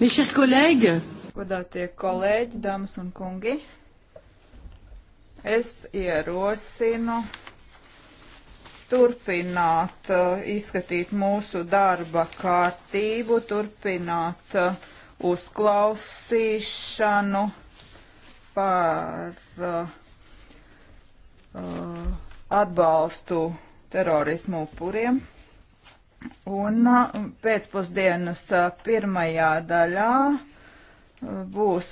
Mes chers collègues, Godātie kolēģi, dāmas un kungi, es ierosinu turpināt uh, izskatīt mūsu darba kārtību, turpināt uh, uzklausīšanu par uh, uh atbalstu terorismu upuriem. Un uh, pēcpusdienas uh, pirmajā daļā uh, būs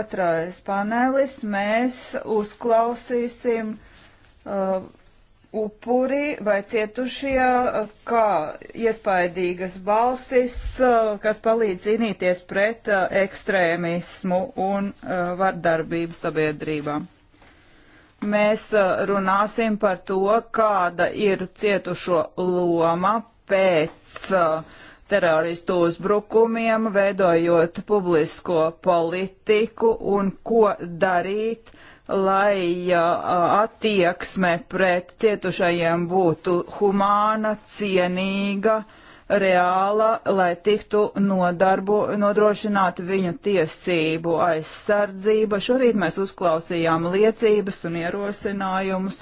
otrais panelis. Mēs uzklausīsim uh, upuri vai cietušie, kā iespaidīgas balsis, uh, kas palīdz cīnīties pret uh, ekstrēmismu un vardarbību sabiedrībām mēs uh, runāsim par to, kāda ir cietušo loma pēc uh, teroristu uzbrukumiem, veidojot publisko politiku un ko darīt, lai uh, attieksme pret cietušajiem būtu humāna, cienīga, uh, reāla, lai tiktu nodarbu, nodrošināta viņu tiesību aizsardzība. Šorīt mēs uzklausījām liecības un ierosinājumus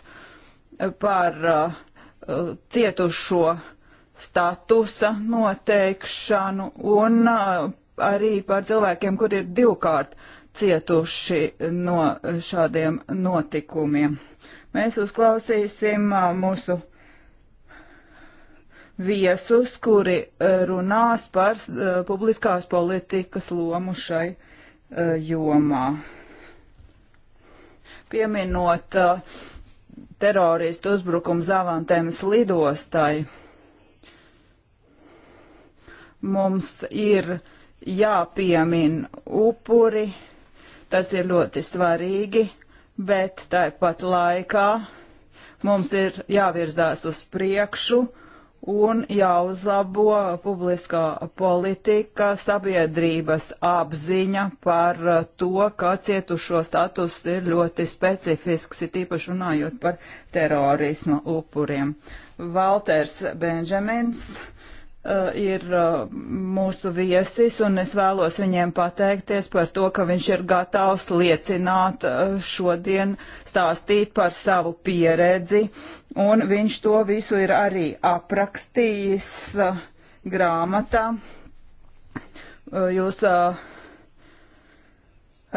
par uh, cietušo statusa noteikšanu un uh, arī par cilvēkiem, kur ir divkārt cietuši no šādiem notikumiem. Mēs uzklausīsim uh, mūsu viesus, kuri eh, runās par eh, publiskās politikas lomu šai eh, jomā. Pieminot teroristu uzbrukumu Zavantēmas lidostai, mums ir jāpiemin upuri, tas ir ļoti svarīgi, bet tāpat laikā mums ir jāvirzās uz priekšu, uh, un jāuzlabo publiskā politika, sabiedrības apziņa par uh, to, ka cietušo status ir ļoti specifisks, ir tīpaši runājot par terorisma upuriem. Valters Benžamins Uh, ir uh, mūsu viesis, un es vēlos viņiem pateikties par to, ka viņš ir gatavs liecināt uh, šodien, stāstīt par savu pieredzi, un viņš to visu ir arī aprakstījis grāmatā. Jūs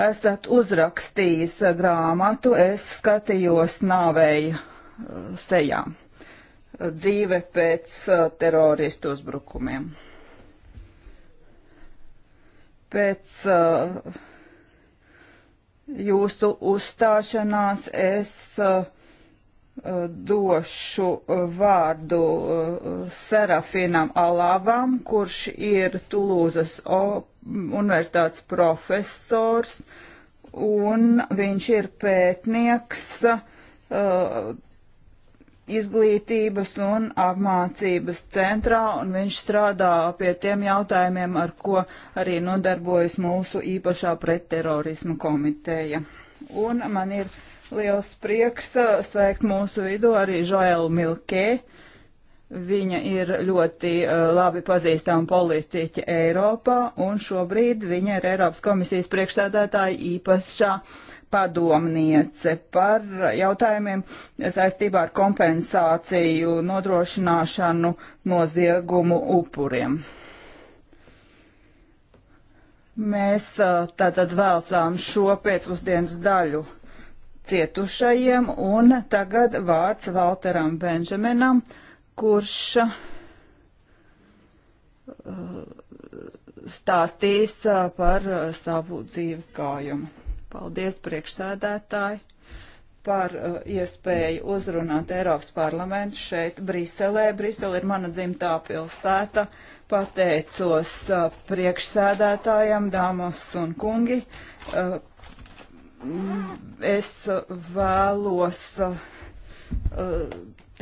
esat uzrakstījis grāmatu, es skatījos nāvēju sejām dzīve pēc uh, teroristu uzbrukumiem. Pēc uh, jūsu uzstāšanās es uh, došu vārdu Serafinam Alavam, kurš ir Tulūzas universitātes profesors, un viņš ir pētnieks izglītības un apmācības centrā, un viņš strādā pie tiem jautājumiem, ar ko arī nodarbojas mūsu īpašā pretterorisma komiteja. Un man ir liels prieks uh, sveikt mūsu vidū arī Žoelu Milkē. Viņa ir ļoti uh, labi pazīstama politiķa Eiropā, un šobrīd viņa ir Eiropas komisijas priekšstādātāja īpašā padomniece par jautājumiem saistībā ar kompensāciju nodrošināšanu noziegumu upuriem. Mēs tātad vēlcām šo pēcpusdienas daļu cietušajiem, un tagad vārds Valteram Benžaminam, kurš stāstīs par savu dzīves gājumu. Paldies priekšsēdētāji par uh, iespēju uzrunāt Eiropas parlamentu šeit Briselē. Brisele ir mana dzimtā pilsēta. Pateicos uh, priekšsēdētājiem, dāmas un kungi. Uh, es uh, vēlos uh, uh,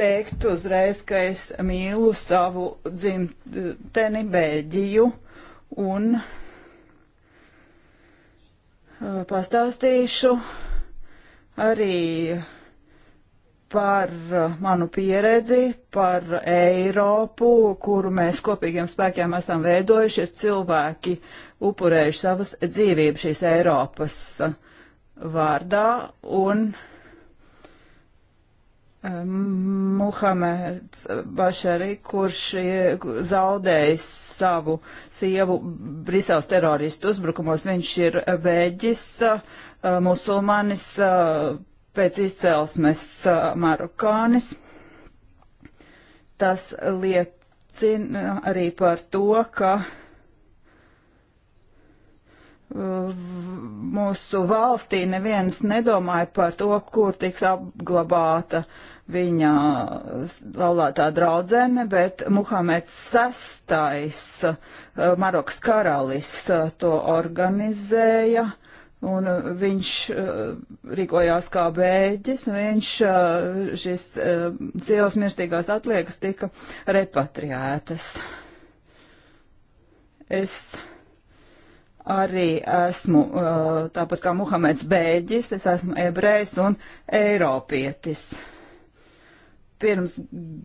teikt uzreiz, ka es mīlu savu dzimteni Bēļģiju un uh, pastāstīšu arī par eh, manu pieredzi, par Eiropu, kuru mēs kopīgiem spēkiem esam veidojuši, ir cilvēki upurējuši savas dzīvības šīs Eiropas eh, vārdā, un Muhameds Bašari, kurš zaudējis savu sievu Briseles teroristu uzbrukumos. Viņš ir bēģis, uh, musulmanis, uh, pēc izcelsmes uh, marokānis. Tas liecina arī par to, ka uh, mūsu valstī neviens nedomāja par to, kur tiks apglabāta viņa laulātā draudzene, bet Muhameds VI, eh, Maroks karalis, eh, to organizēja. Un viņš eh, rīkojās kā bēģis, viņš šīs dzīves mirstīgās atliekas tika repatriētas. Es arī esmu, uh, tāpat kā Muhameds Bēģis, es esmu ebrejs un eiropietis. Pirms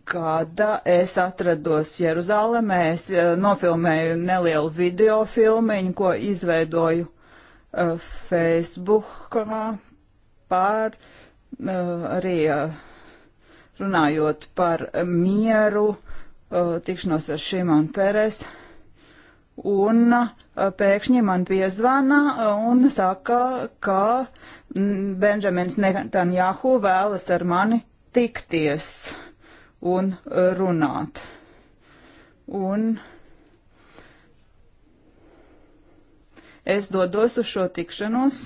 gada es atrados Jeruzālēmē, es uh, nofilmēju nelielu video filmiņu, ko izveidoju uh, Facebookā par arī runājot par mieru, tikšanos ar Šimonu Peresu un uh, pēkšņi man piezvana uh, un saka, ka mm, Benžamins Netanjahu vēlas ar mani tikties un runāt. Un es dodos uz šo tikšanos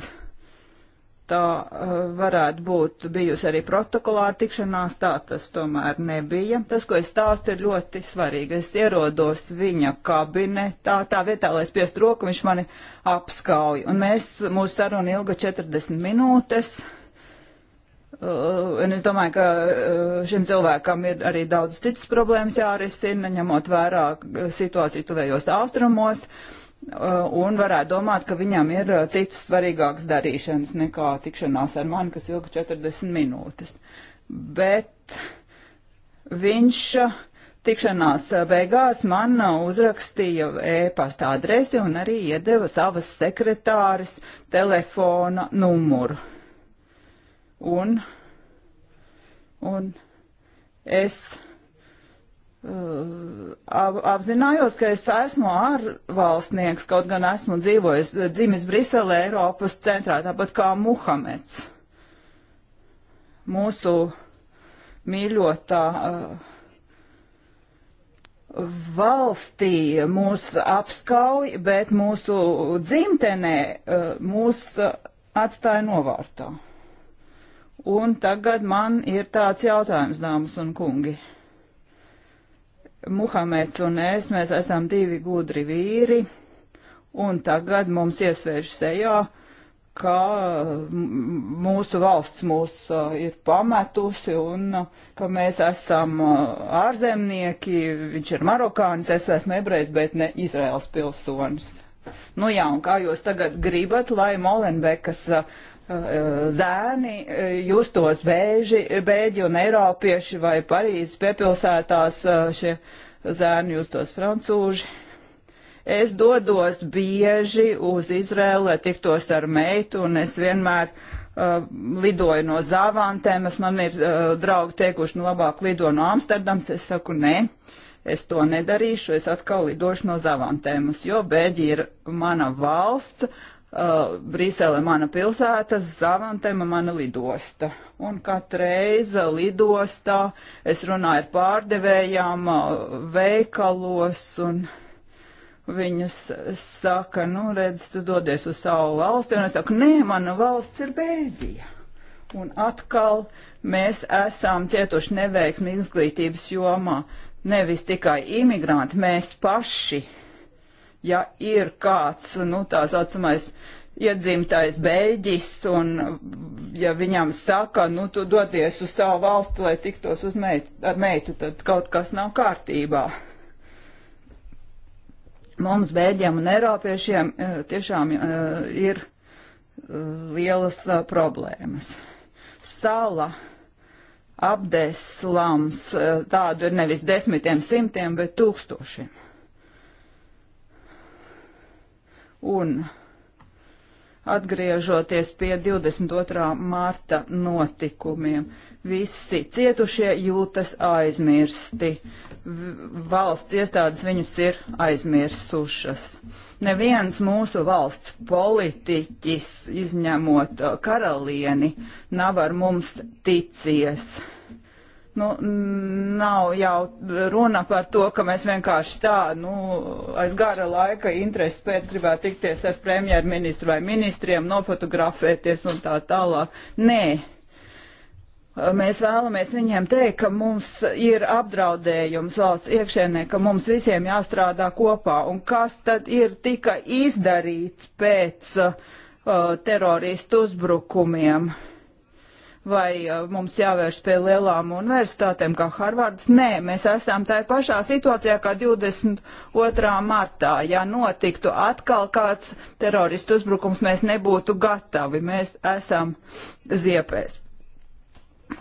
tā eh, varētu būt bijusi arī protokolāra tikšanās, tā tas tomēr nebija. Tas, ko es stāstu, ir ļoti svarīgi. Es ierodos viņa kabinetā, tā vietā, lai es piestu roku, viņš mani apskauj. Un mēs, mūsu saruna ilga 40 minūtes. Uh, un es domāju, ka uh, šim cilvēkam ir arī daudz citas problēmas jārisina, ņemot vērā situāciju tuvējos austrumos. Uh, Uh, un varētu domāt, ka viņam ir uh, citas svarīgākas darīšanas nekā tikšanās ar mani, kas ilga 40 minūtes. Bet viņš uh, tikšanās beigās man uzrakstīja e-pasta adresi un arī iedeva savas sekretāres telefona numuru. Un, un es apzinājos, ka es esmu ārvalstnieks, kaut gan esmu dzīvojis, dzimis Briselē, Eiropas centrā, tāpat kā Muhameds. Mūsu mīļotā valstī mūs apskauj, bet mūsu dzimtenē mūs atstāja novārtā. Un tagad man ir tāds jautājums, dāmas un kungi. Muhameds un es, mēs esam divi gudri vīri, un tagad mums iesvērš sejā, ka mūsu valsts mūs ir pametusi un ka mēs esam ārzemnieki, viņš ir marokānis, es esmu ebrejs, bet ne Izraels pilsonis. Nu jā, un kā jūs tagad gribat, lai Molenbekas uh, Eh, zēni eh, justos bēži, bēģi un eiropieši vai Parīzes piepilsētās eh, šie zēni justos francūži. Es dodos bieži uz Izrēlu, lai tiktos ar meitu, un es vienmēr uh, lidoju no Zāvantēm. Es man ir uh, draugi teikuši, nu labāk lido no Amsterdams. Es saku, nē, es to nedarīšu, es atkal lidošu no Zāvantēmas, jo Bēģi ir mana valsts, uh, Uh, Brisele mana pilsēta, Zavantema mana lidosta. Un katru reizi lidostā es runāju ar pārdevējām uh, veikalos un viņas saka, nu redz, tu dodies uz savu valsti. Un es saku, nē, mana valsts ir Bēļģija. Un atkal mēs esam cietuši neveiksmi izglītības jomā. Nevis tikai imigranti, mēs paši ja ir kāds, nu, tā saucamais iedzimtais beļģis, un ja viņam saka, nu, tu doties uz savu valsti, lai tiktos uz meitu, ar meitu, tad kaut kas nav kārtībā. Mums, bēģiem un eiropiešiem, eh, tiešām eh, ir eh, lielas problēmas. Sala apdēs slams, tādu ir nevis desmitiem simtiem, bet tūkstošiem. Un atgriežoties pie 22. mārta notikumiem, visi cietušie jūtas aizmirsti. Valsts iestādes viņus ir aizmirsušas. Neviens mūsu valsts politiķis, izņemot uh, karalieni, nav ar mums ticies nu, nav jau runa par to, ka mēs vienkārši tā, nu, aiz gara laika interesi pēc gribētu tikties ar premjerministru vai ministriem, nofotografēties un tā tālāk. Nē. Mēs vēlamies viņiem teikt, ka mums ir apdraudējums valsts iekšēnē, ka mums visiem jāstrādā kopā. Un kas tad ir tika izdarīts pēc uh, teroristu uzbrukumiem? Uh, vai uh, mums jāvērš pie lielām universitātēm kā Harvards. Nē, mēs esam tajā pašā situācijā kā 22. martā. Ja notiktu atkal kāds teroristu uzbrukums, mēs nebūtu gatavi. Mēs esam ziepēs.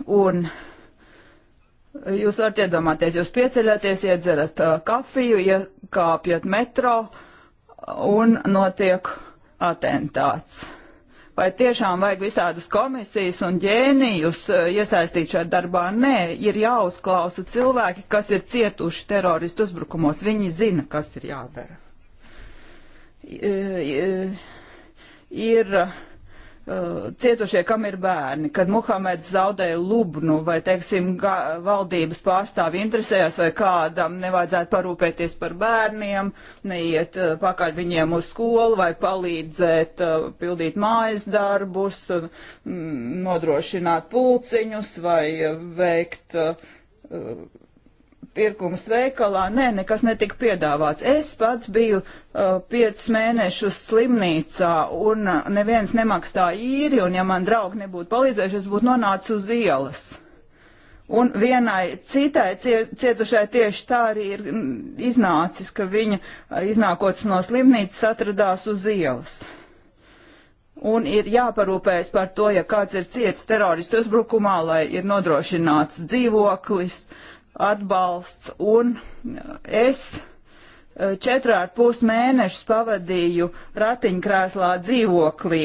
Un jūs varat iedomāties, jūs pieceļaties, iedzerat uh, kafiju, iekāpjat metro un notiek atentāts. Vai tiešām vajag visādus komisijas un ģēnijus e, iesaistīt šajā darbā? Nē, ir jāuzklausa cilvēki, kas ir cietuši teroristu uzbrukumos. Viņi zina, kas ir jādara. E, e, ir, ir Uh, cietušie, kam ir bērni, kad Muhameds zaudēja lubnu vai, teiksim, valdības pārstāvi interesējās vai kādam nevajadzētu parūpēties par bērniem, neiet uh, pakaļ viņiem uz skolu vai palīdzēt uh, pildīt mājas darbus, nodrošināt pulciņus vai veikt pirkums veikalā, nē, nekas netika piedāvāts. Es pats biju uh, piecus mēnešus slimnīcā un uh, neviens nemaksāja īri, un ja man draugi nebūtu palīdzējuši, es būtu nonācis uz ielas. Un vienai citai cietušai tieši tā arī ir mm, iznācis, ka viņa uh, iznākots no slimnīcas atradās uz ielas. Un ir jāparūpējas par to, ja kāds ir cietis teroristu uzbrukumā, lai ir nodrošināts dzīvoklis, uh, atbalsts. Un es e, četrā ar pus mēnešus pavadīju ratiņkrēslā dzīvoklī.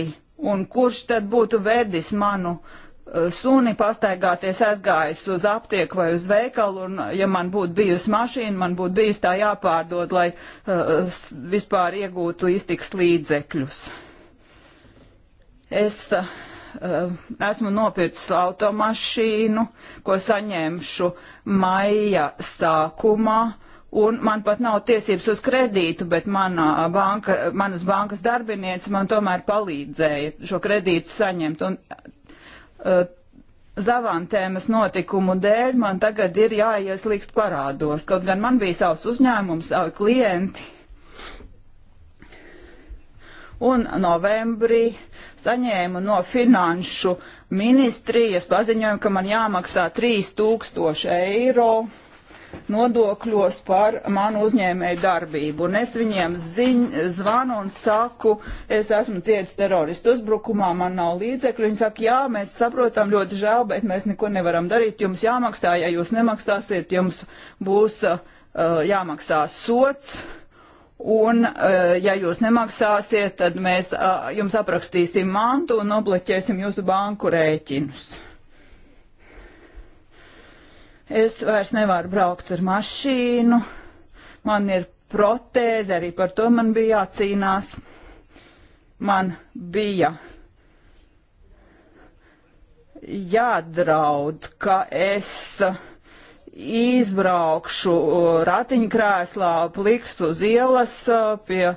Un kurš tad būtu vedis manu uh, suni pastaigāties, aizgājis uz aptieku vai uz veikalu, un ja man būtu bijusi mašīna, man būtu bijusi tā jāpārdod, lai uh, vispār iegūtu iztiks līdzekļus. Es uh, Eh, esmu nopircis automašīnu, ko saņemšu maija sākumā. Un man pat nav tiesības uz kredītu, bet mana banka, manas bankas darbiniece man tomēr palīdzēja šo kredītu saņemt. Un, uh, Zavantēmas notikumu dēļ man tagad ir jāieslīgst parādos, kaut gan man bija savs uzņēmums, savi eh, klienti, un novembrī saņēmu no finanšu ministrijas paziņojumu, ka man jāmaksā 3000 eiro nodokļos par manu uzņēmēju darbību. Un es viņiem ziņ, zvanu un saku, es esmu cietis teroristu uzbrukumā, man nav līdzekļu. Viņi saka, jā, mēs saprotam, ļoti žēl, bet mēs neko nevaram darīt. Jums jāmaksā, ja jūs nemaksāsiet, jums būs uh, jāmaksā sots. Uh, Un, eh, ja jūs nemaksāsiet, tad mēs eh, jums aprakstīsim mantu un nobleķēsim jūsu banku rēķinus. Es vairs nevaru braukt ar mašīnu, man ir protēze, arī par to man bija jācīnās. Man bija jādraud, ka es. Uh, izbraukšu uh, ratiņkrēslā, plikstu uz ielas uh, pie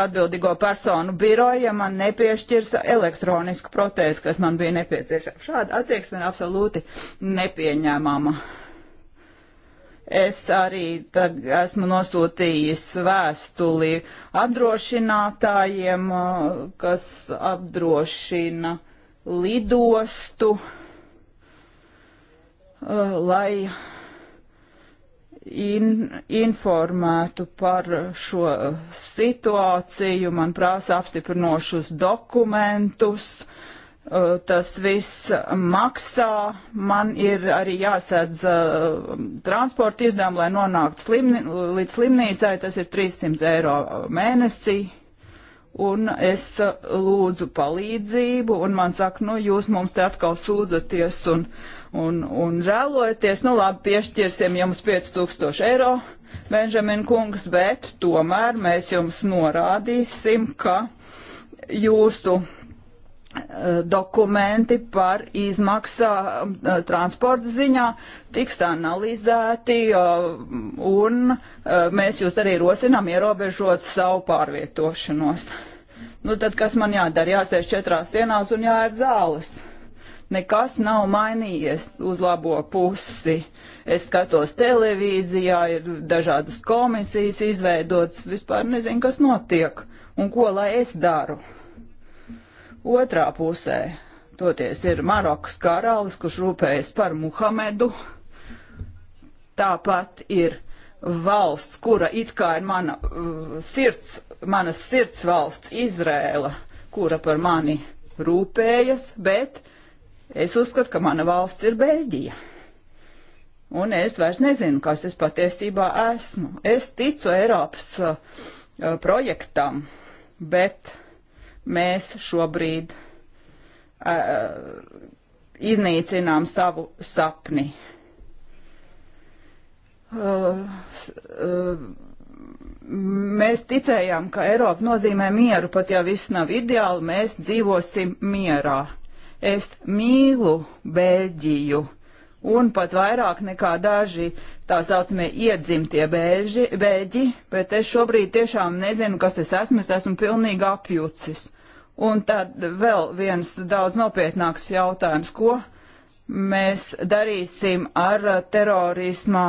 atbildīgo personu biroja, man nepiešķirs elektronisku protēzi, kas man bija nepieciešama. Šāda attieksme ir absolūti nepieņēmama. Es arī esmu nosūtījis vēstuli apdrošinātājiem, uh, kas apdrošina lidostu, lai in, informētu par šo situāciju, man prasa apstiprinošus dokumentus. Uh, tas viss maksā, man ir arī jāsēdz uh, transporta izdevumi, lai nonāktu slimni, līdz slimnīcai, tas ir 300 eiro mēnesī un es uh, lūdzu palīdzību, un man saka, nu, jūs mums te atkal sūdzaties un, un, un žēlojaties, nu, labi, piešķirsim jums 5000 eiro, Benžamin kungs, bet tomēr mēs jums norādīsim, ka jūsu dokumenti par izmaksām transporta ziņā tiks analizēti, un mēs jūs arī rosinām ierobežot savu pārvietošanos. Nu, tad kas man jādara? Jāsēž četrās sienās un jāiet zāles. Nekas nav mainījies uz labo pusi. Es skatos televīzijā, ir dažādas komisijas izveidotas, vispār nezinu, kas notiek un ko lai es daru. Otrā pusē toties ir Marokas karalis, kurš rūpējas par Muhamedu. Tāpat ir valsts, kura it kā ir mana uh, sirds, manas sirds valsts Izrēla, kura par mani rūpējas, bet es uzskatu, ka mana valsts ir Beļģija. Un es vairs nezinu, kas es patiesībā esmu. Es ticu Eiropas uh, uh projektam, bet uh, mēs šobrīd uh, iznīcinām savu sapni. Uh, uh, mēs ticējām, ka Eiropa nozīmē mieru, pat ja viss nav ideāli, mēs dzīvosim mierā. Es mīlu Bēļģiju un pat vairāk nekā daži tā saucamie iedzimtie bēļži, bēļģi, bet es šobrīd tiešām nezinu, kas es esmu, es esmu pilnīgi apjucis. Un tad vēl viens daudz nopietnāks jautājums, ko mēs darīsim ar terorismā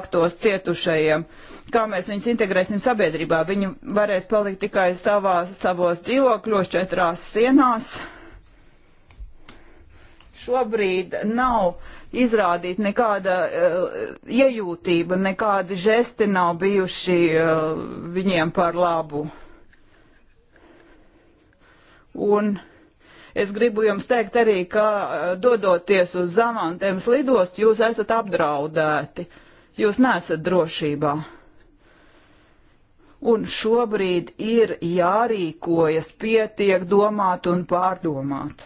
aktos cietušajiem, kā mēs viņus integrēsim sabiedrībā. Viņi varēs palikt tikai savā, savos dzīvokļos, četrās sienās šobrīd nav izrādīta nekāda uh, iejūtība, nekādi žesti nav bijuši uh, viņiem par labu. Un es gribu jums teikt arī, ka uh, dodoties uz Zamantēmas lidostu, jūs esat apdraudēti. Jūs nesat drošībā. Un šobrīd ir jārīkojas pietiek domāt un pārdomāt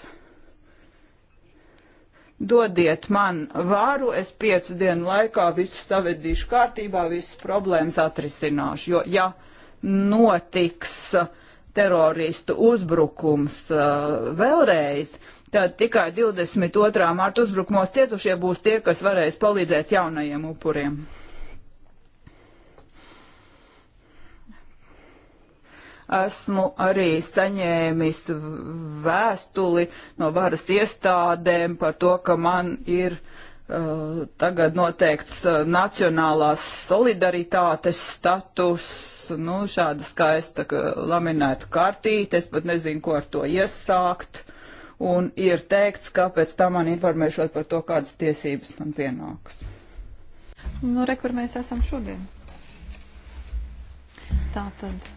dodiet man vāru, es piecu dienu laikā visu savedīšu kārtībā, visas problēmas atrisināšu. Jo, ja notiks uh, teroristu uzbrukums uh, vēlreiz, tad tikai 22. mārta uzbrukumos cietušie būs tie, kas varēs palīdzēt jaunajiem upuriem. Esmu arī saņēmis vēstuli no varas iestādēm par to, ka man ir uh, tagad noteikts uh, nacionālās solidaritātes status, nu, šāda skaista laminēta kartīte, es pat nezinu, ko ar to iesākt. Un ir teikts, ka pēc tam man informēšot par to, kādas tiesības man pienāks. Nu, re, kur mēs esam šodien. Tā tad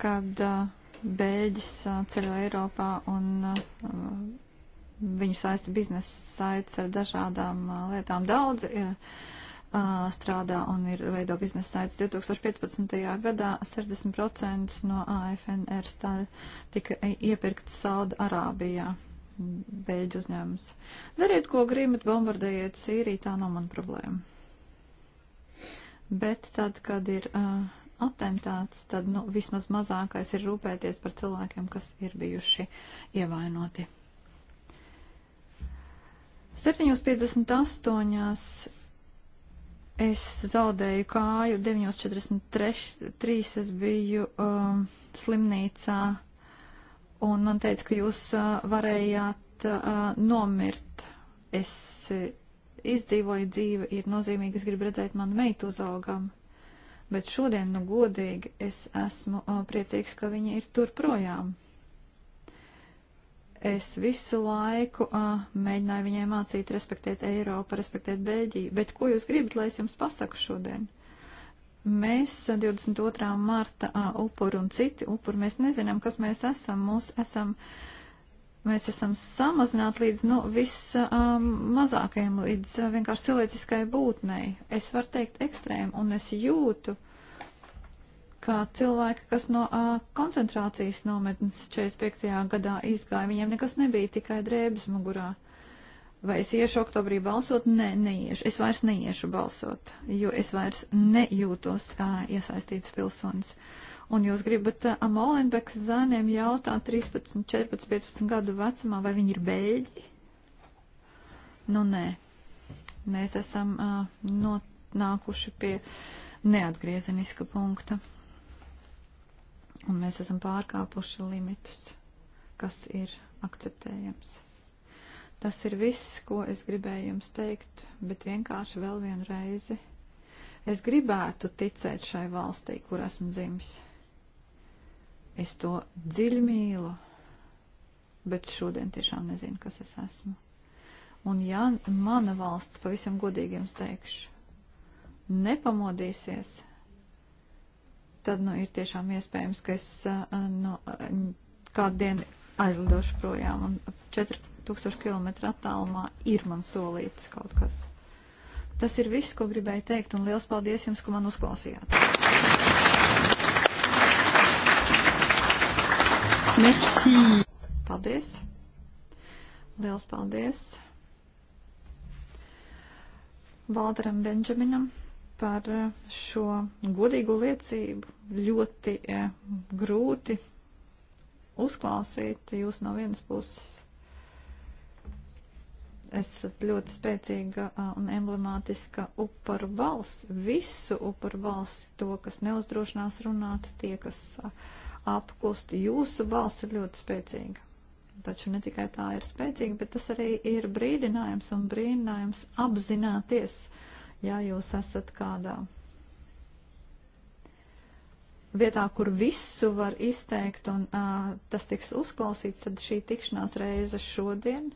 kad uh, Bēļģis uh, ceļo Eiropā un uh, viņu saista biznesa saites ar dažādām lietām. Daudzi strādā un ir veido biznesa saites. 2015. gadā 60% no AFNR staļa tika iepirkts Sauda Arābijā. Beļģu uzņēmums. Dariet, ko gribat, bombardējiet Sīriju, tā nav mana problēma. Bet tad, kad ir uh, atentāts, tad nu, vismaz mazākais ir rūpēties par cilvēkiem, kas ir bijuši ievainoti. 7.58. es zaudēju kāju, 9.43. es biju um, slimnīcā, un man teica, ka jūs uh, varējāt uh, nomirt. Es uh, izdzīvoju dzīve, ir nozīmīgi, es gribu redzēt manu meitu uzaugam. Bet šodien, nu godīgi, es esmu o, priecīgs, ka viņi ir tur projām. Es visu laiku o, mēģināju viņai mācīt respektēt Eiropu, respektēt Beļģiju. Bet ko jūs gribat, lai es jums pasaku šodien? Mēs 22. marta a, upuri un citi upuri, mēs nezinām, kas mēs esam. Mūs esam uh, Mēs esam samazināti līdz nu, vismazākajam, um, līdz uh, vienkārši cilvēciskai būtnei. Es varu teikt ekstrēmu, un es jūtu, kā cilvēki, kas no uh, koncentrācijas nometnes 45. gadā izgāja, viņiem nekas nebija, tikai drēbes mugurā. Vai es iešu oktobrī balsot? Nē, ne, neiešu. Es vairs neiešu balsot, jo es vairs nejūtos uh, iesaistīts pilsonis. Uh, Un jūs gribat uh, eh, Molenbekas zēniem jautāt 13, 14, 15 gadu vecumā, vai viņi ir beļģi? Nu, nē. Mēs esam uh, eh, nonākuši pie neatgriezeniska punkta. Un mēs esam pārkāpuši limitus, kas ir akceptējams. Tas ir viss, ko es gribēju jums teikt, bet vienkārši vēl vienu reizi. Es gribētu ticēt šai valstī, kur esmu dzimis. Es to dziļi mīlu, bet šodien tiešām nezinu, kas es esmu. Un ja mana valsts, pavisam godīgi jums teikšu, nepamodīsies, tad, nu, ir tiešām iespējams, ka es, nu, kādu dienu aizlidošu projām un 4000 km attālumā ir man solīts kaut kas. Tas ir viss, ko gribēju teikt, un liels paldies jums, ka man uzklausījāt. Merci. Paldies. Liels paldies. Valdaram Benžaminam par eh, šo godīgo liecību. Ļoti eh, grūti uzklausīt jūs no vienas puses. Esat ļoti spēcīga eh, un emblemātiska upuru balss, visu upuru balss, to, kas neuzdrošinās runāt, tie, kas. Eh, apklust. Jūsu balss ir ļoti spēcīga. Taču ne tikai tā ir spēcīga, bet tas arī ir brīdinājums un brīdinājums apzināties, ja jūs esat kādā vietā, kur visu var izteikt un uh, tas tiks uzklausīts, tad šī tikšanās reize šodien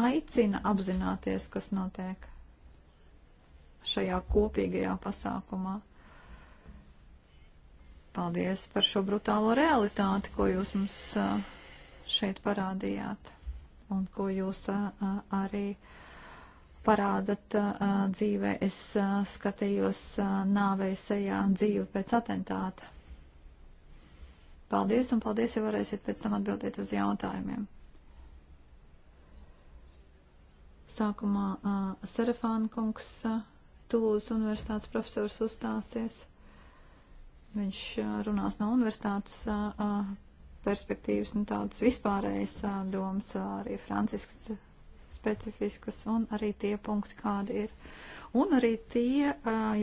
aicina apzināties, kas notiek šajā kopīgajā pasākumā. Paldies par šo brutālo realitāti, ko jūs mums šeit parādījāt un ko jūs arī parādat dzīvē. Es skatījos nāvei sejā dzīve pēc atentāta. Paldies un paldies, ja varēsiet pēc tam atbildēt uz jautājumiem. Sākumā uh, Serafāna kungs, uh, Tulūzas universitātes profesors, uzstāsies. Viņš runās no universitātes perspektīvas, nu tādas vispārējas domas, arī franciskas specifiskas un arī tie punkti, kādi ir. Un arī tie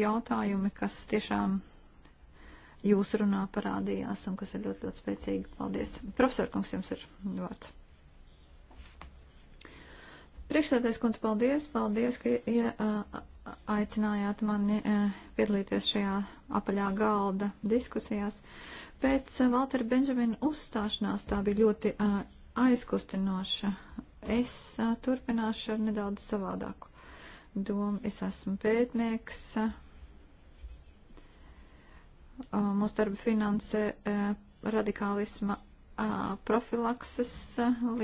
jautājumi, kas tiešām jūsu runā parādījās un kas ir ļoti, ļoti spēcīgi. Paldies. Profesor Kungs, jums ir vārds. Priekšsēdētājs kundze, paldies, paldies, ka ja, aicinājāt mani e, piedalīties šajā apaļā galda diskusijās. Pēc e, Valtera Benžamina uzstāšanās tā bija ļoti e, aizkustinoša. Es turpināšu ar nedaudz savādāku domu. Es esmu pētnieks. Mūsu darba finansē radikālisma profilakses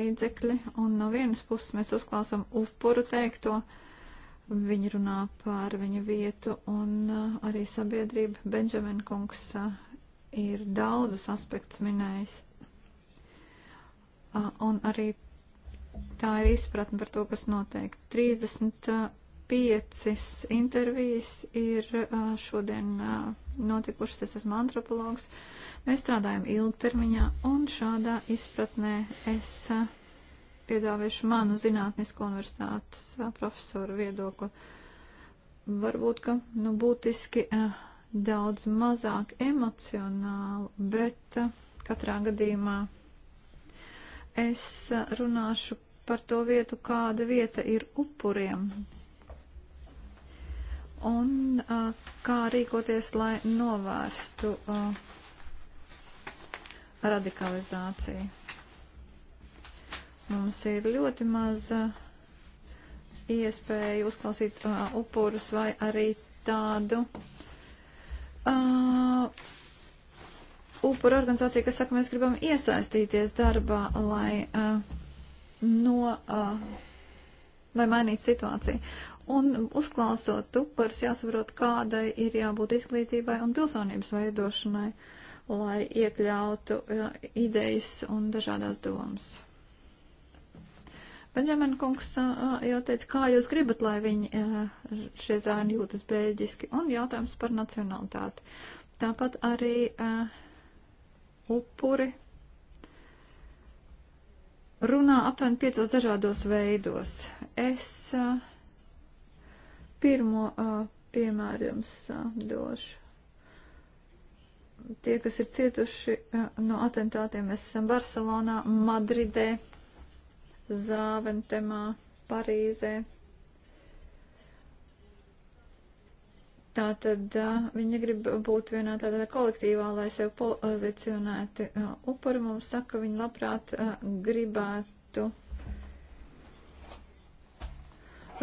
līdzekļi, un no vienas puses mēs uzklausām upuru teikto, uh, Viņi runā par viņu vietu un uh, arī sabiedrība. Benjamin Kungs uh, ir daudzus aspektus minējis. Uh, un arī tā ir izpratne par to, kas notiek. 35 intervijas ir uh, šodien uh, notikušas. Es esmu antropologs. Mēs strādājam ilgtermiņā un šādā izpratnē es. Uh, piedāvēšu manu zinātnisko universitātes profesoru viedokli. Varbūt, ka nu, būtiski daudz mazāk emocionāli, bet katrā gadījumā es runāšu par to vietu, kāda vieta ir upuriem. Un uh, kā rīkoties, lai novērstu uh, radikalizāciju. Mums ir ļoti maz uh, iespēju uzklausīt uh, upurus vai arī tādu uh, upuru organizāciju, kas saka, mēs gribam iesaistīties darbā, lai, uh, no, uh, lai mainītu situāciju. Un uzklausot upurus, jāsaprot, kādai ir jābūt izglītībai un pilsonības veidošanai, lai iekļautu uh, idejas un dažādas domas. Benjamin kungs jau teica, kā jūs gribat, lai viņi šie zēni jūtas bēļģiski, un jautājums par nacionalitāti. Tāpat arī upuri runā aptuveni piecos dažādos veidos. Es pirmo piemēru jums došu. Tie, kas ir cietuši no atentātiem, mēs esam Barcelonā, Madridē Zāventemā, Parīzē. Tātad viņa grib būt vienā tādā kolektīvā, lai sev pozicionēti upuri. Mums saka, viņa labprāt gribētu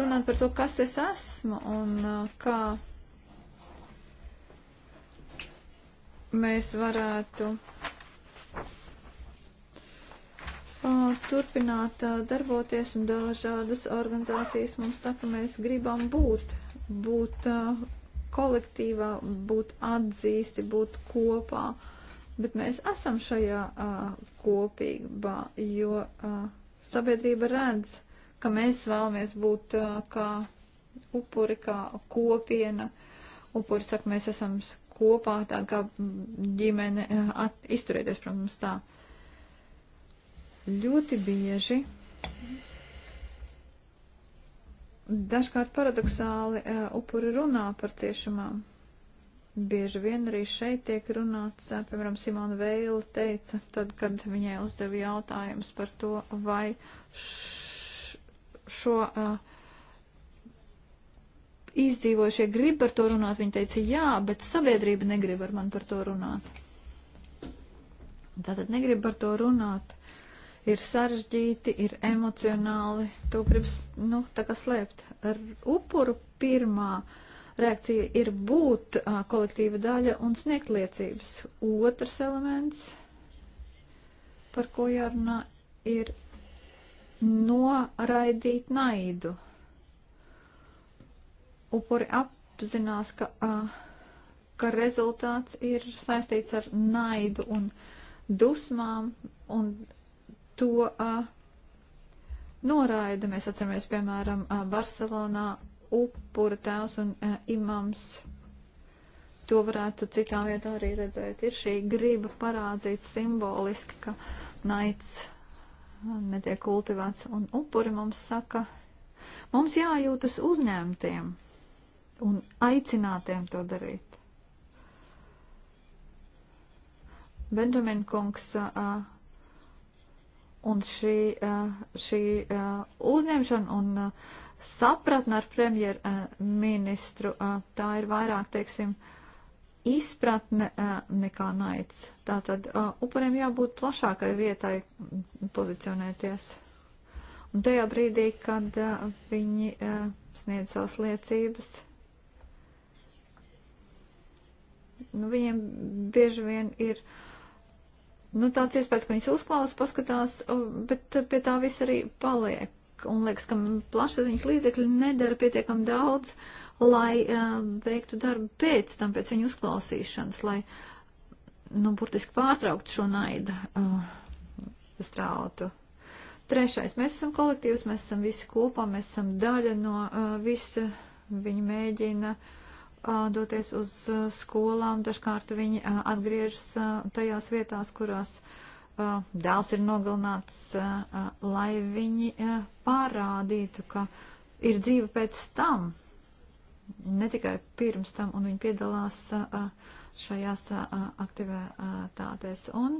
runāt par to, kas es esmu un kā mēs varētu turpināt darboties, un dažādas organizācijas mums saka, mēs gribam būt, būt kolektīvā, būt atzīsti, būt kopā, bet mēs esam šajā kopībā, jo sabiedrība redz, ka mēs vēlamies būt kā upuri, kā kopiena. Upuri saka, mēs esam kopā, tā kā ģimene, at, izturēties, protams, tā. Uh, Ļoti bieži, dažkārt paradoxāli, eh, upuri runā par ciešamām. Bieži vien arī šeit tiek runāts, eh, piemēram, Simona Veila teica, tad, kad viņai uzdeva jautājums par to, vai šo uh, izdzīvojušie grib par to runāt. Viņa teica, jā, bet sabiedrība negrib ar mani par to runāt. Tātad negrib par to runāt ir sarežģīti, ir emocionāli, to gribas, nu, tā kā slēpt. Ar upuru pirmā reakcija ir būt a, kolektīva daļa un sniegt liecības. Otrs elements, par ko jārunā, ir noraidīt naidu. Upuri apzinās, ka, a, ka rezultāts ir saistīts ar naidu un dusmām, un to uh, noraida. Mēs atceramies, piemēram, uh, Barcelonā upura tēvs un uh, imams. To varētu citā vietā arī redzēt. Ir šī griba parādīt simboliski, ka naids netiek kultivēts un upuri mums saka, mums jājūtas uzņēmtiem un aicinātiem to darīt. Benjamin Kungs. Uh, Un šī, eh, šī eh, uzņemšana un eh, sapratne ar premjerministru, tā ir vairāk, teiksim, izpratne nekā naids. Tātad upuriem jābūt plašākai vietai pozicionēties. Un tajā brīdī, kad viņi sniedz savas liecības, nu, viņiem bieži vien ir uh, nu, tāds iespējas, ka viņas uzklausa, paskatās, bet uh, pie tā viss arī paliek. Un liekas, ka plašsaziņas līdzekļi nedara pietiekam daudz, lai uh, veiktu darbu pēc tam, pēc viņu uzklausīšanas, lai, nu, burtiski pārtraukt šo naidu uh, strautu. Trešais, mēs esam kolektīvs, mēs esam visi kopā, mēs esam daļa no uh, visa, viņi mēģina uh, doties uz skolām, dažkārt viņi atgriežas tajās vietās, kurās dēls ir nogalināts, lai viņi pārādītu, ka ir dzīve pēc tam, ne tikai pirms tam, un viņi piedalās šajās aktivitātēs. Un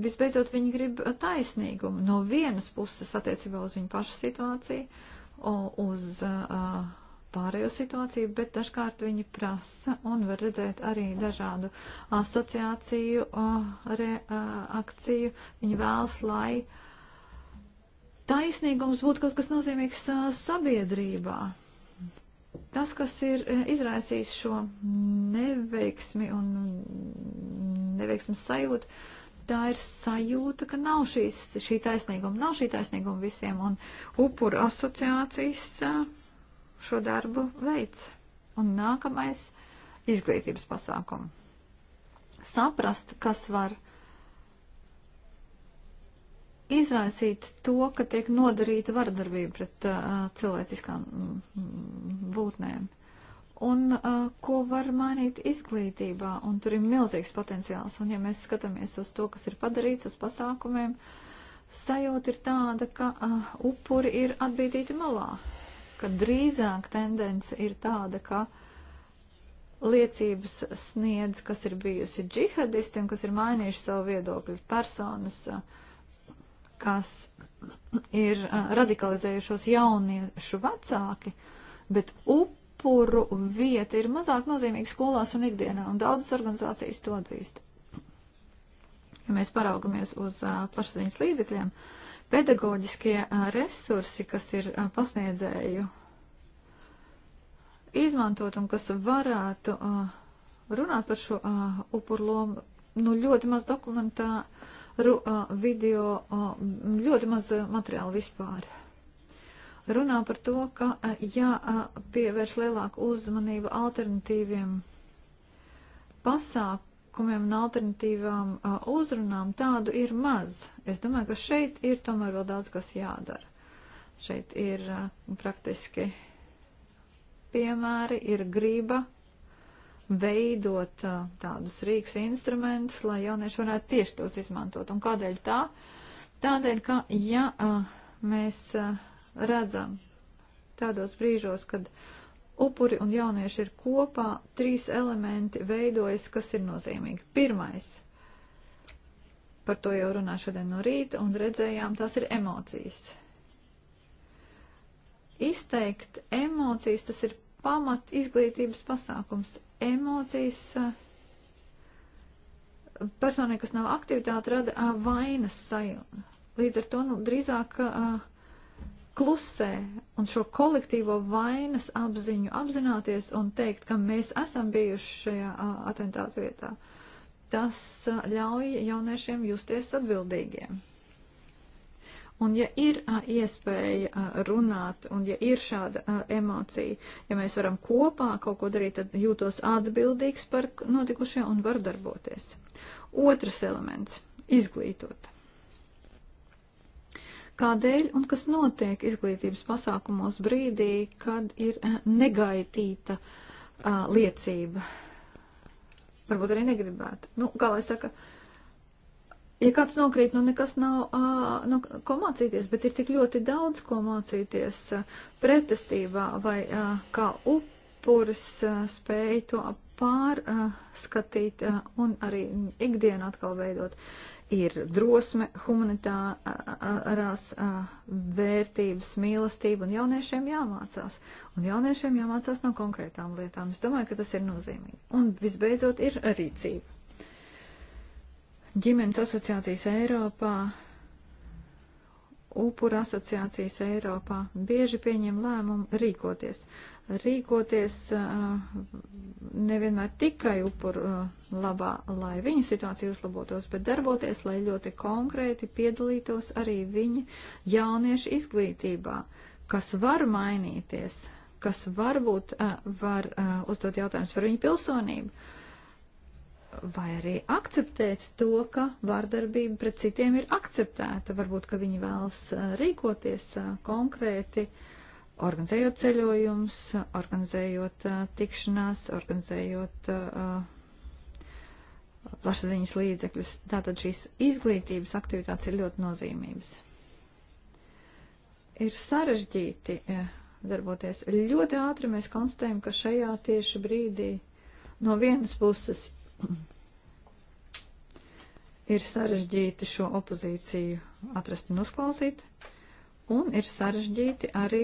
visbeidzot, viņi grib taisnīgumu no vienas puses attiecībā uz viņu pašu situāciju, uz uh, pārējo situāciju, bet dažkārt viņi prasa un var redzēt arī dažādu asociāciju reakciju. Viņi vēlas, lai taisnīgums būtu kaut kas nozīmīgs sabiedrībā. Tas, kas ir e, izraisījis šo neveiksmi un neveiksmes sajūtu, tā ir sajūta, ka nav šīs, šī taisnīguma, nav šī taisnīguma visiem, un upuru asociācijas šo darbu veids. Un nākamais - izglītības pasākumu. Saprast, kas var izraisīt to, ka tiek nodarīta vardarbība pret uh, cilvēciskām mm, būtnēm. Un uh, ko var mainīt izglītībā, un tur ir milzīgs potenciāls. Un ja mēs skatāmies uz to, kas ir padarīts, uz pasākumiem, sajūta ir tāda, ka uh, upuri ir atbīdīti malā ka drīzāk tendence ir tāda, ka liecības sniedz, kas ir bijusi džihadisti un kas ir mainījuši savu viedokli personas, kas ir radikalizējušos jauniešu vecāki, bet upuru vieta ir mazāk nozīmīga skolās un ikdienā, un daudzas organizācijas to atzīst. Ja mēs paraugamies uz plašsaziņas līdzekļiem, uh, Pedagoģiskie resursi, kas ir pasniedzēju izmantot un kas varētu runāt par šo upuru lomu, nu ļoti maz dokumentāru video, ļoti maz materiālu vispār runā par to, ka jāpievērš lielāku uzmanību alternatīviem pasākumiem pasākumiem un alternatīvām uzrunām tādu ir maz. Es domāju, ka šeit ir tomēr vēl daudz kas jādara. Šeit ir praktiski piemēri, ir grība veidot tādus rīks instrumentus, lai jaunieši varētu tieši tos izmantot. Un kādēļ tā? Tādēļ, ka ja mēs redzam tādos brīžos, kad uh, upuri un jaunieši ir kopā, trīs elementi veidojas, kas ir nozīmīgi. Pirmais, par to jau runā šodien no rīta, un redzējām, tās ir emocijas. Izteikt emocijas, tas ir pamat izglītības pasākums. Emocijas eh, personai, kas nav aktivitāte, rada eh, vainas sajūta. Līdz ar to nu, drīzāk uh, klusē un šo kolektīvo vainas apziņu apzināties un teikt, ka mēs esam bijuši šajā atentātu vietā. Tas ļauj jauniešiem justies atbildīgiem. Un ja ir a, iespēja a, runāt, un ja ir šāda a, emocija, ja mēs varam kopā kaut ko darīt, tad jūtos atbildīgs par notikušajā un var darboties. Otrs elements - izglītot. Kādēļ un kas notiek izglītības pasākumos brīdī, kad ir eh, negaitīta uh, liecība? Varbūt arī negribētu. Nu, kā lai saka, ja kāds nokrīt, nu nekas nav, uh, nu, ko mācīties, bet ir tik ļoti daudz, ko mācīties uh, pretestībā vai uh, kā upuris uh, spēja to ap pārskatīt uh, un arī ikdienu atkal veidot ir drosme, humanitārās vērtības, mīlestība, un jauniešiem jāmācās. Un jauniešiem jāmācās no konkrētām lietām. Es domāju, ka tas ir nozīmīgi. Un visbeidzot ir rīcība. Ģimenes asociācijas Eiropā upura asociācijas Eiropā bieži pieņem lēmumu rīkoties. Rīkoties uh, nevienmēr tikai upuru uh, labā, lai viņu situācija uzlabotos, bet darboties, lai ļoti konkrēti piedalītos arī viņa jauniešu izglītībā, kas var mainīties, kas varbūt uh, var uzdot jautājumus par viņu pilsonību vai arī akceptēt to, ka vardarbība pret citiem ir akceptēta. Varbūt, ka viņi vēlas rīkoties konkrēti, organizējot ceļojumus, organizējot tikšanās, organizējot plašsaziņas līdzekļus. Tātad šīs izglītības aktivitātes ir ļoti nozīmības. Ir sarežģīti darboties. Ļoti ātri mēs konstatējam, ka šajā tieši brīdī no vienas puses Ir sarežģīti šo opozīciju atrast un uzklausīt, un ir sarežģīti arī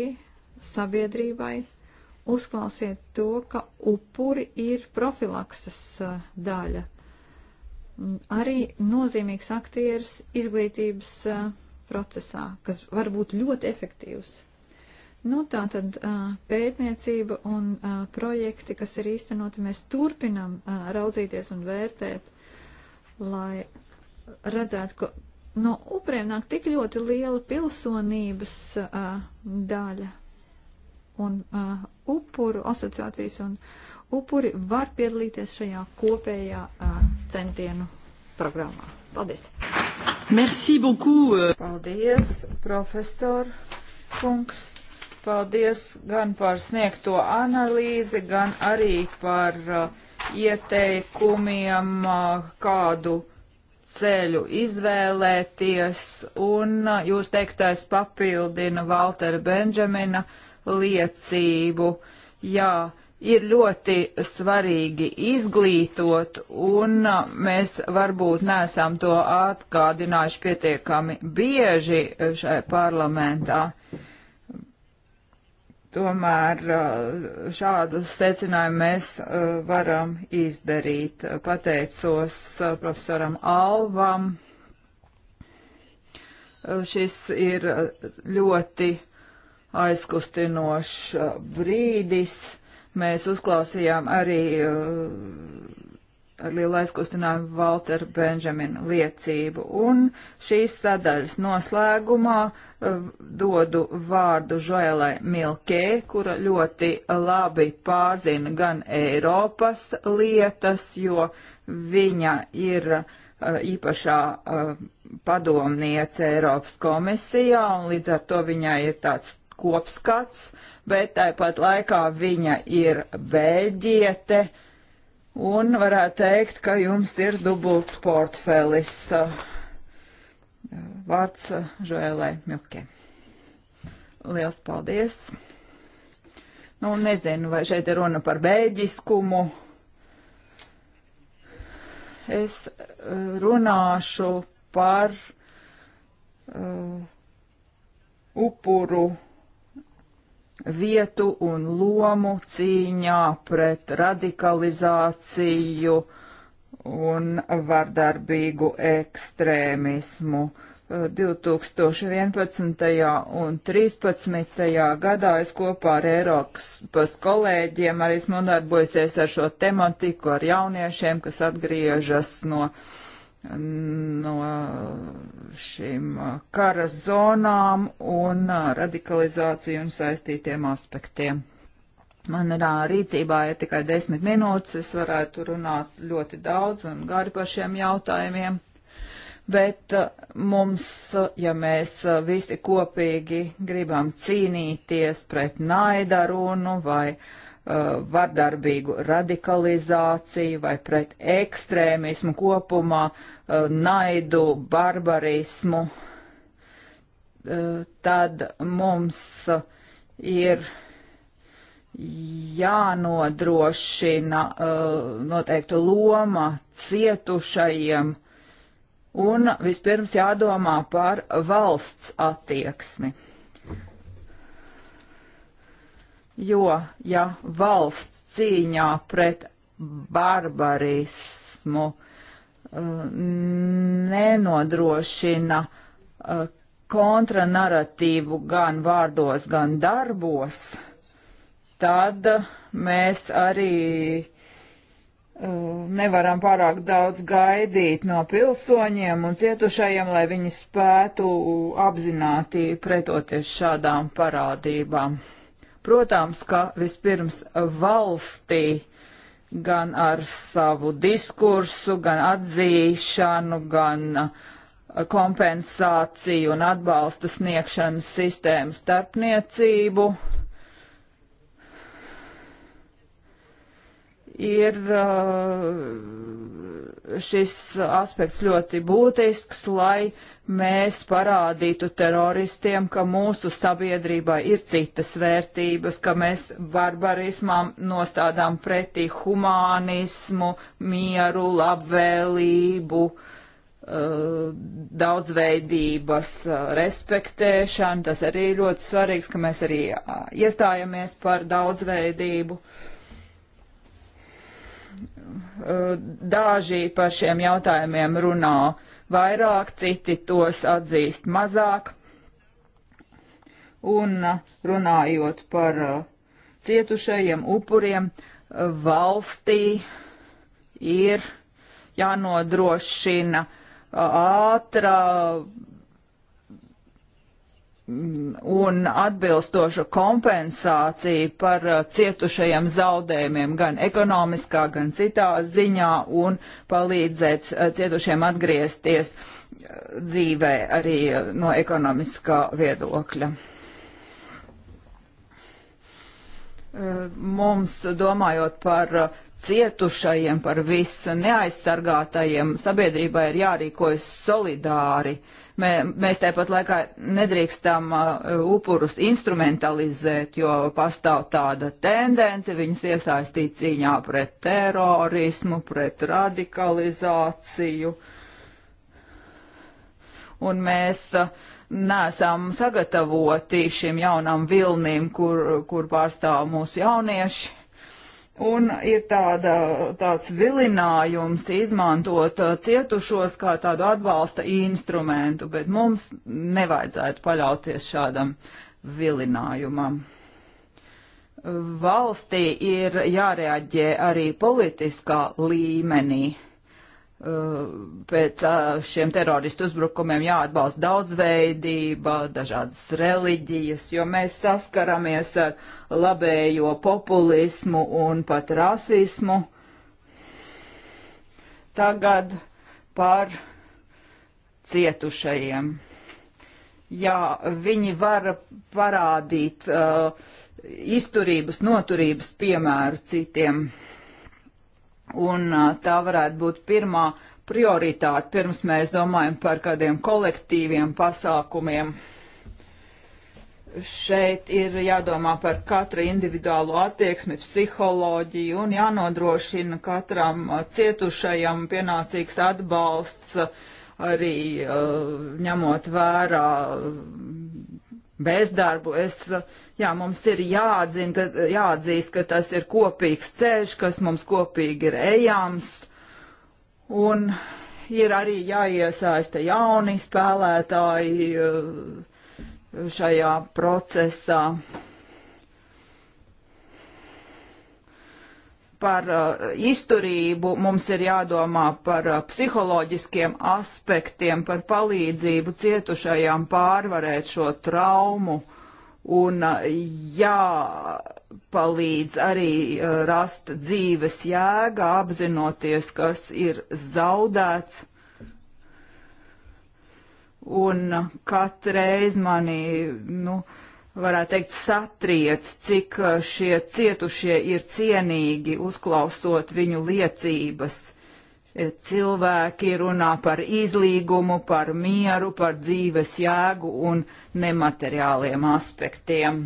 sabiedrībai uzklausiet to, ka upuri ir profilakses eh, daļa. Arī nozīmīgs aktieris izglītības eh, procesā, kas var būt ļoti efektīvs. Nu, tā tad pētniecība un projekti, kas ir īstenoti, mēs turpinam raudzīties un vērtēt, lai redzētu, ka no upuriem nāk tik ļoti liela pilsonības daļa. Un upuru asociācijas un upuri var piedalīties šajā kopējā centienu programmā. Paldies! Merci beaucoup! Paldies, profesor Kungs! Paldies gan par sniegto analīzi, gan arī par uh, ieteikumiem, uh, kādu ceļu izvēlēties, un uh, jūs teiktais papildina Valtera Benžamina liecību. Jā, ir ļoti svarīgi izglītot, un uh, mēs varbūt nesam to atgādinājuši pietiekami bieži šai parlamentā. Uh, Tomēr eh, šādu secinājumu mēs eh, varam izdarīt. Pateicos eh, profesoram Alvam. Šis ir ļoti aizkustinošs brīdis. Mēs uzklausījām arī uh, par lielu aizkustinājumu Valteru Benžaminu liecību. Un šīs sadaļas noslēgumā eh, dodu vārdu Žoelai Milkē, kura ļoti labi pārzina gan Eiropas lietas, jo viņa ir eh, īpašā eh, padomniece Eiropas komisijā, un līdz ar to viņai ir tāds kopskats, bet tāpat laikā viņa ir beļģiete, uh, Un varētu teikt, ka jums ir dubult portfelis. Vārds Žoēlē Mjuke. Liels paldies! Nu, nezinu, vai šeit ir runa par bēģiskumu. Es eh, runāšu par uh, upuru vietu un lomu cīņā pret radikalizāciju un vardarbīgu ekstrēmismu. 2011. un 2013. gadā es kopā ar Eiropas kolēģiem arī esmu nodarbojusies ar šo tematiku, ar jauniešiem, kas atgriežas no uh, no šīm uh, kara zonām un uh, radikalizāciju un saistītiem aspektiem. Man ir rīcībā ir tikai desmit minūtes, es varētu runāt ļoti daudz un gari par šiem jautājumiem, bet uh, mums, ja mēs visi kopīgi gribam cīnīties pret naidarunu vai uh, Uh, vardarbīgu radikalizāciju vai pret ekstrēmismu kopumā, uh, naidu, barbarismu, uh, tad mums ir jānodrošina noteikta loma cietušajiem un vispirms jādomā par valsts attieksmi jo, ja valsts cīņā pret barbarismu uh, nenodrošina uh, kontranaratīvu gan vārdos, gan darbos, tad mēs arī uh, nevaram pārāk daudz gaidīt no pilsoņiem un cietušajiem, lai viņi spētu apzināti pretoties šādām parādībām. Protams, ka vispirms valstī gan ar savu diskursu, gan atzīšanu, gan uh, kompensāciju un atbalsta sniegšanas sistēmu starpniecību ir uh, šis aspekts ļoti būtisks, lai mēs parādītu teroristiem, ka mūsu sabiedrībā ir citas vērtības, ka mēs barbarismām nostādām pretī humānismu, mieru, labvēlību, uh, daudzveidības uh, respektēšanu. Tas arī ļoti svarīgs, ka mēs arī uh, iestājamies par daudzveidību. Uh, Eh, Daži par šiem jautājumiem runā vairāk, citi tos atzīst mazāk. Un eh, runājot par eh, cietušajiem upuriem, valstī ir jānodrošina ātrā un atbilstoša kompensācija par uh, cietušajiem zaudējumiem gan ekonomiskā, gan citā ziņā un palīdzēt uh, cietušiem atgriezties uh, dzīvē arī no ekonomiskā viedokļa. Mums domājot par cietušajiem, par visu neaizsargātajiem. Sabiedrībai ir jārīkojas solidāri. Mē, mēs tāpat laikā nedrīkstam uh, upurus instrumentalizēt, jo pastāv tāda tendence viņus iesaistīt cīņā pret terorismu, pret radikalizāciju. Un mēs uh, neesam sagatavoti šim jaunam vilnim, kur, kur pārstāv mūsu jaunieši Un ir tāda, tāds vilinājums izmantot uh, cietušos kā tādu atbalsta instrumentu, bet mums nevajadzētu paļauties šādam vilinājumam. Valstī ir jārēģē arī politiskā līmenī pēc šiem teroristu uzbrukumiem jāatbalsta daudzveidība, dažādas reliģijas, jo mēs saskaramies ar labējo populismu un pat rasismu. Tagad par cietušajiem. Jā, viņi var parādīt uh, izturības, noturības piemēru citiem. Un tā varētu būt pirmā prioritāte, pirms mēs domājam par kādiem kolektīviem pasākumiem. Šeit ir jādomā par katru individuālo attieksmi, psiholoģiju un jānodrošina katram cietušajam pienācīgs atbalsts, arī ņemot vērā bezdarbu. Es, jā, mums ir jāatzina, ka, jāatzīst, ka tas ir kopīgs ceļš, kas mums kopīgi ir ejams. Un ir arī jāiesaista jauni spēlētāji uh, šajā procesā. par uh, izturību, mums ir jādomā par uh, psiholoģiskiem aspektiem, par palīdzību cietušajām pārvarēt šo traumu un uh, jāpalīdz arī rast dzīves jēga, apzinoties, kas ir zaudēts. Un katreiz manī, nu, uh, varētu teikt, satriec, cik uh, šie cietušie ir cienīgi, uzklausot viņu liecības. E, cilvēki runā par izlīgumu, par mieru, par dzīves jēgu un nemateriāliem aspektiem.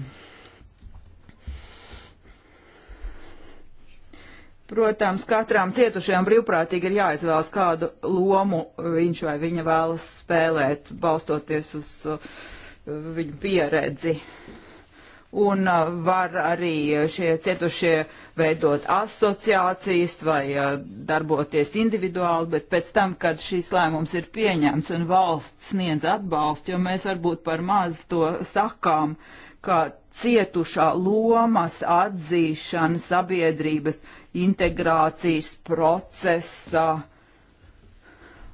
Protams, katram cietušajam brīvprātīgi ir jāizvēlas, kādu lomu viņš vai viņa vēlas spēlēt, balstoties uz uh, viņu pieredzi. Un uh, var arī šie cietušie veidot asociācijas vai uh, darboties individuāli, bet pēc tam, kad šīs lēmums ir pieņemts un valsts sniedz atbalstu, jo mēs varbūt par maz to sakām, ka cietušā lomas atzīšana sabiedrības integrācijas procesā uh,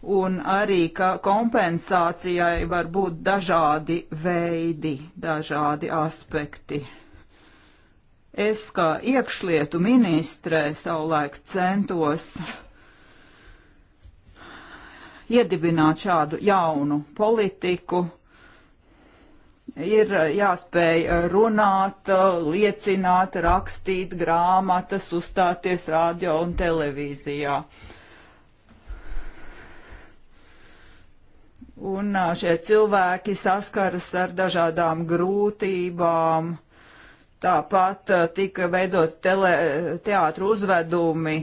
un arī, ka kompensācijai var būt dažādi veidi, dažādi aspekti. Es kā iekšlietu ministrē savulaik centos iedibināt šādu jaunu politiku, ir jāspēj runāt, liecināt, rakstīt grāmatas, uzstāties radio un televīzijā. un šie cilvēki saskaras ar dažādām grūtībām. Tāpat tika veidot tele, teātru uzvedumi,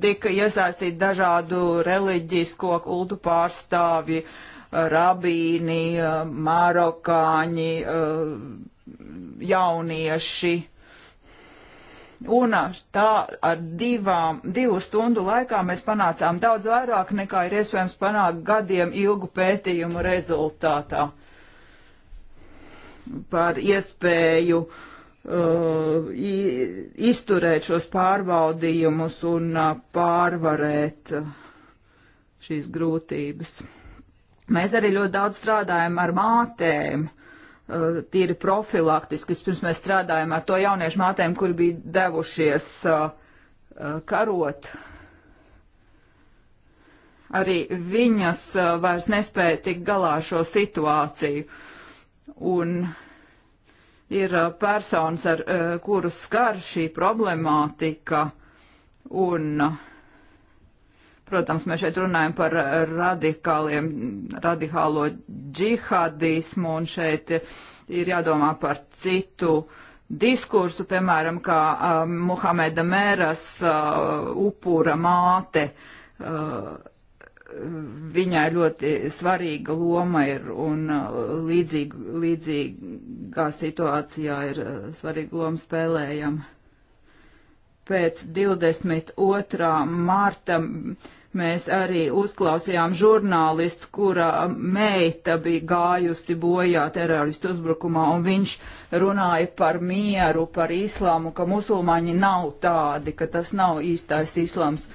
tika iesaistīti dažādu reliģisko kultu pārstāvji, rabīni, marokāņi, jaunieši Un tā ar divām, divu stundu laikā mēs panācām daudz vairāk nekā ir iespējams panākt gadiem ilgu pētījumu rezultātā par iespēju uh, izturēt šos pārbaudījumus un uh, pārvarēt uh, šīs grūtības. Mēs arī ļoti daudz strādājam ar mātēm Uh, tīri profilaktiski. Pirms mēs strādājām ar to jauniešu mātēm, kuri bija devušies uh, uh, karot. Arī viņas vairs nespēja tikt galā ar šo situāciju. Un ir personas, ar kuru skar šī problemātika. Un uh, Protams, mēs šeit runājam par radikāliem, radikālo džihadismu un šeit ir jādomā par citu diskursu, piemēram, kā uh, Muhameda Mēras uh, upura māte. Uh, viņai ļoti svarīga loma ir un līdzīg, līdzīgā situācijā ir svarīga loma spēlējama pēc 22. marta mēs arī uzklausījām žurnālistu, kura meita bija gājusi bojā teroristu uzbrukumā, un viņš runāja par mieru, par islāmu, ka musulmaņi nav tādi, ka tas nav īstais islāms.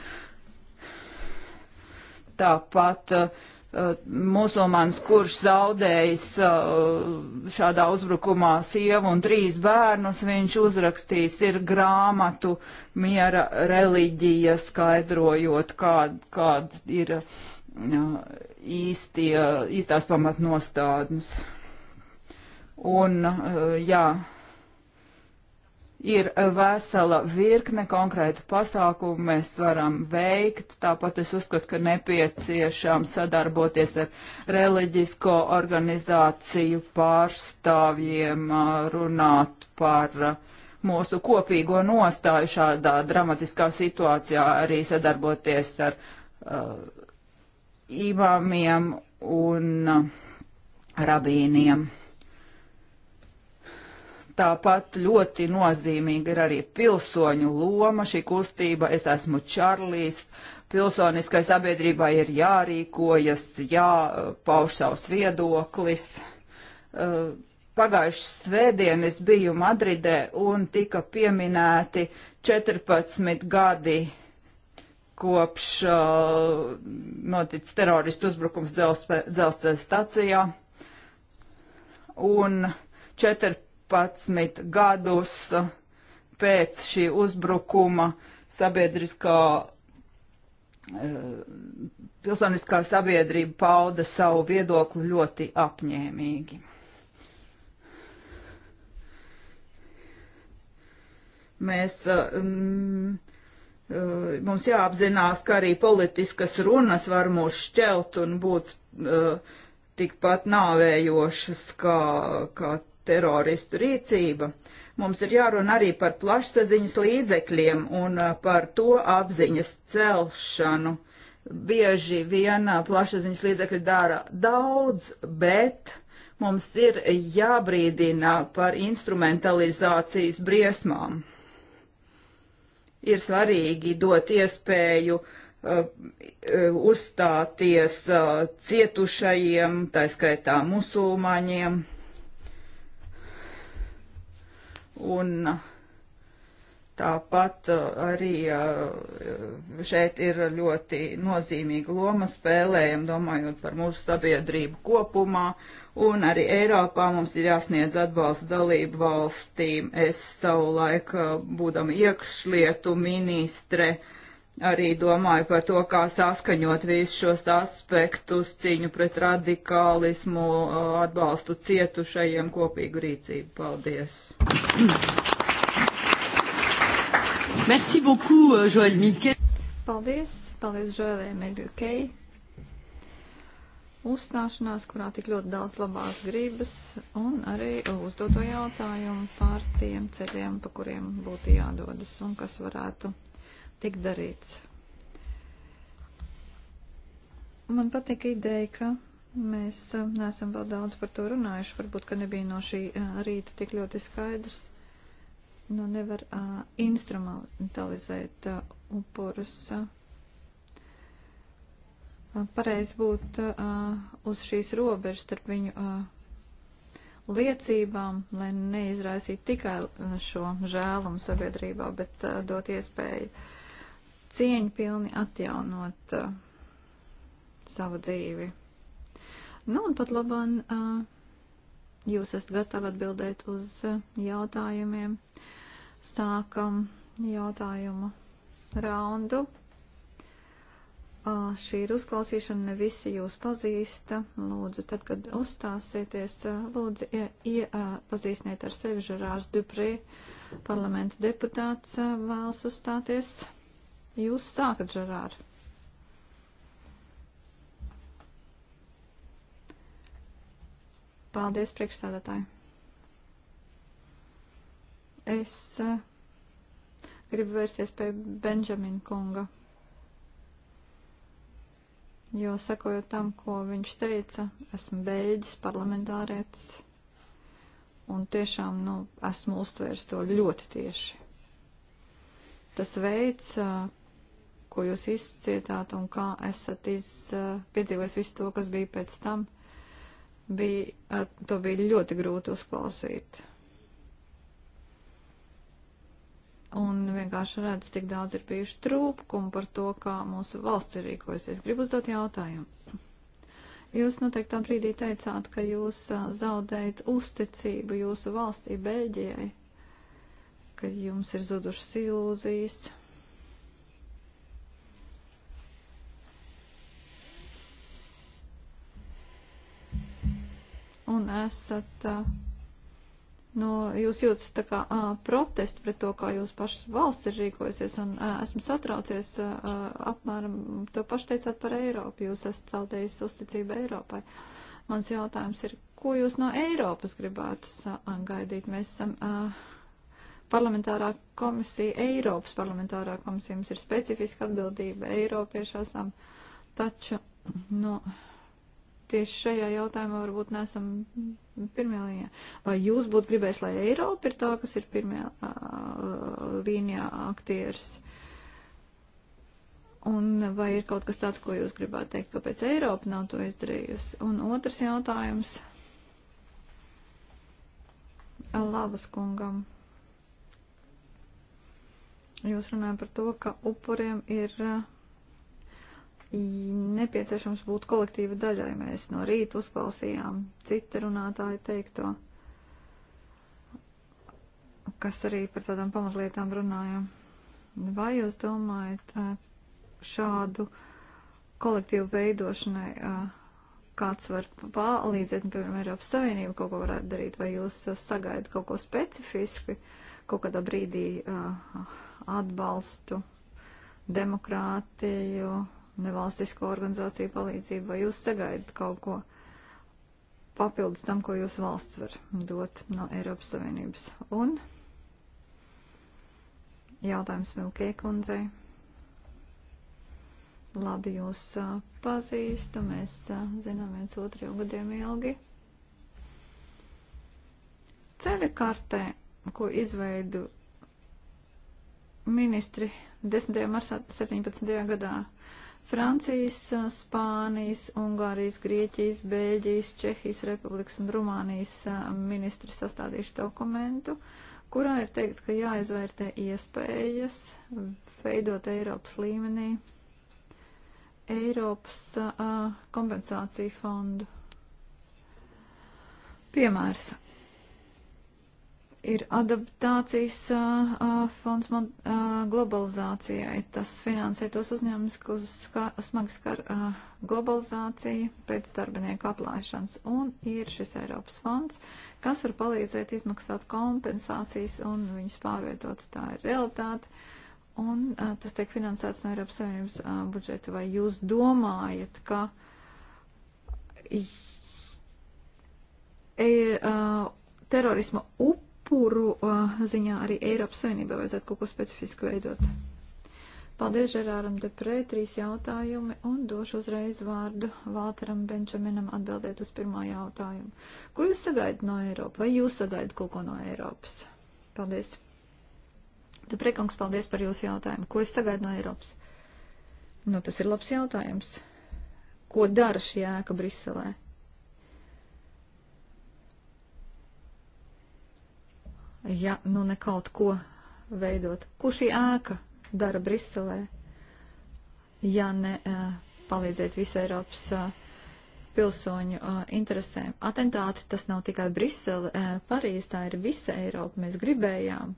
Tāpat uh, musulmanis, kurš zaudējis uh, šādā uzbrukumā sievu un trīs bērnus, viņš uzrakstījis ir grāmatu miera reliģija, skaidrojot, kāda kād ir uh, īstie, īstās pamatnostādnes. Un, uh, jā, ir eh, vesela virkne konkrētu pasākumu mēs varam veikt. Tāpat es uzskatu, ka nepieciešām sadarboties ar reliģisko organizāciju pārstāvjiem, eh, runāt par eh, mūsu kopīgo nostāju šādā dramatiskā situācijā, arī sadarboties ar uh, imāmiem un rabīniem. Tāpat ļoti nozīmīga ir arī pilsoņu loma šī kustība. Es esmu Čarlīs. Pilsoniskai sabiedrībai ir jārīkojas, jāpauž savs viedoklis. Uh, pagājušas svētdien es biju Madridē un tika pieminēti 14 gadi kopš uh, noticis teroristu uzbrukums dzelzceļa stacijā. Un 14 15 gadus pēc šī uzbrukuma sabiedriskā eh, pilsoniskā sabiedrība pauda savu viedokli ļoti apņēmīgi. Mēs, eh, mm, eh, mums jāapzinās, ka arī politiskas runas var mūs šķelt un būt uh, tikpat nāvējošas kā, kā teroristu rīcība. Mums ir jārunā arī par plašsaziņas līdzekļiem un par to apziņas celšanu. Bieži vien plašsaziņas līdzekļi dara daudz, bet mums ir jābrīdina par instrumentalizācijas briesmām. Ir svarīgi dot iespēju uh, uzstāties uh, cietušajiem, tā skaitā musulmaņiem. Un uh, tāpat uh, arī uh, šeit ir ļoti nozīmīga loma spēlējama, domājot par mūsu sabiedrību kopumā. Un arī Eiropā mums ir jāsniedz atbalsts dalību valstīm. Es savulaik, būdama iekšlietu ministre, uh, arī domāju par to, kā saskaņot visus šos aspektus, cīņu pret radikālismu, atbalstu cietušajiem, kopīgu rīcību. Paldies! Merci beaucoup, euh, Joël Milkei. Paldies, paldies Joēlē Milkei. Uzstāšanās, kurā tik ļoti daudz labās gribas un arī uzdoto jautājumu par tiem ceļiem, pa kuriem būtu jādodas un kas varētu tik darīts. Man patika ideja, ka mēs uh, neesam vēl daudz par to runājuši. Varbūt, ka nebija no šī uh, rīta tik ļoti skaidrs. Nu, nevar uh, instrumentalizēt uh, upurus. Uh, uh pareizi būt uh, uz šīs robežas starp viņu uh, liecībām, lai neizraisītu tikai šo žēlumu sabiedrībā, bet uh, dot iespēju uh, cieņu pilni atjaunot uh, savu dzīvi. Nu, un pat labam uh, jūs esat gatavi atbildēt uz uh, jautājumiem. Sākam jautājumu raundu. Uh, šī ir uzklausīšana, ne visi jūs pazīsta. Lūdzu, tad, kad uzstāsieties, uh, lūdzu, iepazīstiniet uh, ar sevi Žerārs Duprī, parlamenta deputāts uh, vēlas uzstāties. Jūs sākat, Žerār. Paldies, priekšstādātāji. Es uh, gribu vērsties pie Benžamina kunga, jo sekojot tam, ko viņš teica, esmu beļģis, parlamentārietis, un tiešām, nu, esmu uztvērs to ļoti tieši. Tas veids, uh, ko jūs izcietāt un kā esat iz, eh, piedzīvojis visu to, kas bija pēc tam, bija, to bija ļoti grūti uzklausīt. Un vienkārši redz, cik daudz ir bijuši trūkumu par to, kā mūsu valsts ir rīkojusies. Gribu uzdot jautājumu. Jūs noteikti tā brīdī teicāt, ka jūs eh, zaudējat uzticību jūsu valstī Beļģijai, ka jums ir zudušas ilūzijas. un esat, nu, jūs jūtas tā kā protestu pret to, kā jūs pašas valsts ir rīkojusies, un esmu satraucies apmēram, to pašu teicāt par Eiropu, jūs esat zaudējis uzticību Eiropai. Mans jautājums ir, ko jūs no Eiropas gribētu sagaidīt? Mēs esam uh, parlamentārā komisija, Eiropas parlamentārā komisija, mums ir specifiska atbildība, Eiropieši esam, taču, nu, no, tieši šajā jautājumā varbūt nesam pirmajā līnijā. Vai jūs būtu gribējis, lai Eiropa ir tā, kas ir pirmajā uh, līnijā aktieris? Un vai ir kaut kas tāds, ko jūs gribētu teikt, kāpēc Eiropa nav to izdarījusi? Un otrs jautājums Lavas kungam. Jūs runājat par to, ka upuriem ir. Uh, nepieciešams būt kolektīva daļai. Mēs no rīta uzklausījām cita runātāja teikto, kas arī par tādām pamatlietām runāja. Vai jūs domājat šādu kolektīvu veidošanai, kāds var palīdzēt, piemēram, Eiropas Savienība kaut ko varētu darīt, vai jūs sagaidat kaut ko specifiski, kaut kādā brīdī atbalstu demokrātiju, nevalstisko organizāciju palīdzību, vai jūs sagaidat kaut ko papildus tam, ko jūs valsts var dot no Eiropas Savienības. Un jautājums Vilkie kundzei. Labi jūs pazīstu, mēs zinām viens otru jau gadiem ilgi. Ceļa kartē, ko izveidu ministri 10. marsā 17. gadā Francijas, Spānijas, Ungārijas, Grieķijas, Bēļģijas, Čehijas republikas un Rumānijas ministri sastādījuši dokumentu, kurā ir teikt, ka jāizvērtē iespējas veidot Eiropas līmenī Eiropas uh, kompensāciju fondu. Piemērs ir adaptācijas uh, fonds man, uh, globalizācijai. Tas finansē tos uzņēmumus, kurus ska, smagi skar uh, globalizācija pēc darbinieku atlaišanas. Un ir šis Eiropas fonds, kas var palīdzēt izmaksāt kompensācijas un viņus pārvietot. Tā ir realitāte. Un uh, tas tiek finansēts no Eiropas Savienības uh, budžeta. Vai jūs domājat, ka. Ir, uh, e, terorisma upi upuru uh, eh, ziņā arī Eiropas Savienībā vajadzētu kaut ko specifisku veidot. Paldies Žerāram Deprē, trīs jautājumi un došu uzreiz vārdu Vāteram Benčaminam atbildēt uz pirmā jautājumu. Ko jūs sagaidat no Eiropas? Vai jūs sagaidat kaut ko no Eiropas? Paldies. Deprē, kungs, paldies par jūsu jautājumu. Ko es sagaidu no Eiropas? Nu, tas ir labs jautājums. Ko dara šī ēka Briselē? ja nu ne kaut ko veidot. Ko šī ēka dara Briselē, ja ne eh, palīdzēt visu Eiropas eh, pilsoņu eh, interesēm? Atentāti tas nav tikai Brisele, Parīz, tā ir visa Eiropa. Mēs gribējām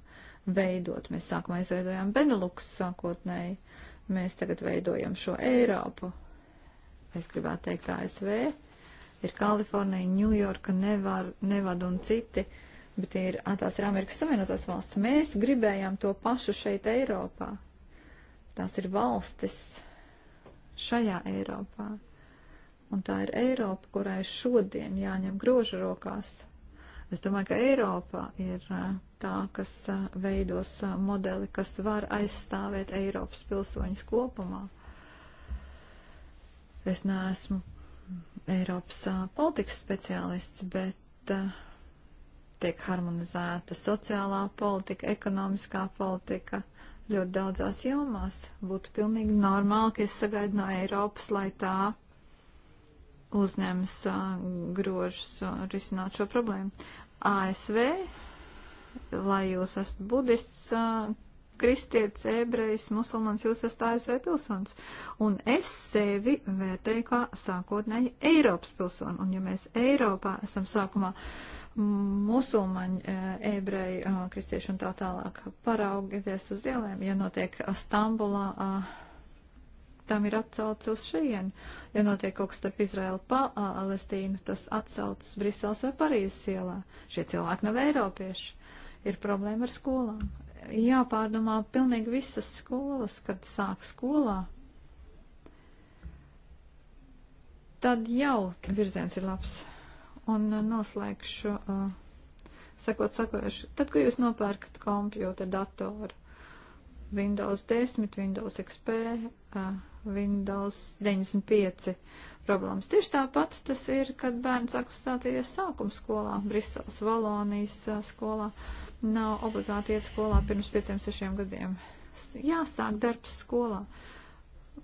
veidot, mēs sākumā izveidojām Benelux sākotnēji, mēs tagad veidojam šo Eiropu. Es gribētu teikt ASV, ir Kalifornija, Ņujorka, Nevada un citi. Uh, bet ir, tās ir Amerikas Savienotās valsts. Mēs gribējām to pašu šeit Eiropā. Tās ir valstis šajā Eiropā. Un tā ir Eiropa, kurai šodien jāņem groža rokās. Es domāju, ka Eiropa ir tā, kas veidos modeli, kas var aizstāvēt Eiropas pilsoņus kopumā. Es neesmu Eiropas politikas speciālists, bet uh, tiek harmonizēta sociālā politika, ekonomiskā politika ļoti daudzās jomās. Būtu pilnīgi normāli, ka es sagaidu no Eiropas, lai tā uzņems grožus un risināt šo problēmu. ASV, lai jūs esat budists, kristietis, ebrejs, musulmans, jūs esat ASV pilsonis. Un es sevi vērtēju kā sākotnēji Eiropas pilsoni. Un ja mēs Eiropā esam sākumā uh, musulmaņi, e, ebreji, e, kristieši un tā tālāk. Paraugieties uz ielēm, ja notiek Stambulā, tam ir atsauce uz šejienu. Ja notiek kaut kas starp Izraēlu Palestīnu, tas atsaucas Briseles vai Parīzes ielā. Šie cilvēki nav eiropieši. Ir problēma ar skolām. Jāpārdomā pilnīgi visas skolas, kad sāk skolā. Tad jau virziens ir labs un uh, noslēgšu, uh, sakot sakojuši, tad, kad jūs nopērkat kompjūta datoru, Windows 10, Windows XP, uh, Windows 95 problēmas. Tieši tāpat tas ir, kad bērns sāk uzstāties sākuma skolā, Briseles, Valonijas uh, skolā. Nav obligāti iet skolā pirms 5-6 gadiem. Jāsāk darbs skolā. Uh,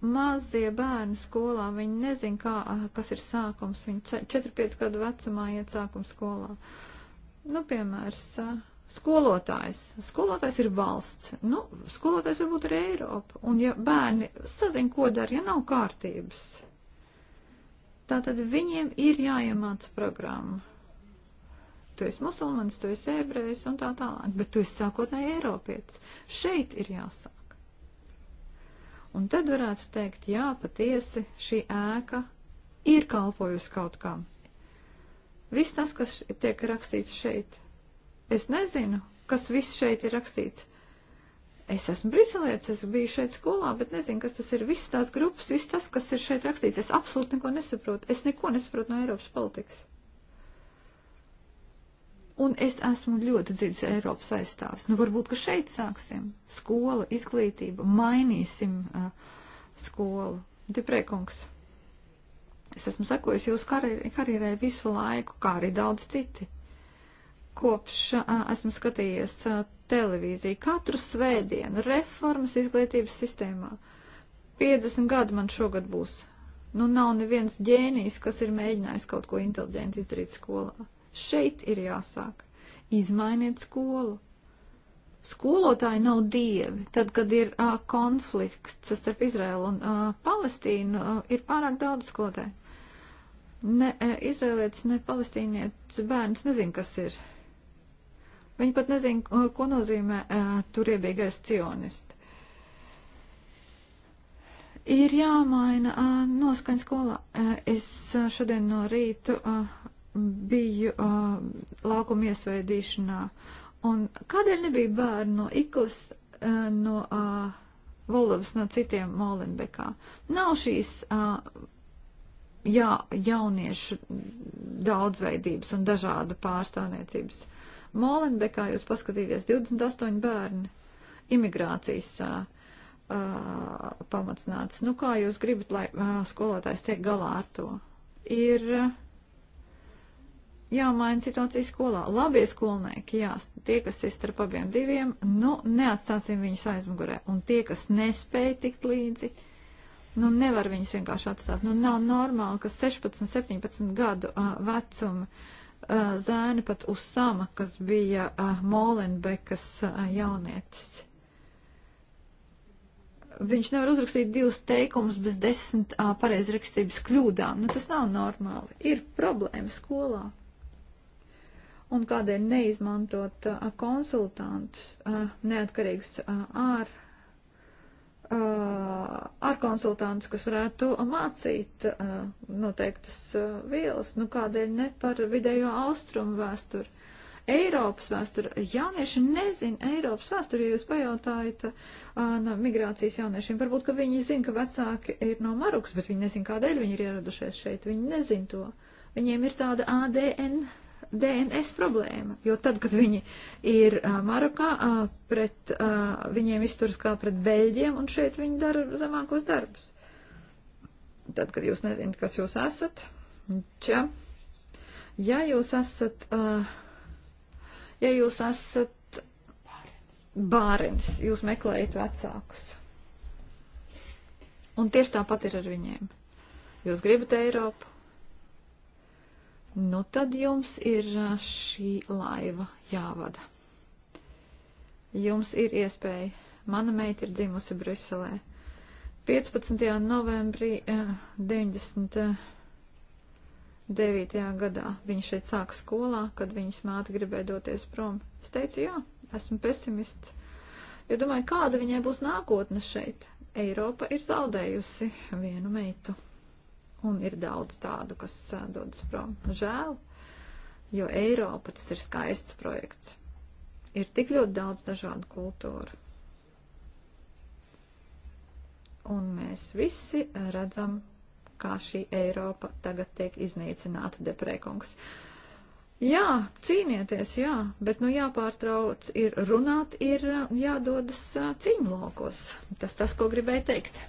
mazie bērni skolā, viņi nezin, kā, ah, kas ir sākums, viņi 4-5 gadu vecumā iet sākuma skolā. Nu, piemērs, ah, skolotājs. Skolotājs ir valsts. Nu, skolotājs varbūt ir Eiropa. Un ja bērni sazin, ko dara, ja nav kārtības, tātad viņiem ir jāiemāca programma. Tu esi musulmanis, tu esi ebrejs un tā tālāk, bet tu esi sākotnēji Eiropietis. Šeit ir jāsāk. Un tad varētu teikt, jā, patiesi šī ēka ir kalpojusi kaut kam. Viss tas, kas tiek rakstīts šeit, es nezinu, kas viss šeit ir rakstīts. Es esmu briselietis, es biju šeit skolā, bet nezinu, kas tas ir. Viss tās grupas, viss tas, kas ir šeit rakstīts, es absolūti neko nesaprotu. Es neko nesaprotu no Eiropas politikas. Un es esmu ļoti dziļs Eiropas aizstāvs. Nu, varbūt, ka šeit sāksim. Skola, izglītība, mainīsim uh, skolu. Diprēkungs, es esmu sekojis jūsu karjer karjerai visu laiku, kā arī daudz citi. Kopš uh, esmu skatījies uh, televīziju katru svētdienu reformas izglītības sistēmā. 50 gadi man šogad būs. Nu, nav neviens ģēnijs, kas ir mēģinājis kaut ko inteliģenti izdarīt skolā. Šeit ir jāsāk. Izmainiet skolu. Skolotāji nav dievi. Tad, kad ir uh, konflikts starp Izraēlu un uh, Palestīnu, uh, ir pārāk daudz skolotāju. Ne uh, izrēlietis, ne palestīnietis bērns nezin, kas ir. Viņi pat nezin, uh, ko nozīmē uh, turiebīgais cionists ir jāmaina noskaņa skolā. Es šodien no rīta biju uh, laukuma iesveidīšanā. Un kādēļ nebija bērni no Iklas, uh, no uh, Volavas, no citiem Molenbekā? Nav šīs uh, jā, jauniešu daudzveidības un dažādu pārstāvniecības. Molenbekā jūs paskatīties 28 bērni imigrācijas uh, Uh, pamatsnāts. Nu, kā jūs gribat, lai uh, skolotājs tiek galā ar to? Ir uh, jāmaina situācija skolā. Labie skolnieki, jā, tie, kas ir starp abiem diviem, nu, neatstāsim viņus aizmugurē. Un tie, kas nespēja tikt līdzi, nu, nevar viņus vienkārši atstāt. Nu, nav normāli, ka 16, 17 gadu uh, vecuma uh, zēni pat uz sama, kas bija uh, Molenbekas uh, jaunietis. Viņš nevar uzrakstīt divus teikumus bez desmit uh, pareizrakstības kļūdām. Nu, tas nav normāli. Ir problēma skolā un kādēļ neizmantot a, uh, konsultantus, a, uh, neatkarīgs uh, ār, ār konsultantus, kas varētu mācīt a, noteiktas vielas, nu kādēļ ne par vidējo austrumu vēsturi. Eiropas vēsturi, jaunieši nezina Eiropas vēsturi, ja jūs pajautājat no migrācijas jauniešiem, varbūt, ka viņi zina, ka vecāki ir no Marukas, bet viņi nezina, kādēļ viņi ir ieradušies šeit, viņi nezina to. Viņiem ir tāda ADN DNS problēma, jo tad, kad viņi ir Marokā, pret viņiem izturas kā pret beļģiem, un šeit viņi dara zemākos darbus. Tad, kad jūs nezināt, kas jūs esat, čia, ja jūs esat, ja jūs esat bārens, jūs meklējat vecākus. Un tieši tāpat ir ar viņiem. Jūs gribat Eiropu, nu tad jums ir šī laiva jāvada. Jums ir iespēja. Mana meita ir dzimusi Briselē. 15. novembrī 99. gadā viņa šeit sāka skolā, kad viņas māte gribēja doties prom. Es teicu, jā, esmu pesimists, jo domāju, kāda viņai būs nākotne šeit. Eiropa ir zaudējusi vienu meitu. Un ir daudz tādu, kas dodas prom. Žēl, jo Eiropa tas ir skaists projekts. Ir tik ļoti daudz dažādu kultūru. Un mēs visi redzam, kā šī Eiropa tagad tiek iznīcināta deprēkungs. Jā, cīnieties, jā, bet nu jāpārtrauc ir runāt, ir jādodas cīņlokos. Tas tas, ko gribēju teikt.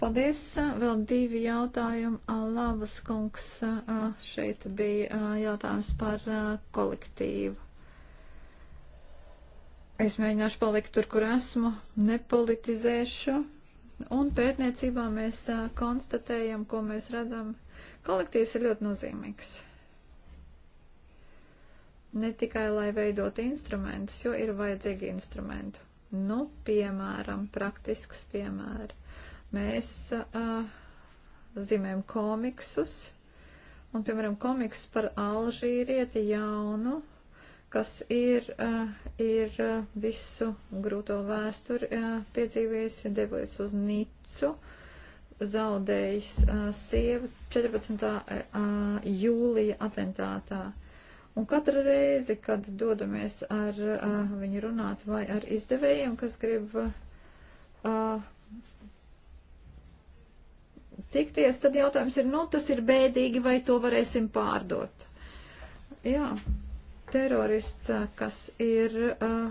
Paldies. Vēl divi jautājumi. Labas kungs, šeit bija jautājums par kolektīvu. Es mēģināšu palikt tur, kur esmu, nepolitizēšu. Un pētniecībā mēs konstatējam, ko mēs redzam. Kolektīvs ir ļoti nozīmīgs ne tikai lai veidot instrumentus, jo ir vajadzīgi instrumenti. Nu, piemēram, praktisks piemēri. Mēs uh, zīmējam komiksus, un, piemēram, komiks par Alžīrieti jaunu, kas ir, uh, ir uh, visu grūto vēsturi uh, piedzīvējis, devies uz Nicu, zaudējis uh, sievu 14. Uh, jūlija atentātā. Un katru reizi, kad dodamies ar uh, viņu runāt vai ar izdevējiem, kas grib uh, tikties, tad jautājums ir, nu tas ir bēdīgi, vai to varēsim pārdot. Jā, terorists, kas ir uh,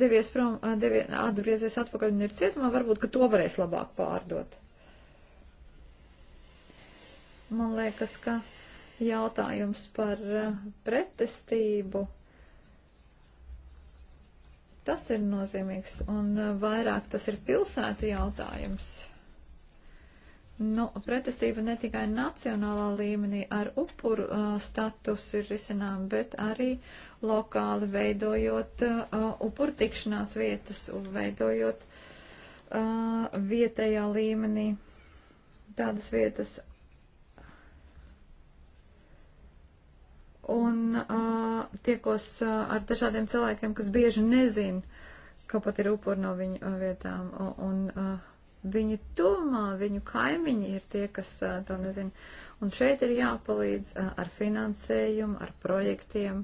devies prom, uh, devie, atgriezies atpakaļ un ir cietumā, varbūt, ka to varēs labāk pārdot. Man liekas, ka jautājums par uh, pretestību tas ir nozīmīgs, un vairāk tas ir pilsētu jautājums. Nu, pretestība ne tikai nacionālā līmenī ar upuru uh, statusu ir risinām, bet arī lokāli veidojot uh, upuru tikšanās vietas un veidojot uh, vietējā līmenī tādas vietas. Un uh, tiekos uh, ar dažādiem cilvēkiem, kas bieži nezin, ka pat ir upuri no viņu uh, vietām. Un, uh, viņu tuvumā, viņu kaimiņi ir tie, kas to nezina. Un šeit ir jāpalīdz ar finansējumu, ar projektiem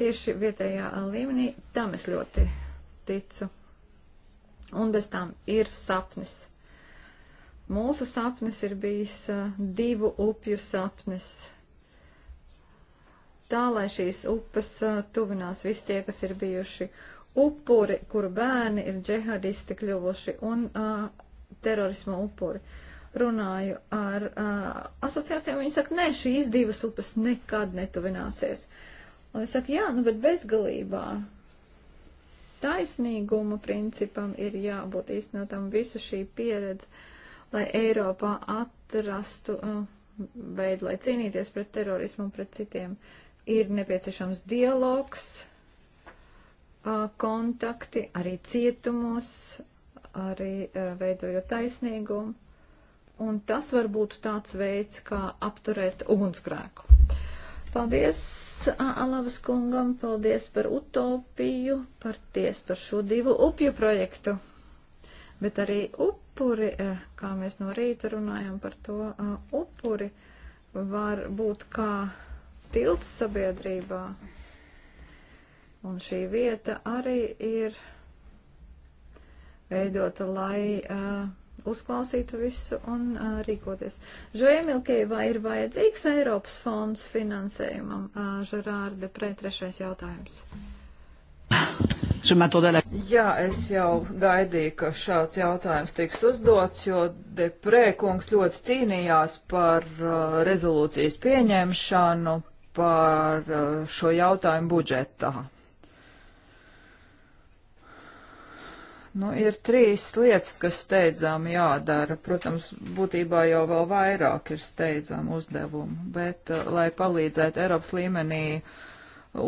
tieši vietējā līmenī. Tam es ļoti ticu. Un bez tām ir sapnis. Mūsu sapnis ir bijis divu upju sapnis. Tā, lai šīs upes tuvinās visi tie, kas ir bijuši upuri, kuru bērni ir džihadisti kļuvuši, un uh, terorisma upuri. Runāju ar uh, asociācijām, viņi saka, nē, šīs divas upes nekad netuvināsies. Un es saku, jā, nu, bet bezgalībā taisnīguma principam ir jābūt īstenotam visu šī pieredze, lai Eiropā atrastu uh, veidu, lai cīnīties pret terorismu un pret citiem. Ir nepieciešams dialogs, kontakti arī cietumos, arī eh, veidojot taisnīgumu. Un tas var būt tāds veids, kā apturēt ugunsgrēku. Paldies Alavas kungam, paldies par utopiju, paldies par šo divu upju projektu. Bet arī upuri, eh, kā mēs no rīta runājam par to, upuri var būt kā tilts sabiedrībā. Un šī vieta arī ir veidota, lai uh, uzklausītu visu un uh, rīkoties. Žēmilkēvā ir vajadzīgs Eiropas fonds finansējumam, uh, Žerārde, pret trešais jautājums. Jā, es jau gaidīju, ka šāds jautājums tiks uzdots, jo deprēkungs ļoti cīnījās par uh, rezolūcijas pieņemšanu par uh, šo jautājumu budžetā. Nu, ir trīs lietas, kas steidzām jādara. Protams, būtībā jau vēl vairāk ir steidzām uzdevumu, bet, eh, lai palīdzētu Eiropas līmenī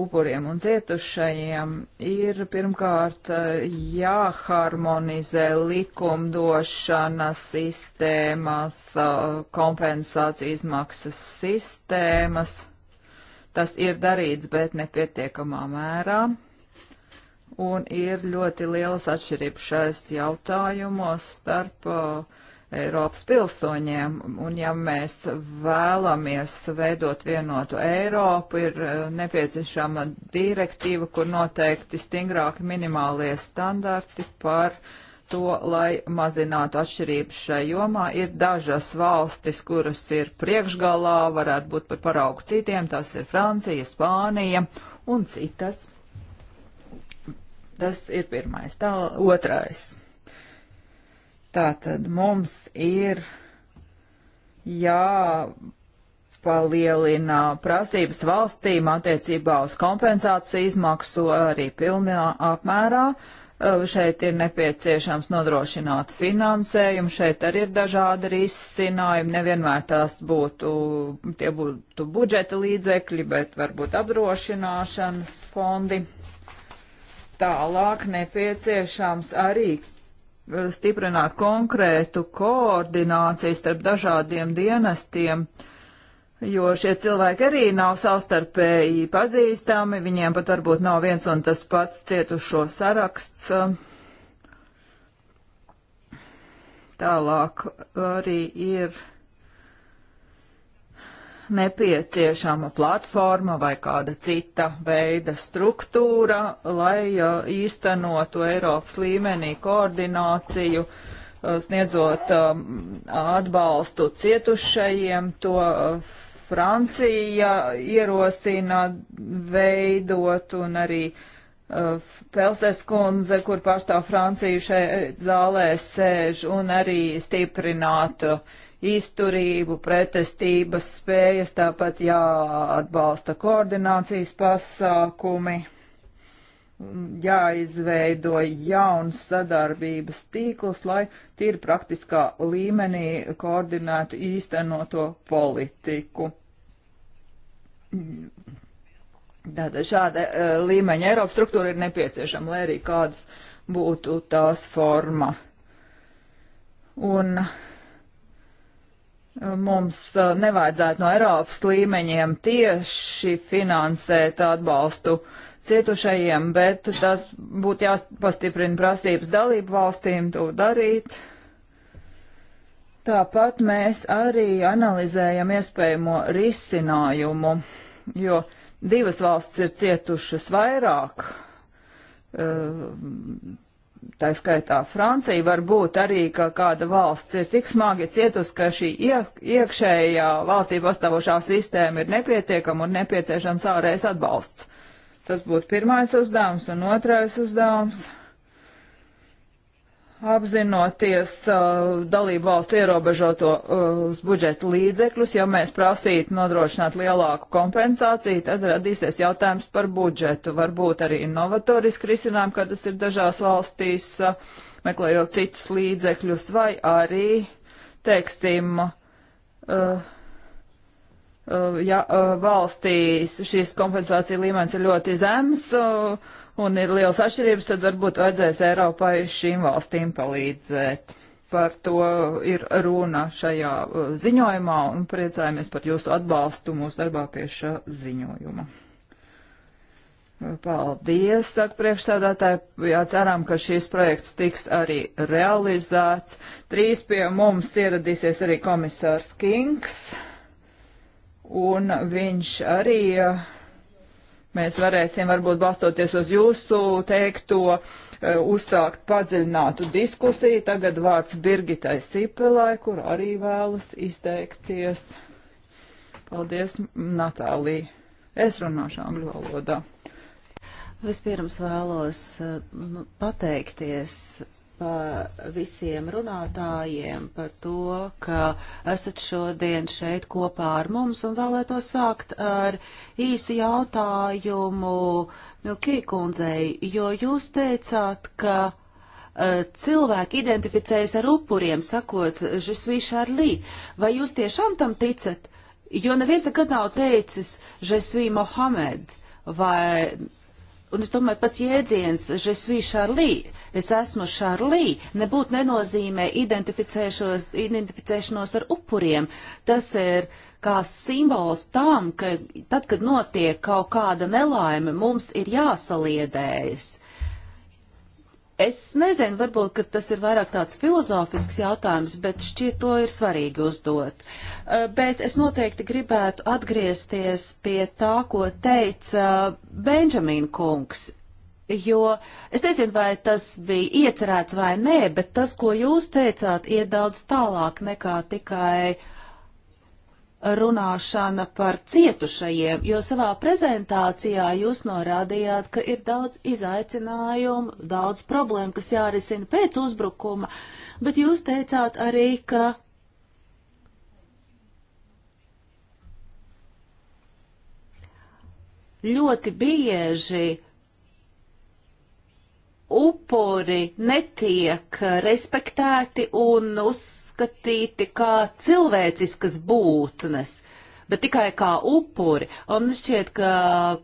upuriem un cietušajiem, ir pirmkārt eh, jāharmonizē likumdošana sistēmas, eh, kompensācijas maksas sistēmas. Tas ir darīts, bet nepietiekamā mērā un ir ļoti lielas atšķirības šais jautājumos starp uh, Eiropas pilsoņiem, un ja mēs vēlamies veidot vienotu Eiropu, ir uh, nepieciešama direktīva, kur noteikti stingrāki minimālie standarti par to, lai mazinātu atšķirības šai jomā. Ir dažas valstis, kuras ir priekšgalā, varētu būt par paraugu citiem, tās ir Francija, Spānija un citas. Tas ir pirmais. Tā, otrais. Tātad mums ir jāpalielina prasības valstīm attiecībā uz kompensāciju izmaksu arī pilnā apmērā. Šeit ir nepieciešams nodrošināt finansējumu, šeit arī ir dažādi risinājumi, nevienmēr tās būtu, tie būtu budžeta līdzekļi, bet varbūt apdrošināšanas fondi. Tālāk nepieciešams arī eh, stiprināt konkrētu koordināciju starp dažādiem dienestiem, jo šie cilvēki arī nav savstarpēji pazīstami, viņiem pat varbūt nav viens un tas pats cietušo saraksts. Tālāk arī ir nepieciešama platforma vai kāda cita veida struktūra, lai uh, īstenotu Eiropas līmenī koordināciju, uh, sniedzot um, atbalstu cietušajiem. To uh, Francija ierosina veidot un arī Pelses kundze, kur pārstāv Franciju šeit zālē sēž, un arī stiprināt uh, izturību, pretestības spējas, tāpat jāatbalsta koordinācijas pasākumi, jāizveido jauns sadarbības tīkls, lai tīri praktiskā līmenī koordinētu īstenoto politiku. Tātad šāda e, līmeņa Eiropas struktūra ir nepieciešama, lai arī kādas būtu tās forma. Un uh, Mums nevajadzētu no Eiropas līmeņiem tieši finansēt atbalstu cietušajiem, bet tas būtu jāpastiprina prasības dalību valstīm to darīt. Tāpat mēs arī analizējam iespējamo risinājumu, jo divas valsts ir cietušas vairāk tā skaitā Francija, var būt arī, ka kāda valsts ir tik smagi cietusi, ka šī iekšējā valstī pastāvošā sistēma ir nepietiekama un nepieciešams ārējais atbalsts. Tas būtu pirmais uzdevums un otrais uzdevums. Mm apzinoties uh, dalību valstu ierobežoto uh, budžeta līdzekļus, ja mēs prasītu nodrošināt lielāku kompensāciju, tad radīsies jautājums par budžetu. Varbūt arī novatoriski risinājumi, kad tas ir dažās valstīs, uh, meklējot citus līdzekļus, vai arī, teiksim, uh, uh ja uh, valstīs šīs kompensācija līmenis ir ļoti zems, uh, un ir liels atšķirības, tad varbūt vajadzēs Eiropai šīm valstīm palīdzēt. Par to ir runa šajā uh, ziņojumā un priecājamies par jūsu atbalstu mūsu darbā pie šā ziņojuma. Paldies, saka priekšsādātāji. Jā, ceram, ka šīs projekts tiks arī realizēts. Trīs pie mums ieradīsies arī komisārs Kings, un viņš arī uh, mēs varēsim varbūt balstoties uz jūsu teikto e, uzstākt padziļinātu diskusiju. Tagad vārds Birgitai Sipelai, kur arī vēlas izteikties. Paldies, Natālija. Es runāšu angļu valodā. Vispirms vēlos e, nu, pateikties pa visiem runātājiem par to, ka esat šodien šeit kopā ar mums un vēlētos sākt ar īsu jautājumu Milkī kundzei, jo jūs teicāt, ka uh, cilvēki identificējas ar upuriem, sakot, žis viš ar lī. Vai jūs tiešām tam ticat? Jo neviens nekad nav teicis, žis vi Mohamed vai Un es domāju, pats jēdziens, je suis Charlie, es esmu Charlie, nebūtu nenozīmē identificēšanos ar upuriem. Tas ir kā simbols tam, ka tad, kad notiek kaut kāda nelaime, mums ir jāsaliedējas Es nezinu, varbūt, ka tas ir vairāk tāds filozofisks jautājums, bet šķiet to ir svarīgi uzdot. Eh, bet es noteikti gribētu atgriezties pie tā, ko teica Benžamīna kungs. Jo es nezinu, vai tas bija iecerēts vai nē, bet tas, ko jūs teicāt, iet daudz tālāk nekā tikai uh, runāšana par cietušajiem, jo savā prezentācijā jūs norādījāt, ka ir daudz izaicinājumu, daudz problēmu, kas jārisina pēc uzbrukuma, bet jūs teicāt arī, ka ļoti bieži upuri netiek respektēti un uzskatīti kā cilvēciskas būtnes, bet tikai kā upuri. Un šķiet, ka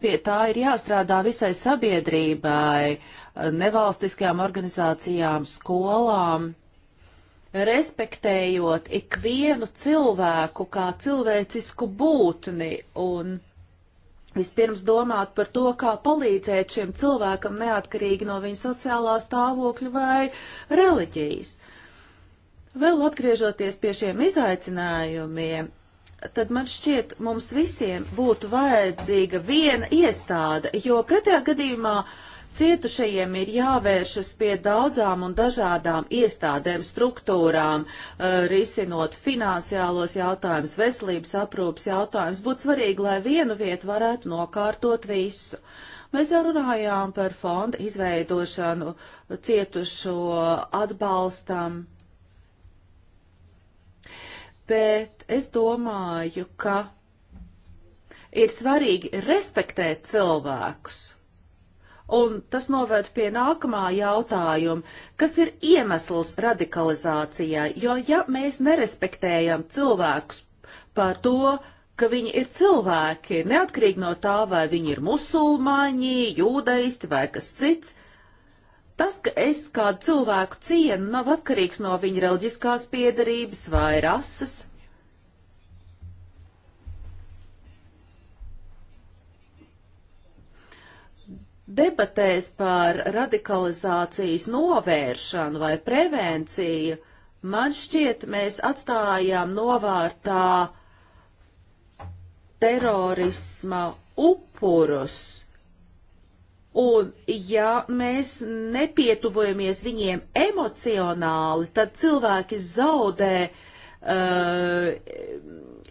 pie tā ir jāstrādā visai sabiedrībai, nevalstiskajām organizācijām, skolām, respektējot ikvienu cilvēku kā cilvēcisku būtni un Vispirms domāt par to, kā palīdzēt šiem cilvēkam neatkarīgi no viņa sociālā stāvokļa vai reliģijas. Vēl atgriežoties pie šiem izaicinājumiem, tad man šķiet, mums visiem būtu vajadzīga viena iestāde, jo pretējā gadījumā uh, Cietušajiem ir jāvēršas pie daudzām un dažādām iestādēm, struktūrām, eh, risinot finansiālos jautājumus, veselības aprūpas jautājumus. Būtu svarīgi, lai vienu vietu varētu nokārtot visu. Mēs jau runājām par fonda izveidošanu cietušo atbalstam, bet es domāju, ka ir svarīgi respektēt cilvēkus Un tas noved pie nākamā jautājuma, kas ir iemesls radikalizācijai, jo ja mēs nerespektējam cilvēkus par to, ka viņi ir cilvēki, neatkarīgi no tā, vai viņi ir musulmaņi, jūdaisti vai kas cits, tas, ka es kādu cilvēku cienu, nav atkarīgs no viņa reliģiskās piedarības vai rases Debatēs par radikalizācijas novēršanu vai prevenciju man šķiet mēs atstājām novārtā terorisma upurus. Un, ja mēs nepietuvojamies viņiem emocionāli, tad cilvēki zaudē uh,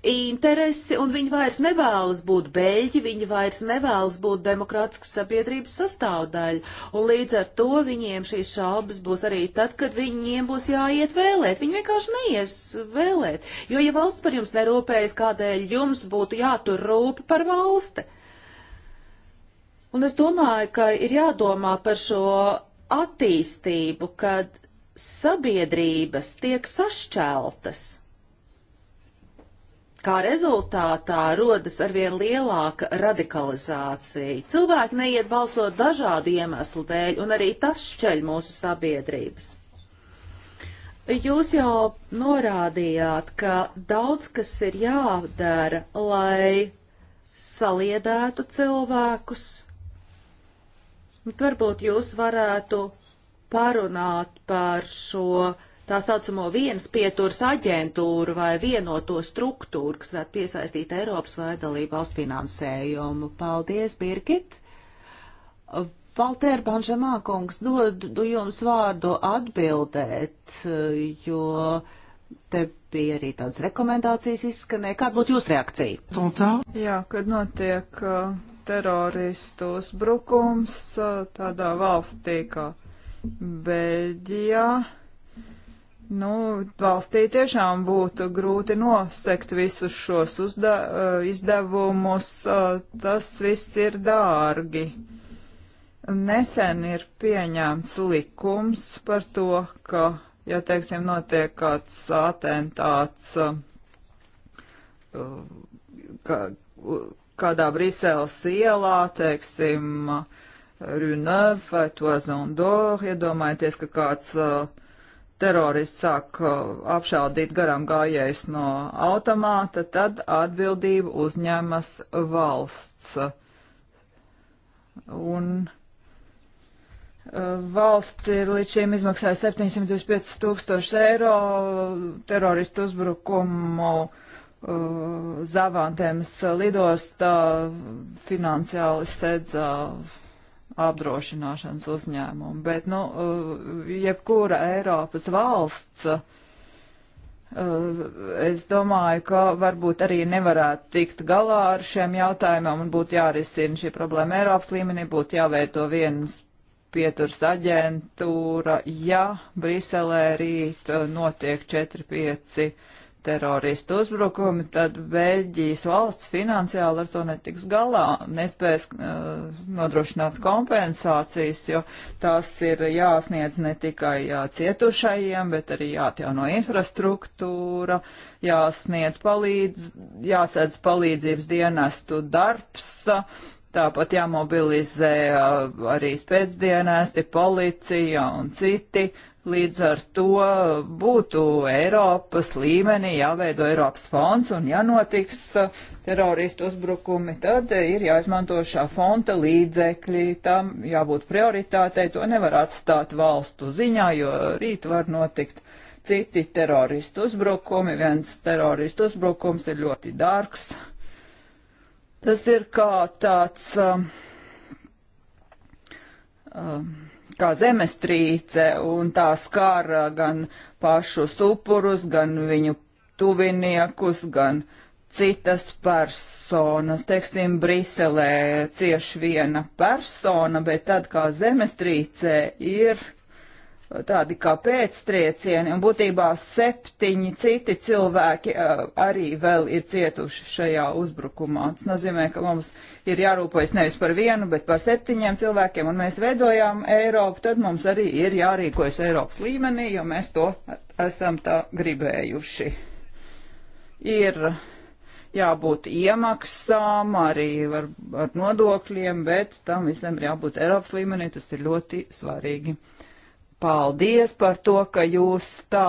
interesi, un viņi vairs nevēlas būt beļģi, viņi vairs nevēlas būt demokrātiskas sabiedrības sastāvdaļa, un līdz ar to viņiem šīs šaubas būs arī tad, kad viņiem būs jāiet vēlēt. Viņi vienkārši neies vēlēt, jo ja valsts par jums nerūpējas, kādēļ jums būtu jātur rūpi par valsti. Un es domāju, ka ir jādomā par šo attīstību, kad sabiedrības tiek sašķeltas Kā rezultātā rodas arvien lielāka radikalizācija. Cilvēki neiet balsot dažādu iemeslu dēļ, un arī tas šķeļ mūsu sabiedrības. Jūs jau norādījāt, ka daudz kas ir jādara, lai saliedētu cilvēkus. Bet varbūt jūs varētu parunāt par šo tā saucamo vienas pieturas aģentūru vai vienoto struktūru, kas varētu piesaistīt Eiropas vai dalību valsts finansējumu. Paldies, Birgit! Valtēr Banžamā kungs, dodu jums vārdu atbildēt, jo te bija arī tādas rekomendācijas izskanē. Kāda būtu jūsu reakcija? Jā, kad notiek uh, teroristu uzbrukums uh, tādā valstī kā Beļģijā Nu, valstī tiešām būtu grūti nosekt visus šos uzda, eh, izdevumus, eh, tas viss ir dārgi. Nesen ir pieņēmts likums par to, ka, ja, teiksim, notiek kāds atentāts eh, kā, kādā Briseles ielā, teiksim, Runov vai Toizondo, iedomājieties, ka kāds uh, terorists sāk uh, apšaudīt garām gājējs no automāta, tad atbildību uzņemas valsts. Un uh, valsts ir līdz šim izmaksāja 725 tūkstoši eiro teroristu uzbrukumu uh, Zavantēmas lidostā finansiāli sedz apdrošināšanas uzņēmumu. Bet, nu, uh, jebkura Eiropas valsts, uh, es domāju, ka varbūt arī nevarētu tikt galā ar šiem jautājumiem un būtu jārisina šī problēma Eiropas līmenī, būtu jāveido vienas pieturs aģentūra, ja Briselē rīt uh, notiek 4-5 teroristu uzbrukumi, tad Beļģijas valsts finansiāli ar to netiks galā, nespēs uh, nodrošināt kompensācijas, jo tās ir jāsniedz ne tikai jā, uh, cietušajiem, bet arī jāatjauno infrastruktūra, jāsniedz palīdz, jāsēdz palīdzības dienestu darbs. Tāpat jāmobilizē uh, arī spēcdienesti, policija un citi uh, Līdz ar to būtu Eiropas līmenī jāveido Eiropas fonds, un ja notiks uh, teroristu uzbrukumi, tad ir jāizmanto šā fonda līdzekļi, tam jābūt prioritātei, to nevar atstāt valstu ziņā, jo rīt var notikt citi teroristu uzbrukumi, viens teroristu uzbrukums ir ļoti dārgs. Tas ir kā tāds. Um, um, kā zemestrīce, un tā skāra uh, gan pašus upurus, gan viņu tuviniekus, gan citas personas. Teiksim, Briselē cieši viena persona, bet tad kā zemestrīce ir tādi kā pēctriecieni, un būtībā septiņi citi cilvēki uh, arī vēl ir cietuši šajā uzbrukumā. Tas nozīmē, ka mums ir jārūpojas nevis par vienu, bet par septiņiem cilvēkiem, un mēs veidojām Eiropu, tad mums arī ir jārīkojas Eiropas līmenī, jo mēs to esam tā gribējuši. Ir jābūt iemaksām, arī ar, ar nodokļiem, bet tam visam ir jābūt Eiropas līmenī, tas ir ļoti svarīgi. Uh, Paldies par to, ka jūs tā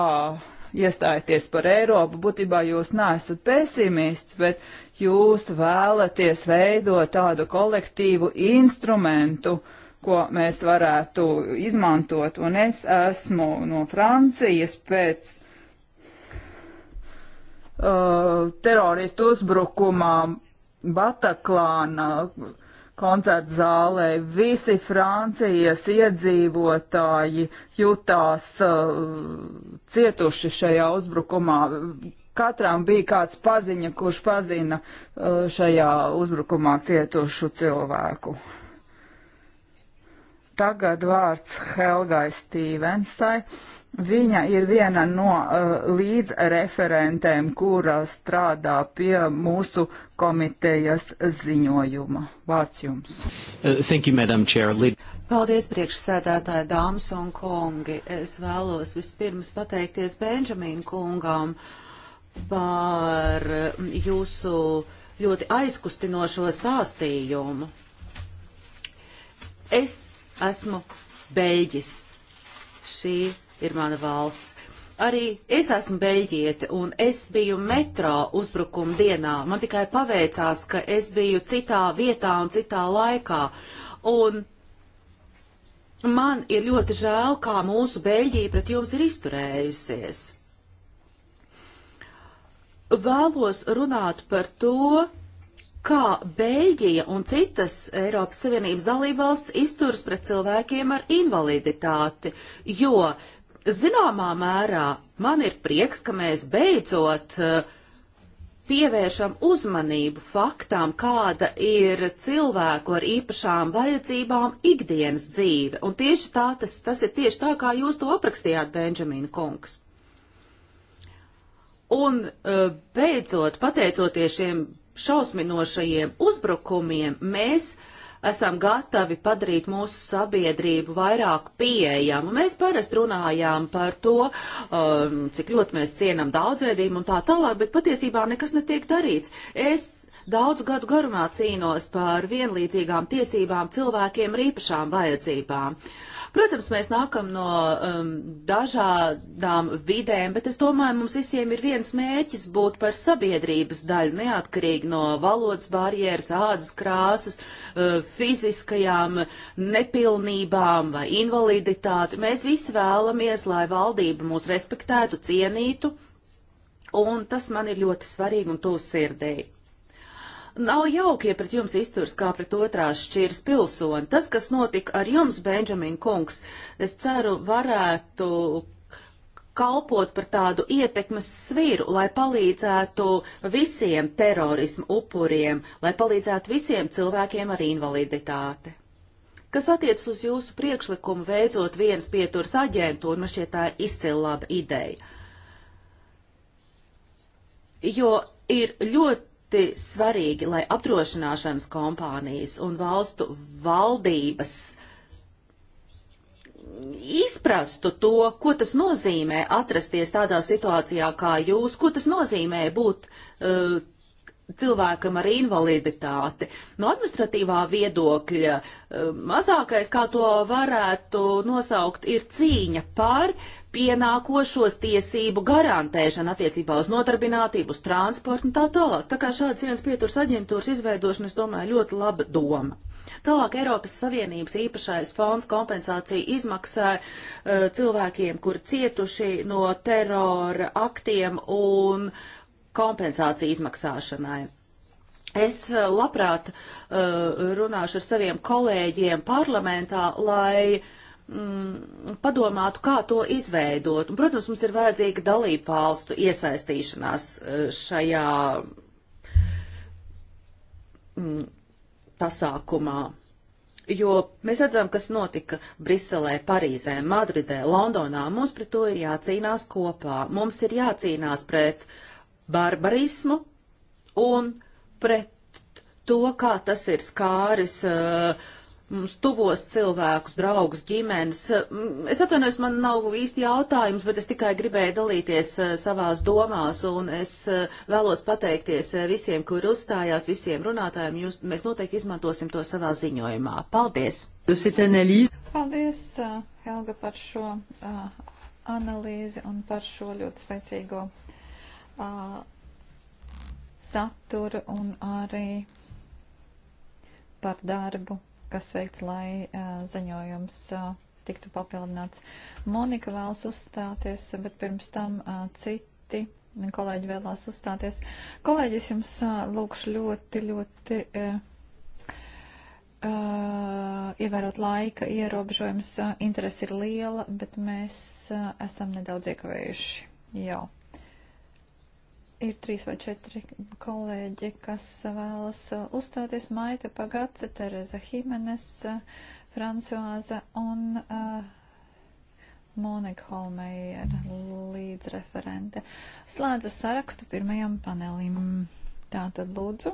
iestājaties par Eiropu. Būtībā jūs neesat pesimists, bet jūs vēlaties veidot tādu kolektīvu instrumentu, ko mēs varētu izmantot. Un es esmu no Francijas pēc uh, teroristu uzbrukumā Bataklāna koncertu zālē. Visi Francijas iedzīvotāji jutās uh, cietuši šajā uzbrukumā. Katram bija kāds paziņa, kurš pazina uh, šajā uzbrukumā cietušu cilvēku. Tagad vārds Helgai Stīvensai Viņa ir viena no uh, līdzreferentēm, kura strādā pie mūsu komitejas ziņojuma. Vārds jums. Uh, thank you, Madam Chair. Lid Paldies, priekšsēdētāji, dāmas un kungi. Es vēlos vispirms pateikties Benžamīnu kungām par jūsu ļoti aizkustinošo stāstījumu. Es esmu beigis šī ir mana valsts. Arī es esmu beļģiete, un es biju metro uzbrukuma dienā. Man tikai paveicās, ka es biju citā vietā un citā laikā. Un man ir ļoti žēl, kā mūsu Beļģija pret jums ir izturējusies. Vēlos runāt par to, kā Beļģija un citas Eiropas Savienības dalībvalsts izturas pret cilvēkiem ar invaliditāti, jo Zināmā mērā man ir prieks, ka mēs beidzot eh, pievēršam uzmanību faktām, kāda ir cilvēku ar īpašām vajadzībām ikdienas dzīve. Un tieši tā, tas, tas ir tieši tā, kā jūs to aprakstījāt, Benžamīna kungs. Un eh, beidzot, pateicoties šiem šausminošajiem uzbrukumiem, mēs uh, esam gatavi padarīt mūsu sabiedrību vairāk pieejamu. Mēs parasti runājām par to, um, cik ļoti mēs cienam daudzveidību un tā tālāk, bet patiesībā nekas netiek darīts. Es daudz gadu garumā cīnos par vienlīdzīgām tiesībām cilvēkiem ar īpašām vajadzībām. Uh, Protams, mēs nākam no um, dažādām vidēm, bet es domāju, mums visiem ir viens mēķis būt par sabiedrības daļu, neatkarīgi no valodas barjeras, ādas krāsas, uh, fiziskajām nepilnībām vai invaliditāti. Mēs visi vēlamies, lai valdība mūs respektētu, cienītu, un tas man ir ļoti svarīgi un to sirdēju. Nav jaukie pret jums izturs, kā pret otrās šķiras pilsoni. Tas, kas notika ar jums, Benjamin Kungs, es ceru, varētu kalpot par tādu ietekmes sviru, lai palīdzētu visiem terorismu upuriem, lai palīdzētu visiem cilvēkiem ar invaliditāti. Kas attiec uz jūsu priekšlikumu veicot vienas pieturas aģentūru, man šķiet tā ir izcila laba ideja. Jo ir ļoti ļoti svarīgi, lai apdrošināšanas kompānijas un valstu valdības izprastu to, ko tas nozīmē atrasties tādā situācijā kā jūs, ko tas nozīmē būt uh, cilvēkam ar invaliditāti. No administratīvā viedokļa eh, mazākais, kā to varētu nosaukt, ir cīņa par pienākošos tiesību garantēšanu attiecībā uz nodarbinātību, uz transportu un tā tālāk. Tā kā šāds viens pieturs aģentūras izveidošana, es domāju, ļoti laba doma. Tālāk Eiropas Savienības īpašais fonds kompensāciju izmaksā uh, cilvēkiem, kur cietuši no terora aktiem un uh, kompensāciju izmaksāšanai. Es eh, labprāt uh, runāšu ar saviem kolēģiem parlamentā, lai mm, padomātu, kā to izveidot. Un, protams, mums ir vajadzīga dalību valstu iesaistīšanās eh, šajā mm, pasākumā. Jo mēs redzam, kas notika Briselē, Parīzē, Madridē, Londonā. Mums pret to ir jācīnās kopā. Mums ir jācīnās pret uh, barbarismu un pret to, kā tas ir skāris uh, mums tuvos cilvēkus, draugus, ģimenes. Mm, es atvainojos, man nav īsti jautājums, bet es tikai gribēju dalīties eh, savās domās, un es eh, vēlos pateikties visiem, kur uzstājās, visiem runātājiem. Jūs, mēs noteikti izmantosim to savā ziņojumā. Paldies! Paldies, Helga, par šo analīzi un par šo ļoti spēcīgo uh, saturu un arī par darbu, kas veikts, lai uh, ziņojums uh, tiktu papildināts. Monika vēlas uzstāties, bet pirms tam uh, citi kolēģi vēlās uzstāties. Kolēģis jums lūkšu ļoti, ļoti uh, ievērot laika ierobežojums. Interesi ir liela, bet mēs uh, esam nedaudz iekavējuši. Jau. Ir trīs vai četri kolēģi, kas vēlas uh, uzstāties. Maita Pagaca, Tereza Himenes, Francoāza un uh, Monika Holmeiera līdzreferente. Slēdzu sarakstu pirmajam panelim. Tātad lūdzu.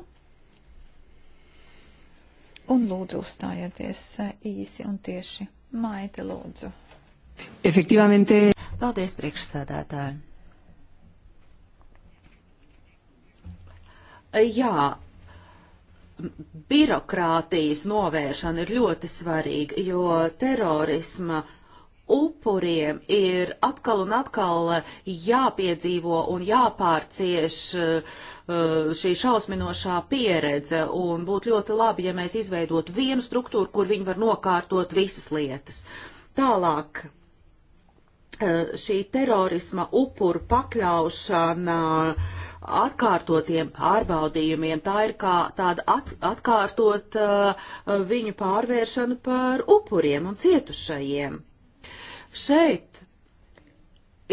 Un lūdzu uzstājieties uh, īsi un tieši. Maita lūdzu. Efektīvamente. Paldies priekšsēdētāji. jā, birokrātijas novēršana ir ļoti svarīga, jo terorisma upuriem ir atkal un atkal jāpiedzīvo un jāpārcieš uh, šī šausminošā pieredze, un būtu ļoti labi, ja mēs izveidotu vienu struktūru, kur viņi var nokārtot visas lietas. Tālāk uh, šī terorisma upuru pakļaušana uh, atkārtotiem pārbaudījumiem. Tā ir kā tāda at, atkārtot uh, viņu pārvēršana par upuriem un cietušajiem. Šeit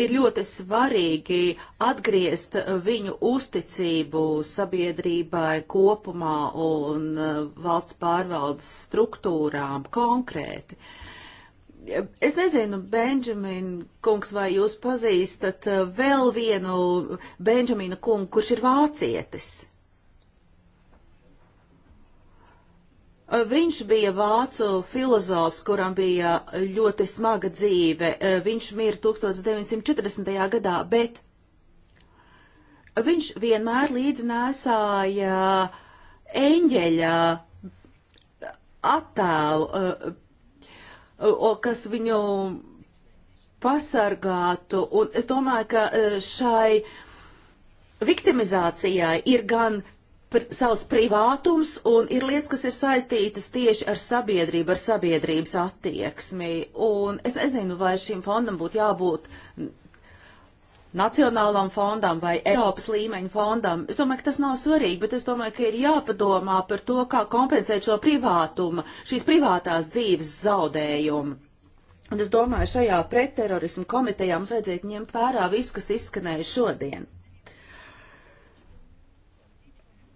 ir ļoti svarīgi atgriezt viņu uzticību sabiedrībai kopumā un uh, valsts pārvaldes struktūrām konkrēti. Uh, Es nezinu, Benjamin kungs, vai jūs pazīstat eh, vēl vienu Benjamina kungu, kurš ir vācietis? Eh, viņš bija vācu filozofs, kuram bija ļoti smaga dzīve. Eh, viņš mira 1940. gadā, bet viņš vienmēr līdzinājāja eņģeļa attēlu kas viņu pasargātu. Un es domāju, ka e, šai viktimizācijai ir gan pr savs privātums un ir lietas, kas ir saistītas tieši ar sabiedrību, ar sabiedrības attieksmi. Un es nezinu, vai šim fondam būtu jābūt nacionālam fondam vai Eiropas līmeņa fondam. Es domāju, ka tas nav svarīgi, bet es domāju, ka ir jāpadomā par to, kā kompensēt šo privātumu, šīs privātās dzīves zaudējumu. Un es domāju, šajā pretterorismu komitejā mums vajadzētu ņemt vērā visu, kas izskanēja šodien.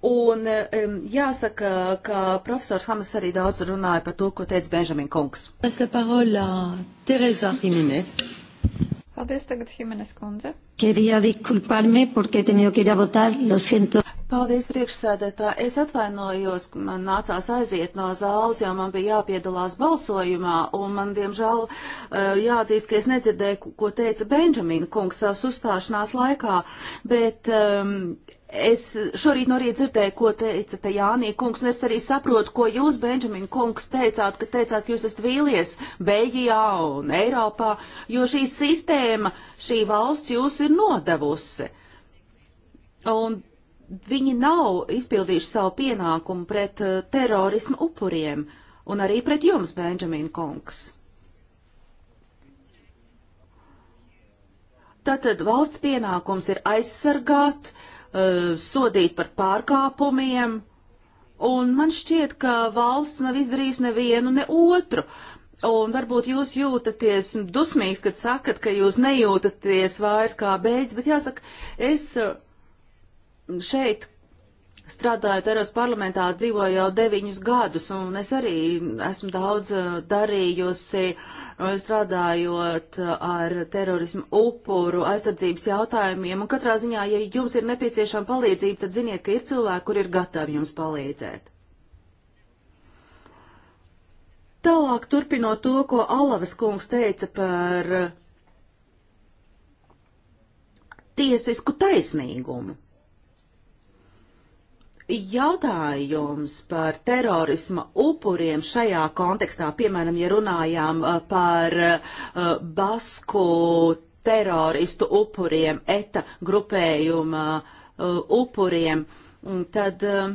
Un um, jāsaka, ka profesors Hamas arī daudz runāja par to, ko teica Benžamin Kungs. Paldies tagad Himenes kundze. Quería disculparme porque he tenido que ir a votar, lo siento. Paldies, priekšsēdētā. Es atvainojos, man nācās aiziet no zāles, jo man bija jāpiedalās balsojumā, un man, diemžēl, eh, jāatzīst, ka es nedzirdēju, ko teica Benžamina kungs savas uzstāšanās laikā, bet um, es šorīt no rīta dzirdēju, ko teica te Jānī kungs, un es arī saprotu, ko jūs, Benžamina kungs, teicāt, ka teicāt, ka jūs esat vīlies Beļģijā un Eiropā, jo šī sistēma, šī valsts jūs ir ir nodevusi. Un viņi nav izpildījuši savu pienākumu pret uh, terorismu upuriem un arī pret jums, Benjamin Kungs. Tātad valsts pienākums ir aizsargāt, uh, sodīt par pārkāpumiem, un man šķiet, ka valsts nav izdarījusi nevienu ne otru. Uh, Un varbūt jūs jūtaties dusmīgs, kad sakat, ka jūs nejūtaties vairs kā beidz, bet jāsaka, es eh, šeit strādājot Eiropas parlamentā dzīvoju jau deviņus gadus, un es arī esmu daudz eh, darījusi, eh, strādājot ar terorismu upuru aizsardzības jautājumiem, un katrā ziņā, ja jums ir nepieciešama palīdzība, tad ziniet, ka ir cilvēki, kur ir gatavi jums palīdzēt. Tālāk turpinot to, ko Alavas kungs teica par uh, tiesisku taisnīgumu. Jautājums par terorisma upuriem šajā kontekstā, piemēram, ja runājām uh, par uh, basku teroristu upuriem, eta grupējuma upuriem, tad uh,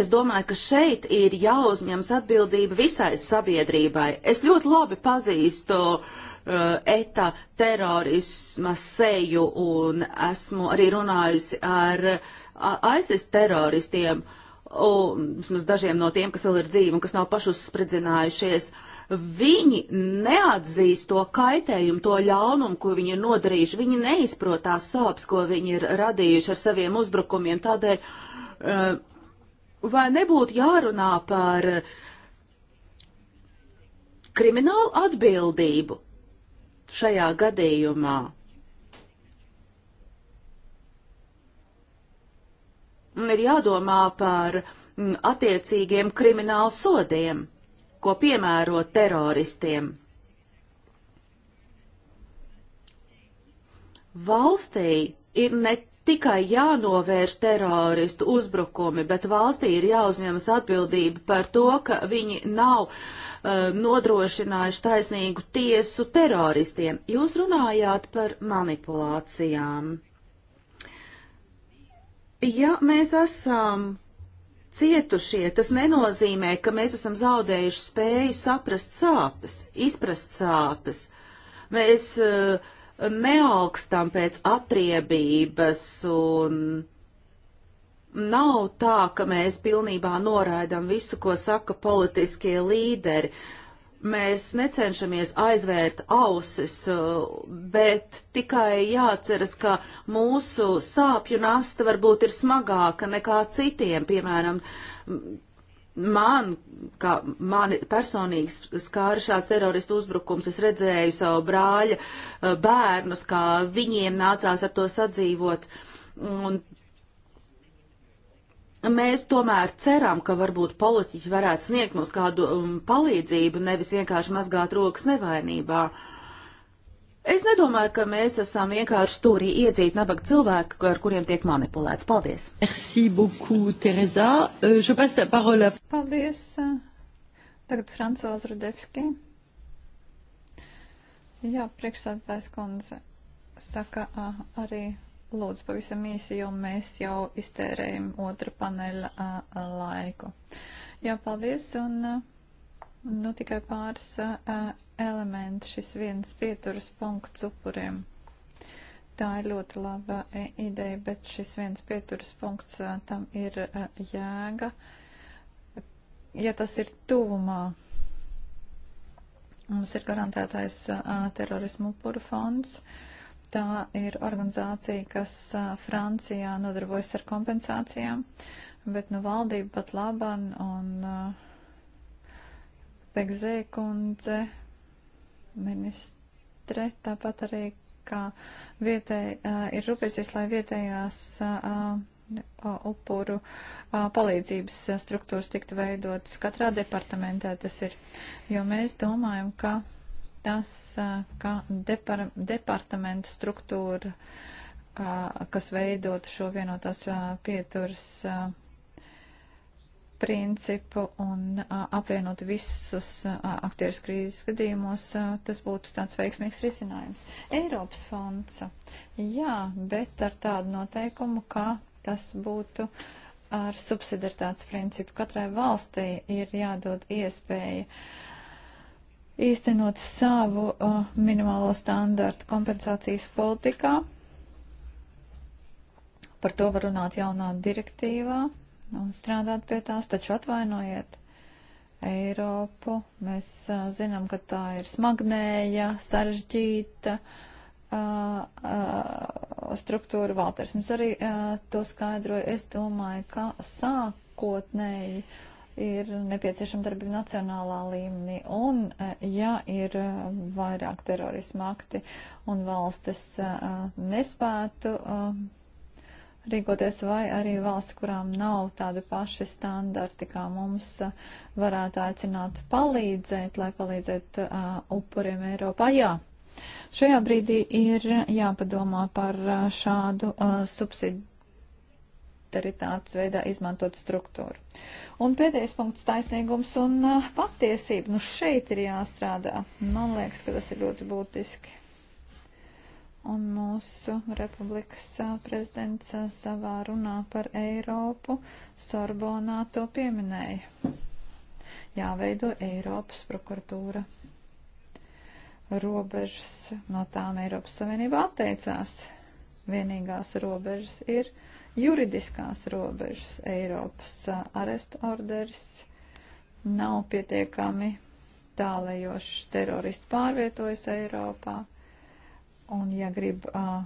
Es domāju, ka šeit ir jāuzņemas atbildība visai sabiedrībai. Es ļoti labi pazīstu uh, ETA terorisma seju un esmu arī runājusi ar uh, ISIS teroristiem, un, vismaz dažiem no tiem, kas vēl ir dzīvi un kas nav pašuzspridzinājušies. Viņi neatzīst to kaitējumu, to ļaunumu, ko viņi ir nodarījuši. Viņi neizprot tās sāpes, ko viņi ir radījuši ar saviem uzbrukumiem. Tādēļ uh, vai nebūtu jārunā par kriminālu atbildību šajā gadījumā? Un ir jādomā par mm, attiecīgiem kriminālu sodiem, ko piemēro teroristiem. Valstī ir ne tikai jānovērš teroristu uzbrukumi, bet valstī ir jāuzņemas atbildība par to, ka viņi nav uh, nodrošinājuši taisnīgu tiesu teroristiem. Jūs runājāt par manipulācijām. Ja mēs esam cietušie, tas nenozīmē, ka mēs esam zaudējuši spēju saprast sāpes, izprast sāpes. Mēs uh, neaugstam pēc atriebības un nav tā, ka mēs pilnībā noraidam visu, ko saka politiskie līderi. Mēs necenšamies aizvērt ausis, bet tikai jāatceras, ka mūsu sāpju nasta varbūt ir smagāka nekā citiem, piemēram, man, kā mani personīgi skāra šāds teroristu uzbrukums, es redzēju savu brāļa eh, bērnus, kā viņiem nācās ar to sadzīvot. Un mēs tomēr ceram, ka varbūt politiķi varētu sniegt mums kādu um, palīdzību, nevis vienkārši mazgāt rokas nevainībā. Uh, Es nedomāju, ka mēs esam vienkārši stūrī iedzīt nabaga cilvēku, ar kuriem tiek manipulēts. Paldies! Merci beaucoup, Tereza. Euh, je passe la parole. Paldies. Tagad Francoza Rudevski. Jā, priekšsādātājs kundze saka ah, arī lūdzu pavisam īsi, jo mēs jau iztērējam otra paneļa ah, laiku. Jā, paldies. Un, uh, Nu, tikai pāris uh, elementi, šis viens pieturas punkts upuriem. Tā ir ļoti laba uh, ideja, bet šis viens pieturas punkts uh, tam ir uh, jēga. Ja tas ir tuvumā, mums ir garantētais uh, terorismu upuru fonds. Tā ir organizācija, kas uh, Francijā nodarbojas ar kompensācijām, bet nu valdība pat laban un. Uh, Begzē kundze, ministre, tāpat arī kā vietēji ir rūpēsies, lai vietējās upuru palīdzības struktūras tiktu veidotas katrā departamentā tas ir. Jo mēs domājam, ka tas, ka depar departamentu struktūra, kas veidota šo vienotās pieturas principu un apvienot visus aktieris krīzes gadījumos, tas būtu tāds veiksmīgs risinājums. Eiropas fonds, jā, bet ar tādu noteikumu, ka tas būtu ar subsidaritātes principu. Katrai valstī ir jādod iespēja īstenot savu uh, minimālo standartu kompensācijas politikā. Par to var runāt jaunā direktīvā un strādāt pie tās, taču atvainojiet Eiropu. Mēs uh, zinām, ka tā ir smagnēja, sarežģīta struktūra. Valters mums arī to skaidroja. Es domāju, ka sākotnēji ir nepieciešama darbība nacionālā līmenī. Un, ja ir vairāk terorisma akti un valstis nespētu rīkoties, vai arī valsts, kurām nav tādi paši standarti, kā mums varētu aicināt palīdzēt, lai palīdzētu uh, upuriem Eiropā. Jā, šajā brīdī ir jāpadomā par uh, šādu uh, subsidaritātes veidā izmantot struktūru. Un pēdējais punkts - taisnīgums un uh, patiesība. Nu, šeit ir jāstrādā. Man liekas, ka tas ir ļoti būtiski un mūsu republikas prezidents savā runā par Eiropu Sorbonā to pieminēja. Jāveido Eiropas prokuratūra. Robežas no tām Eiropas Savienība atteicās. Vienīgās robežas ir juridiskās robežas. Eiropas arestu orders nav pietiekami tālējošs teroristi pārvietojas Eiropā Un, ja grib uh,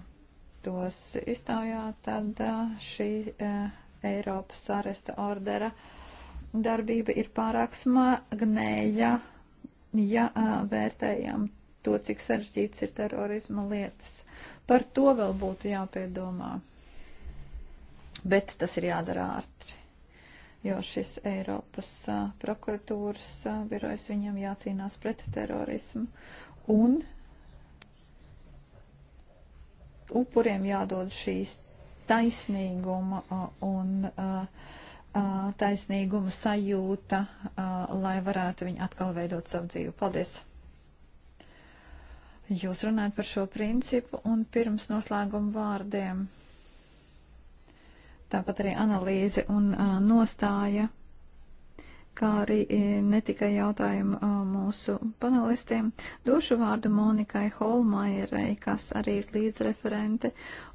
tos iztaujāt, tad uh, šī uh, Eiropas aresta ordera darbība ir pārāk smagnēja, ja uh, vērtējam to, cik sarežģīts ir terorisma lietas. Par to vēl būtu jāpiedomā. Bet tas ir jādara ātri, jo šis Eiropas uh, prokuratūras uh, birojs viņam jācīnās pret terorismu. Un upuriem jādod šīs taisnīguma un taisnīguma sajūta, lai varētu viņi atkal veidot savu dzīvi. Paldies! Jūs runājat par šo principu un pirms noslēguma vārdiem. Tāpat arī analīze un nostāja kā arī e, ne tikai jautājumu mūsu panelistiem. Došu vārdu Monikai Holmaierai, kas arī ir līdzreferente.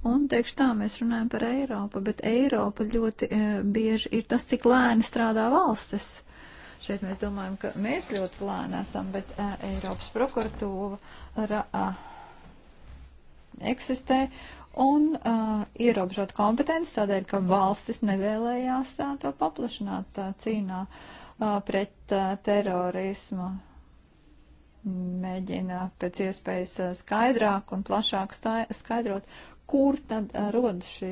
Un teikšu tā, mēs runājam par Eiropu, bet Eiropa ļoti e, bieži ir tas, cik lēni strādā valstis. Šeit mēs domājam, ka mēs ļoti lēni esam, bet e, Eiropas prokuratūra eksistē un uh, ierobežot kompetenci tādēļ, ka valstis nevēlējās tā, to paplašināt tā, cīnā pret terorismu mēģina pēc iespējas skaidrāk un plašāk skaidrot, kur tad rodas šī,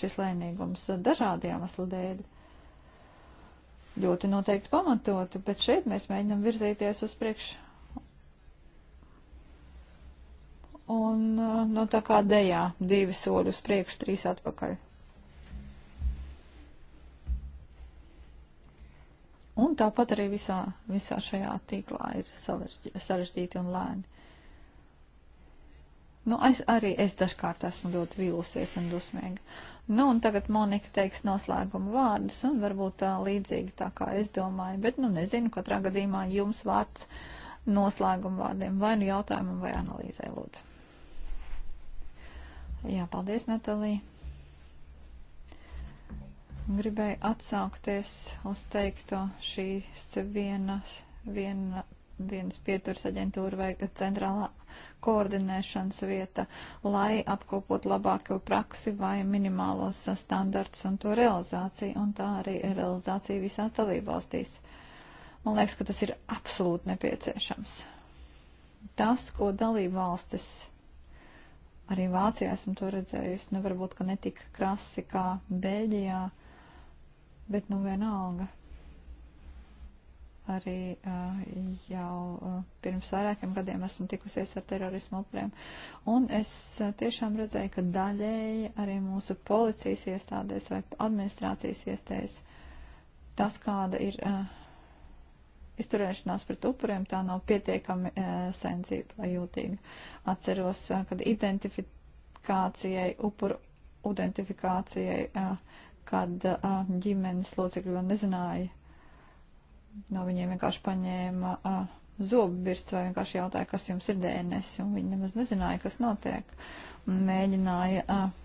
šis lēnīgums dažādu iemeslu dēļ. Ļoti noteikti pamatotu, bet šeit mēs mēģinam virzīties uz priekšu. Un no nu, tā kā dejā divi soļi uz priekšu, trīs atpakaļ. Un tāpat arī visā, visā šajā tīklā ir sarežģīti un lēni. Nu, es arī es dažkārt esmu ļoti vīlusies un dusmīga. Nu, un tagad Monika teiks noslēguma vārdus, un varbūt tā līdzīgi tā kā es domāju, bet, nu, nezinu, katrā gadījumā jums vārds noslēguma vārdiem vai nu jautājumam vai analīzē, lūdzu. Jā, paldies, Natalija. Gribēju atsaukties uz teikto šīs vienas, viena, vienas pieturas aģentūra vai centrālā koordinēšanas vieta, lai apkopot labāko praksi vai minimālos standartus un to realizāciju, un tā arī realizācija visās dalībvalstīs. Man liekas, ka tas ir absolūti nepieciešams. Tas, ko dalībvalstis, arī Vācijā esam to redzējusi, nu varbūt, ka netika krasi kā Bēļģijā, Bet nu vienalga arī uh, jau uh, pirms vairākiem gadiem esmu tikusies ar terorismu upuriem. Un es uh, tiešām redzēju, ka daļēji arī mūsu policijas iestādēs vai administrācijas iestādēs tas, kāda ir uh, izturēšanās pret upuriem, tā nav pietiekami uh, sensīva vai jūtīga. Atceros, uh, kad identifikācijai, upuru identifikācijai uh, kad uh, ģimenes locekļi vēl nezināja, no viņiem vienkārši paņēma uh, zobu birstu vai vienkārši jautāja, kas jums ir DNS, un viņi nemaz nezināja, kas notiek, un mēģināja uh,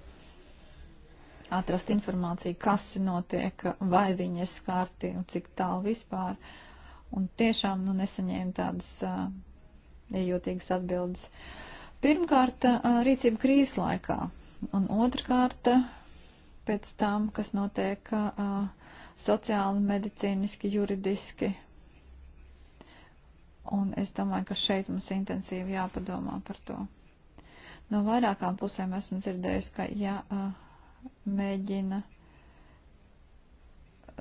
atrast informāciju, kas notiek, vai viņi ir skārti un cik tālu vispār. Un tiešām nu, nesaņēma tādas uh, jūtīgas atbildes. Pirmkārt, uh, rīcība krīzes laikā, un otrkārt, uh, pēc tam, kas notiek uh, sociāli, medicīniski, juridiski. Un es domāju, ka šeit mums intensīvi jāpadomā par to. No vairākām pusēm esmu dzirdējusi, ka ja uh, mēģina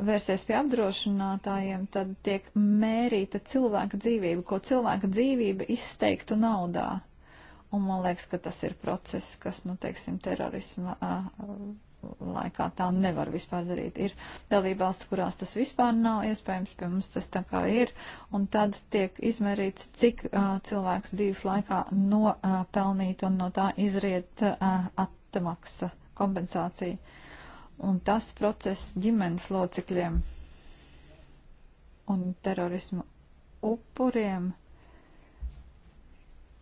vērsties pie apdrošinātājiem, tad tiek mērīta cilvēka dzīvība, ko cilvēka dzīvība izteiktu naudā. Un man liekas, ka tas ir process, kas, nu, teiksim, terorisma. Uh, laikā tā nevar vispār darīt. Ir dalībvalsts, kurās tas vispār nav iespējams, pie mums tas tā kā ir, un tad tiek izmērīts, cik uh, cilvēks dzīves laikā nopelnīt uh, un no tā izriet uh, atmaksa kompensācija. Un tas process ģimenes locekļiem un terorismu upuriem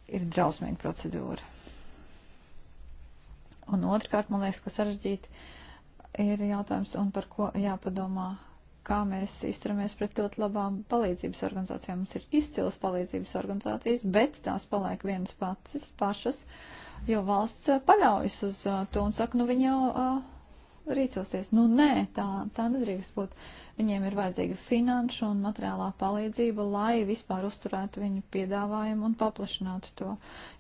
ir drausmīga procedūra. Un otrkārt, man liekas, ka sarežģīti ir jautājums, un par ko jāpadomā, kā mēs izturamies pret ļoti labām palīdzības organizācijām. Mums ir izcils palīdzības organizācijas, bet tās paliek vienas pacis, pašas, jo valsts uh, paļaujas uz uh, to un saka, nu viņi jau uh, rīcosies. Nu nē, tā, tā nedrīkst būt. Uh, Viņiem ir vajadzīga finanšu un materiālā palīdzība, lai vispār uzturētu viņu piedāvājumu un paplašinātu to.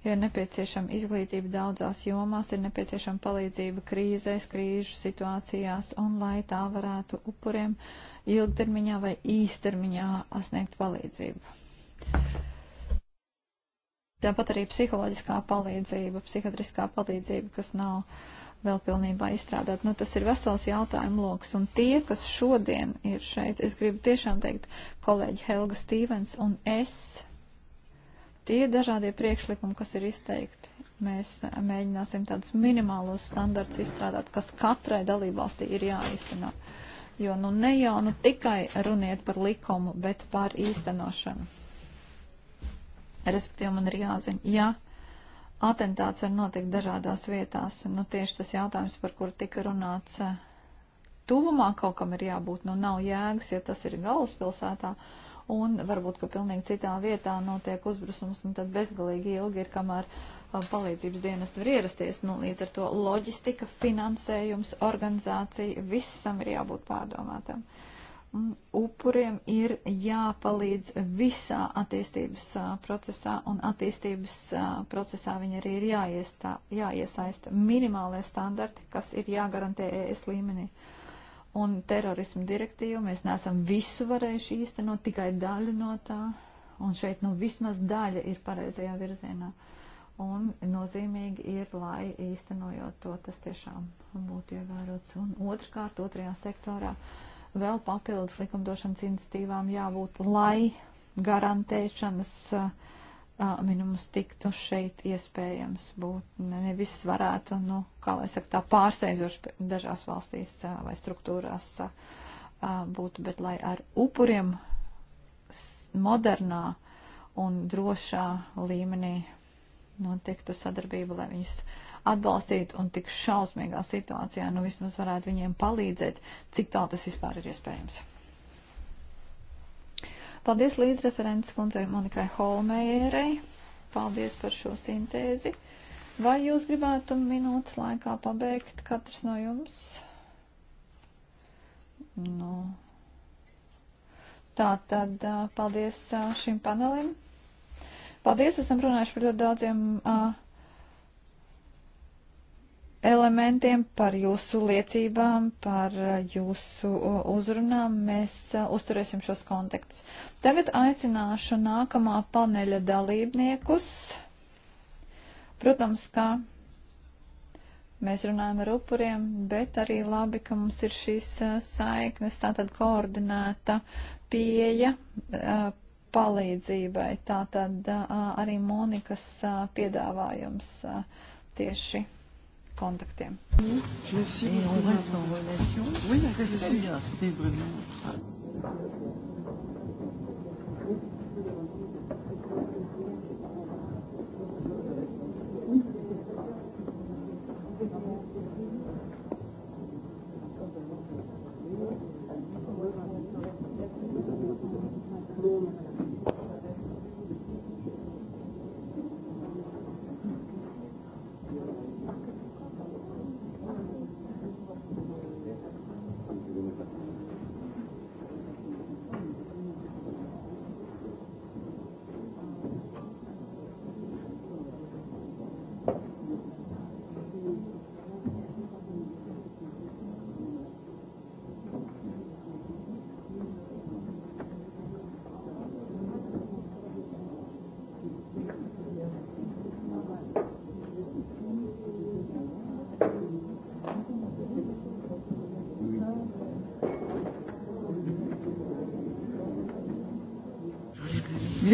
Jo ir nepieciešama izglītība daudzās jomās, ir nepieciešama palīdzība krīzēs, krīžu situācijās un lai tā varētu upuriem ilgtermiņā vai īstermiņā sniegt palīdzību. Tāpat arī psiholoģiskā palīdzība, psihiatriskā palīdzība, kas nav vēl pilnībā izstrādāt. Nu, tas ir vesels jautājumu lokus. Un tie, kas šodien ir šeit, es gribu tiešām teikt, kolēģi Helga Stīvens un es, tie dažādie priekšlikumi, kas ir izteikti, mēs mēģināsim tādus minimālos standarts izstrādāt, kas katrai dalībvalstī ir jāizteno. Jo nu ne jau nu tikai runiet par likumu, bet par īstenošanu. Respektīvi man ir jāzina, ja Atentāts var notikt dažādās vietās. Nu, tieši tas jautājums, par kuru tika runāts, eh, tuvumā kaut kam ir jābūt. Nu, nav jēgas, ja tas ir galvaspilsētā. Un varbūt, ka pilnīgi citā vietā notiek uzbrukums, un tad bezgalīgi ilgi ir, kamēr eh, palīdzības dienas var ierasties. Nu, līdz ar to loģistika, finansējums, organizācija, visam ir jābūt pārdomātam. Uh, Mm, upuriem ir jāpalīdz visā attīstības a, procesā, un attīstības a, procesā viņi arī ir jāiestā, jāiesaista. Minimālie standarti, kas ir jāgarantē ES līmenī. Un terorismu direktīvu mēs neesam visu varējuši īstenot, tikai daļu no tā. Un šeit nu vismaz daļa ir pareizajā virzienā. Un nozīmīgi ir, lai īstenojot to, tas tiešām būtu ievērots. Un otrkārt, otrajā sektorā. Uh, vēl papildus likumdošanas iniciatīvām jābūt, lai garantēšanas uh, uh, minimums tiktu šeit iespējams būt. Nevis varētu, nu, kā lai saka, tā pārsteidzoši dažās valstīs a, uh, vai struktūrās a, būtu, bet lai ar upuriem modernā un drošā līmenī notiktu sadarbība, lai viņus uh, atbalstīt un tik šausmīgā situācijā, nu vismaz varētu viņiem palīdzēt, cik tā tas vispār ir iespējams. Paldies līdzreferents kundzei Monikai Holmējerei. Paldies par šo sintēzi. Vai jūs gribētu minūtes laikā pabeigt katrs no jums? Nu, tā tad paldies šim panelim. Paldies, esam runājuši par ļoti daudziem. Uh, elementiem, par jūsu liecībām, par jūsu uzrunām. Mēs uzturēsim šos kontaktus. Tagad aicināšu nākamā paneļa dalībniekus. Protams, kā mēs runājam ar upuriem, bet arī labi, ka mums ir šīs saiknes, tātad koordinēta pieeja palīdzībai. Tātad arī Monikas piedāvājums tieši kontaktiem. Merci. Et on reste en relation. Oui, c'est vraiment.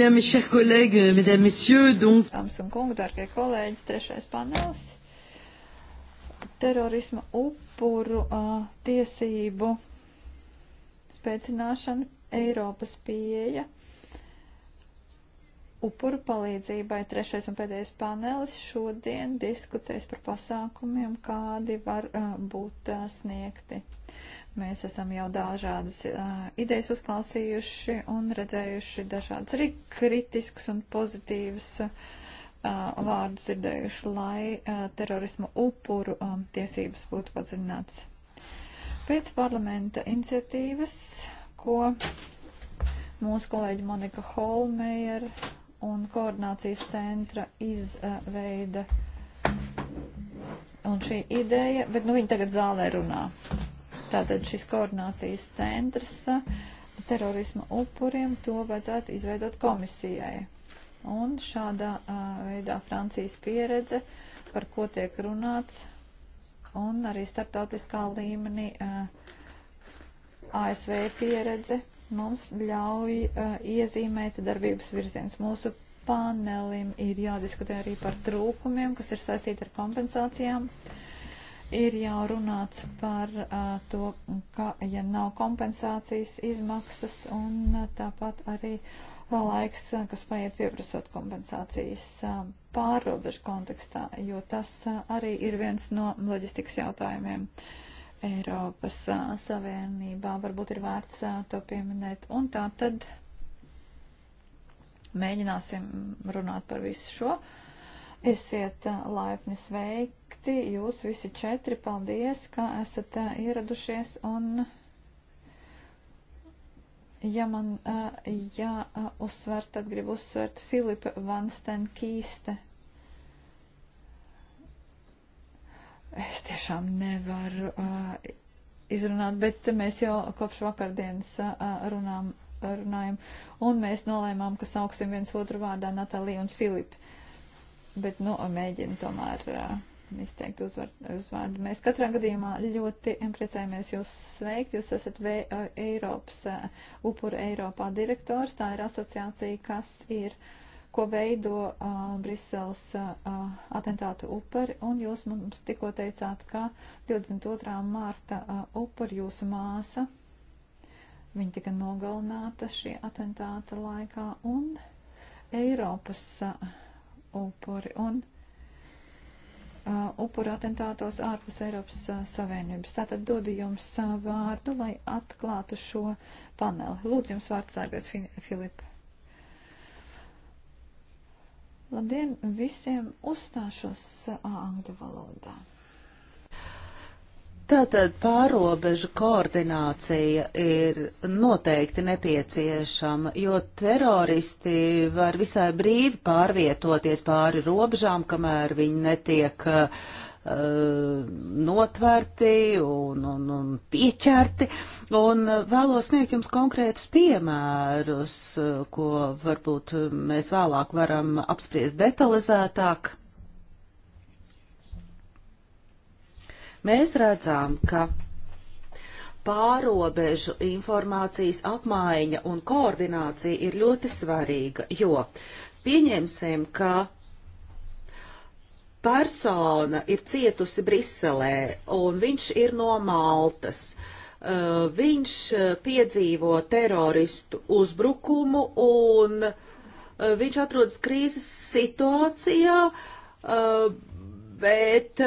bien, mes chers collègues, euh, mesdames, messieurs, donc. Dāmas un kungi, dārgie kolēģi, trešais panels. Terorisma upuru uh, tiesību spēcināšana, Eiropas pieeja upuru palīdzībai. Trešais un pēdējais panelis šodien diskutēs par pasākumiem, kādi var uh, būt uh, sniegti. Uh, Mēs esam jau dažādas uh, idejas uzklausījuši un redzējuši dažādas arī kritiskas un pozitīvas uh, vārdus dzirdējuši, lai uh, terorisma upuru um, tiesības būtu padziļināts. Pēc parlamenta iniciatīvas, ko mūsu kolēģi Monika Holmejer un koordinācijas centra izveida, un šī ideja, bet nu viņi tagad zālē runā. Tātad šis koordinācijas centrs uh, terorisma upuriem to vajadzētu izveidot komisijai. Un šādā uh, veidā Francijas pieredze, par ko tiek runāts, un arī starptautiskā līmenī uh, ASV pieredze mums ļauj iezīmēt darbības virziens. Mūsu panelim ir jādiskutē arī par trūkumiem, kas ir saistīti ar kompensācijām. Uh, Ir jau runāts par uh, to, ka ja nav kompensācijas izmaksas un uh, tāpat arī vēl laiks, uh, kas paiet pieprasot kompensācijas uh, pārrobežu kontekstā, jo tas uh, arī ir viens no loģistikas jautājumiem. Uh, Eiropas a, Savienībā varbūt ir vērts a, to pieminēt. Un tā tad mēģināsim runāt par visu šo. Esiet eh, laipni sveikti, jūs visi četri, paldies, ka esat eh, ieradušies un ja man jāuzsver, eh, ja tad gribu uzsvert Filipa Vansten Kīste. Es tiešām nevaru uh, izrunāt, bet mēs jau kopš vakardienas uh, runām, runājam, un mēs nolēmām, ka sauksim viens otru vārdā Natālija un Filipa. Uh, bet, nu, mēģinu tomēr uh, izteikt uzvar, uzvārdu. Mēs katrā gadījumā ļoti priecājamies jūs sveikt. Jūs esat v, uh, Eiropas, uh, Upura Eiropā direktors. Tā ir asociācija, kas ir, ko veido uh, Briseles uh, uh atentātu upari. Un jūs mums tikko teicāt, ka 22. mārta uh, upuri jūsu māsa. Viņa tika nogalināta šī atentāta laikā un Eiropas. Uh, upuri un uh, upuru atentātos ārpus Eiropas uh, Savienības. Tātad dodu jums uh, vārdu, lai atklātu šo paneli. Lūdzu jums vārds, sārgais Filipa. Labdien visiem! Uzstāšos uh, angļu valodā. Tātad pārobežu koordinācija ir noteikti nepieciešama, jo teroristi var visai brīvi pārvietoties pāri robežām, kamēr viņi netiek uh, notverti un, un, un pieķerti. Un uh, vēlos sniegt jums konkrētus piemērus, uh, ko varbūt mēs vēlāk varam apspriest detalizētāk. Mēs redzam, ka pārobežu informācijas apmaiņa un koordinācija ir ļoti svarīga, jo pieņemsim, ka persona ir cietusi Briselē un viņš ir no Maltas. Uh, viņš uh, piedzīvo teroristu uzbrukumu un uh, viņš atrodas krīzes situācijā, bet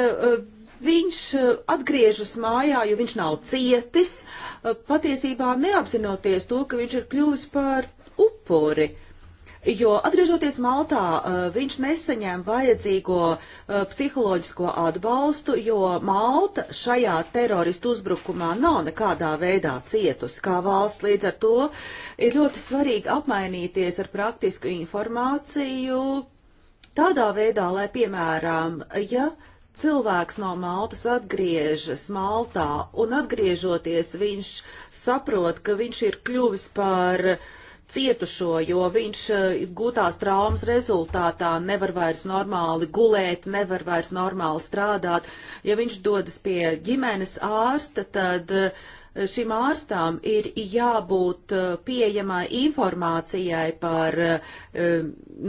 Viņš eh, atgriežas mājā, jo viņš nav cietis, eh, patiesībā neapzinoties to, ka viņš ir kļuvis par upuri. Jo atgriežoties Maltā, eh, viņš nesaņēma vajadzīgo psiholoģisko atbalstu, jo Malta šajā teroristu uzbrukumā nav nekādā veidā cietusi kā valsts. Līdz ar to ir ļoti svarīgi apmainīties ar praktisku informāciju tādā veidā, lai, piemēram, ja cilvēks no Maltas atgriežas Maltā, un atgriežoties viņš saprot, ka viņš ir kļuvis par cietušo, jo viņš eh, gūtās traumas rezultātā nevar vairs normāli gulēt, nevar vairs normāli strādāt. Ja viņš dodas pie ģimenes ārsta, tad eh, šim ārstām ir jābūt eh, pieejamai informācijai par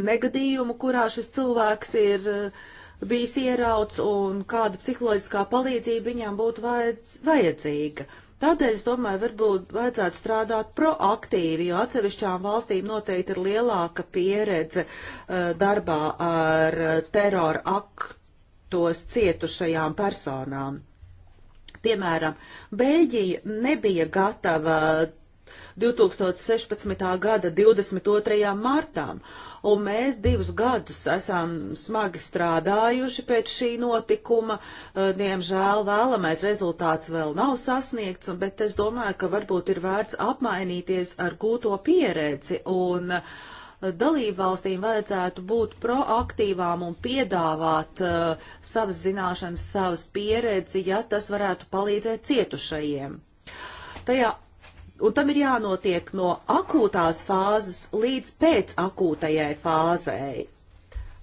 negadījumu, kurā šis cilvēks ir uh, bijis ierauts un kāda psiholoģiskā palīdzība viņām būtu vajadz, vajadzīga. Tādēļ es domāju, varbūt vajadzētu strādāt proaktīvi, jo atsevišķām valstīm noteikti ir lielāka pieredze uh, darbā ar uh, terora aktos cietušajām personām. Piemēram, Beļģija nebija gatava 2016. gada 22. martām, un mēs divus gadus esam smagi strādājuši pēc šī notikuma. Eh, diemžēl vēlamais rezultāts vēl nav sasniegts, bet es domāju, ka varbūt ir vērts apmainīties ar gūto pieredzi un eh, dalībvalstīm vajadzētu būt proaktīvām un piedāvāt uh, savas zināšanas, savas pieredzi, ja tas varētu palīdzēt cietušajiem. Tajā un tam ir jānotiek no akūtās fāzes līdz pēc akūtajai fāzei.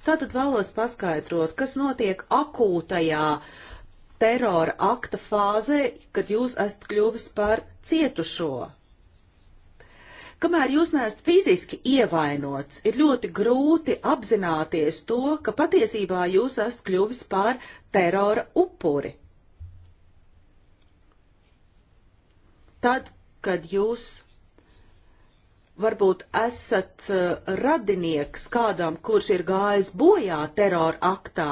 Tātad vēlos paskaidrot, kas notiek akūtajā terora akta fāzē, kad jūs esat kļuvis par cietušo. Kamēr jūs neesat fiziski ievainots, ir ļoti grūti apzināties to, ka patiesībā jūs esat kļuvis par terora upuri. Tad kad jūs varbūt esat uh, radinieks kādam, kurš ir gājis bojā terora aktā,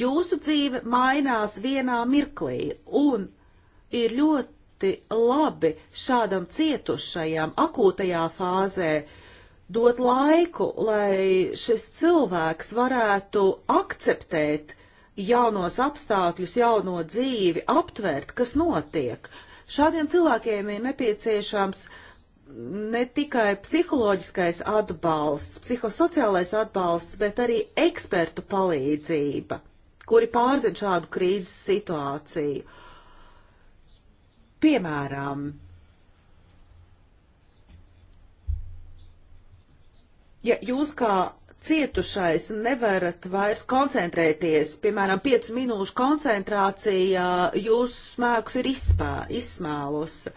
jūsu dzīve mainās vienā mirklī un ir ļoti labi šādam cietušajam akūtajā fāzē dot laiku, lai šis cilvēks varētu akceptēt jaunos apstākļus, jauno dzīvi, aptvērt, kas notiek, Šādiem cilvēkiem ir nepieciešams ne tikai psiholoģiskais atbalsts, psihosociālais atbalsts, bet arī ekspertu palīdzība, kuri pārzina šādu krīzes situāciju. Piemēram, ja jūs kā cietušais nevarat vairs koncentrēties, piemēram, 5 minūšu koncentrācija jūsu smēkus ir izspā, izsmēlusi.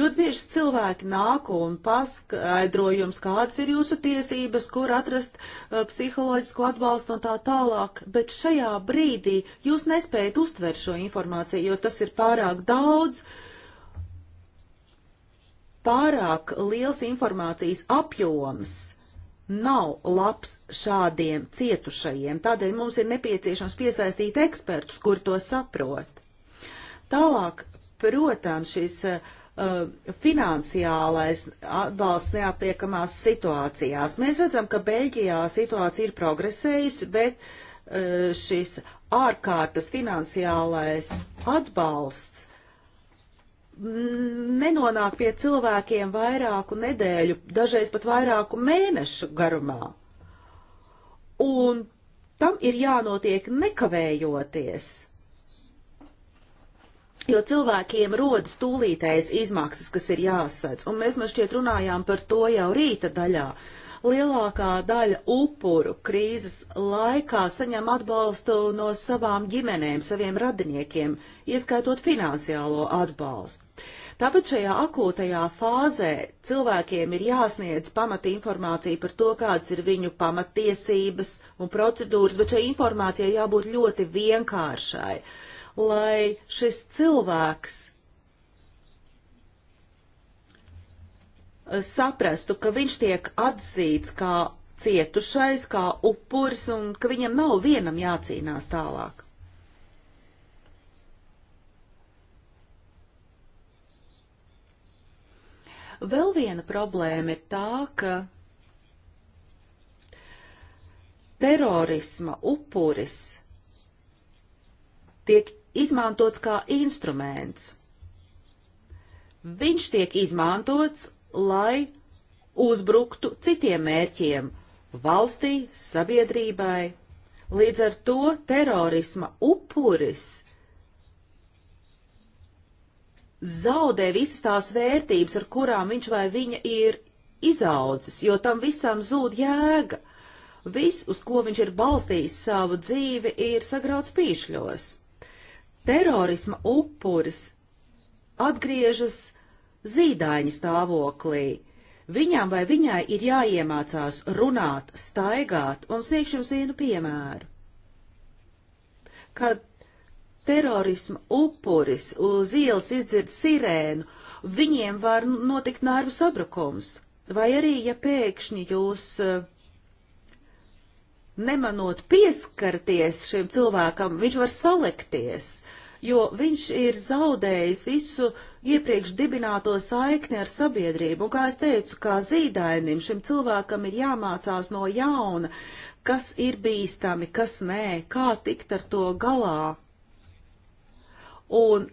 Ļoti bieži cilvēki nāk un paskaidro jums, kādas ir jūsu tiesības, kur atrast uh, psiholoģisku atbalstu un tā tālāk, bet šajā brīdī jūs nespējat uztvert šo informāciju, jo tas ir pārāk daudz, pārāk liels informācijas apjoms nav labs šādiem cietušajiem. Tādēļ mums ir nepieciešams piesaistīt ekspertus, kur to saprot. Tālāk, protams, šis uh, finansiālais atbalsts neatiekamās situācijās. Mēs redzam, ka Beļģijā situācija ir progresējusi, bet uh, šis ārkārtas finansiālais atbalsts nenonāk pie cilvēkiem vairāku nedēļu, dažreiz pat vairāku mēnešu garumā. Un tam ir jānotiek nekavējoties, jo cilvēkiem rodas tūlītējas izmaksas, kas ir jāsadz. Un mēs man šķiet runājām par to jau rīta daļā. Uh, lielākā daļa upuru krīzes laikā saņem atbalstu no savām ģimenēm, saviem radiniekiem, ieskaitot finansiālo atbalstu. Tāpat šajā akūtajā fāzē cilvēkiem ir jāsniedz pamata informācija par to, kādas ir viņu pamatiesības un procedūras, bet šai informācijai jābūt ļoti vienkāršai, lai šis cilvēks saprastu, ka viņš tiek atzīts kā cietušais, kā upuris un ka viņam nav vienam jācīnās tālāk. Vēl viena problēma ir tā, ka terorisma upuris tiek izmantots kā instruments. Viņš tiek izmantots, lai uzbruktu citiem mērķiem - valstī, sabiedrībai. Līdz ar to terorisma upuris zaudē visas tās vērtības, ar kurām viņš vai viņa ir izaudzis, jo tam visam zūd jēga. Viss, uz ko viņš ir balstījis savu dzīvi, ir sagrauts pīšļos. Terorisma upuris atgriežas zīdaiņa stāvoklī. Viņam vai viņai ir jāiemācās runāt, staigāt, un sniegšu jums vienu piemēru. Kad terorisma upuris uz ielas izdzird sirēnu, viņiem var notikt nervu sabrukums. Vai arī, ja pēkšņi jūs eh, nemanot pieskarties šim cilvēkam, viņš var salekties, jo viņš ir zaudējis visu iepriekš dibināto saikni ar sabiedrību. Un, kā es teicu, kā zīdainim šim cilvēkam ir jāmācās no jauna, kas ir bīstami, kas nē, kā tikt ar to galā. Un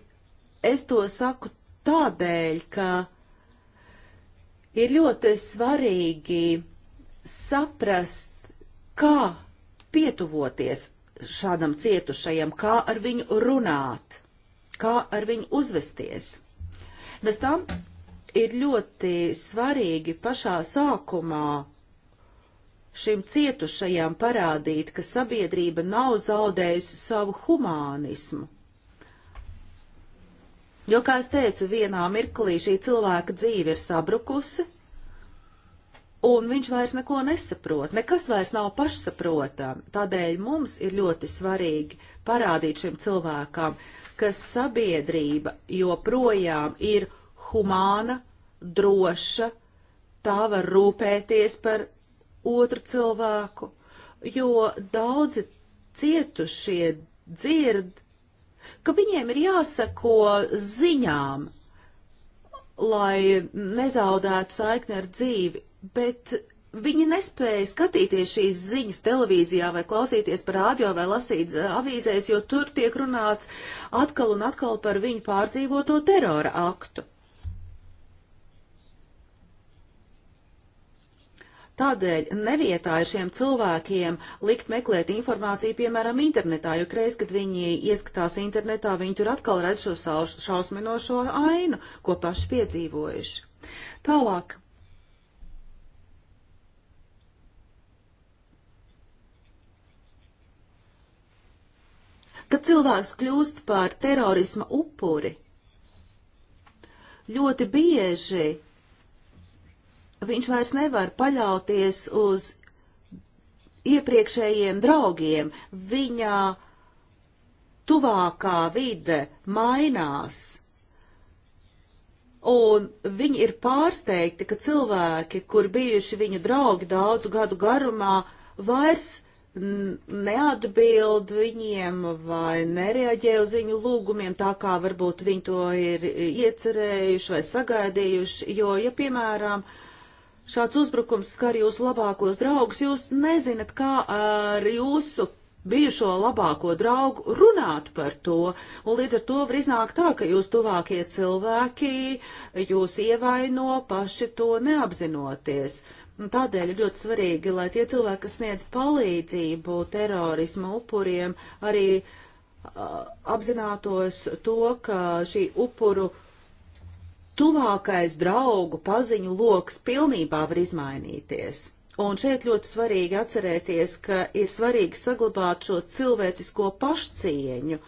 es to saku tādēļ, ka ir ļoti svarīgi saprast, kā pietuvoties šādam cietušajam, kā ar viņu runāt, kā ar viņu uzvesties. Bez tam ir ļoti svarīgi pašā sākumā šim cietušajam parādīt, ka sabiedrība nav zaudējusi savu humānismu. Jo, kā es teicu, vienā mirklī šī cilvēka dzīve ir sabrukusi, un viņš vairs neko nesaprot, nekas vairs nav pašsaprotam. Tādēļ mums ir ļoti svarīgi parādīt šiem cilvēkam, ka sabiedrība joprojām ir humāna, droša, tā var rūpēties par otru cilvēku, jo daudzi cietušie dzird, ka viņiem ir jāsako ziņām, lai nezaudētu saikni ar dzīvi bet viņi nespēja skatīties šīs ziņas televīzijā vai klausīties par rādio vai lasīt eh, avīzēs, jo tur tiek runāts atkal un atkal par viņu pārdzīvoto terora aktu. Tādēļ nevietā ir šiem cilvēkiem likt meklēt informāciju, piemēram, internetā, jo reiz, kad viņi ieskatās internetā, viņi tur atkal redz šo šausminošo ainu, ko paši piedzīvojuši. Tālāk Kad cilvēks kļūst par terorisma upuri, ļoti bieži viņš vairs nevar paļauties uz iepriekšējiem draugiem. Viņa tuvākā vide mainās. Un viņi ir pārsteigti, ka cilvēki, kur bijuši viņu draugi daudzu gadu garumā, vairs neatbild viņiem vai nereaģē uz viņu lūgumiem tā, kā varbūt viņi to ir iecerējuši vai sagaidījuši, jo, ja, piemēram, šāds uzbrukums skar jūsu labākos draugus, jūs nezinat, kā ar jūsu bijušo labāko draugu runāt par to, un līdz ar to var iznākt tā, ka jūs tuvākie cilvēki jūs ievaino paši to neapzinoties. Uh, Un nu, tādēļ ir ļoti svarīgi, lai tie cilvēki, kas sniedz palīdzību terorisma upuriem, arī uh, apzinātos to, ka šī upuru tuvākais draugu paziņu lokus pilnībā var izmainīties. Un šeit ļoti svarīgi atcerēties, ka ir svarīgi saglabāt šo cilvēcisko pašcieņu,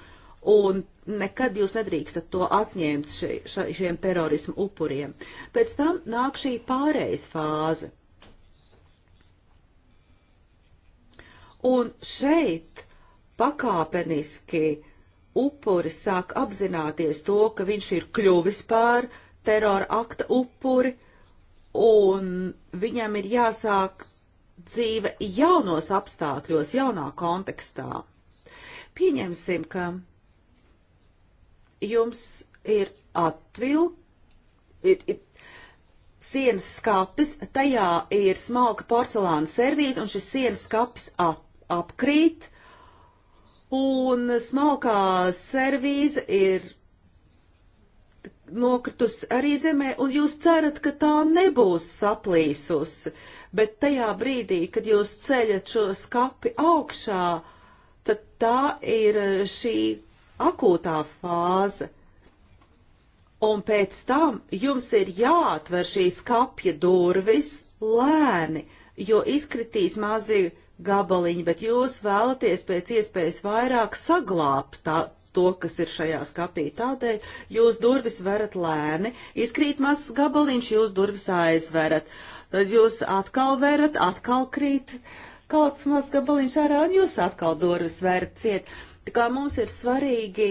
un nekad jūs nedrīkstat to atņemt še, še, šiem terorismu upuriem. Pēc tam nāk šī pārejas fāze. Un šeit pakāpeniski upuri sāk apzināties to, ka viņš ir kļuvis pār terora akta upuri, un viņam ir jāsāk dzīve jaunos apstākļos, jaunā kontekstā. Pieņemsim, ka jums ir atvil, ir, ir sienas skapis, tajā ir smalka porcelāna servīze, un šis sienas skapis at apkrīt, un smalkā servīze ir nokritus arī zemē, un jūs cerat, ka tā nebūs saplīsusi, bet tajā brīdī, kad jūs ceļat šo skapi augšā, tad tā ir šī akūtā fāze. Un pēc tam jums ir jāatver šīs kapja durvis lēni, jo izkritīs mazi gabaliņi, bet jūs vēlaties pēc iespējas vairāk saglābt tā, to, kas ir šajā skapī. Tādēļ jūs durvis verat lēni, izkrīt mazs gabaliņš, jūs durvis aizverat, tad jūs atkal verat, atkal krīt kaut kāds mazs gabaliņš ārā, un jūs atkal durvis verat ciet. Tā kā mums ir svarīgi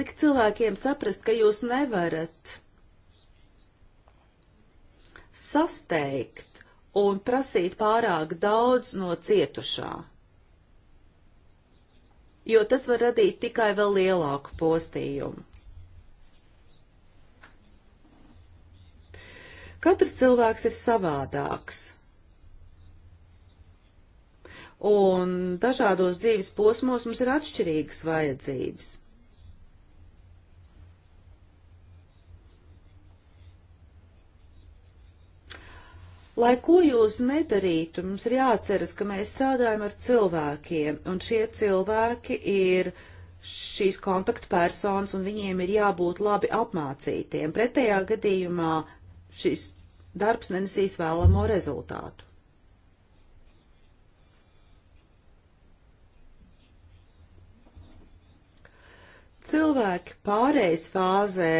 likt cilvēkiem saprast, ka jūs nevarat sasteigt un prasīt pārāk daudz no cietušā, jo tas var radīt tikai vēl lielāku postījumu. Katrs cilvēks ir savādāks. Un dažādos dzīves posmos mums ir atšķirīgas vajadzības. Lai ko jūs nedarītu, mums ir jāatceras, ka mēs strādājam ar cilvēkiem, un šie cilvēki ir šīs kontaktpersonas, un viņiem ir jābūt labi apmācītiem. Pretējā gadījumā šis darbs nenesīs vēlamo rezultātu. Cilvēki pārējais fāzē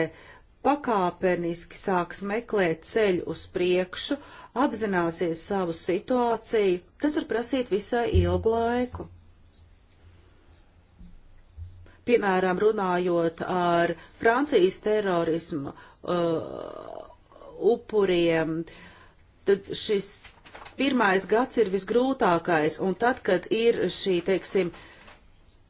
pakāpeniski sāks meklēt ceļu uz priekšu, uh, apzināsies savu situāciju, tas var prasīt visai ilgu laiku. Piemēram, runājot ar Francijas terorismu uh, upuriem, tad šis pirmais gads ir visgrūtākais, un tad, kad ir šī, teiksim,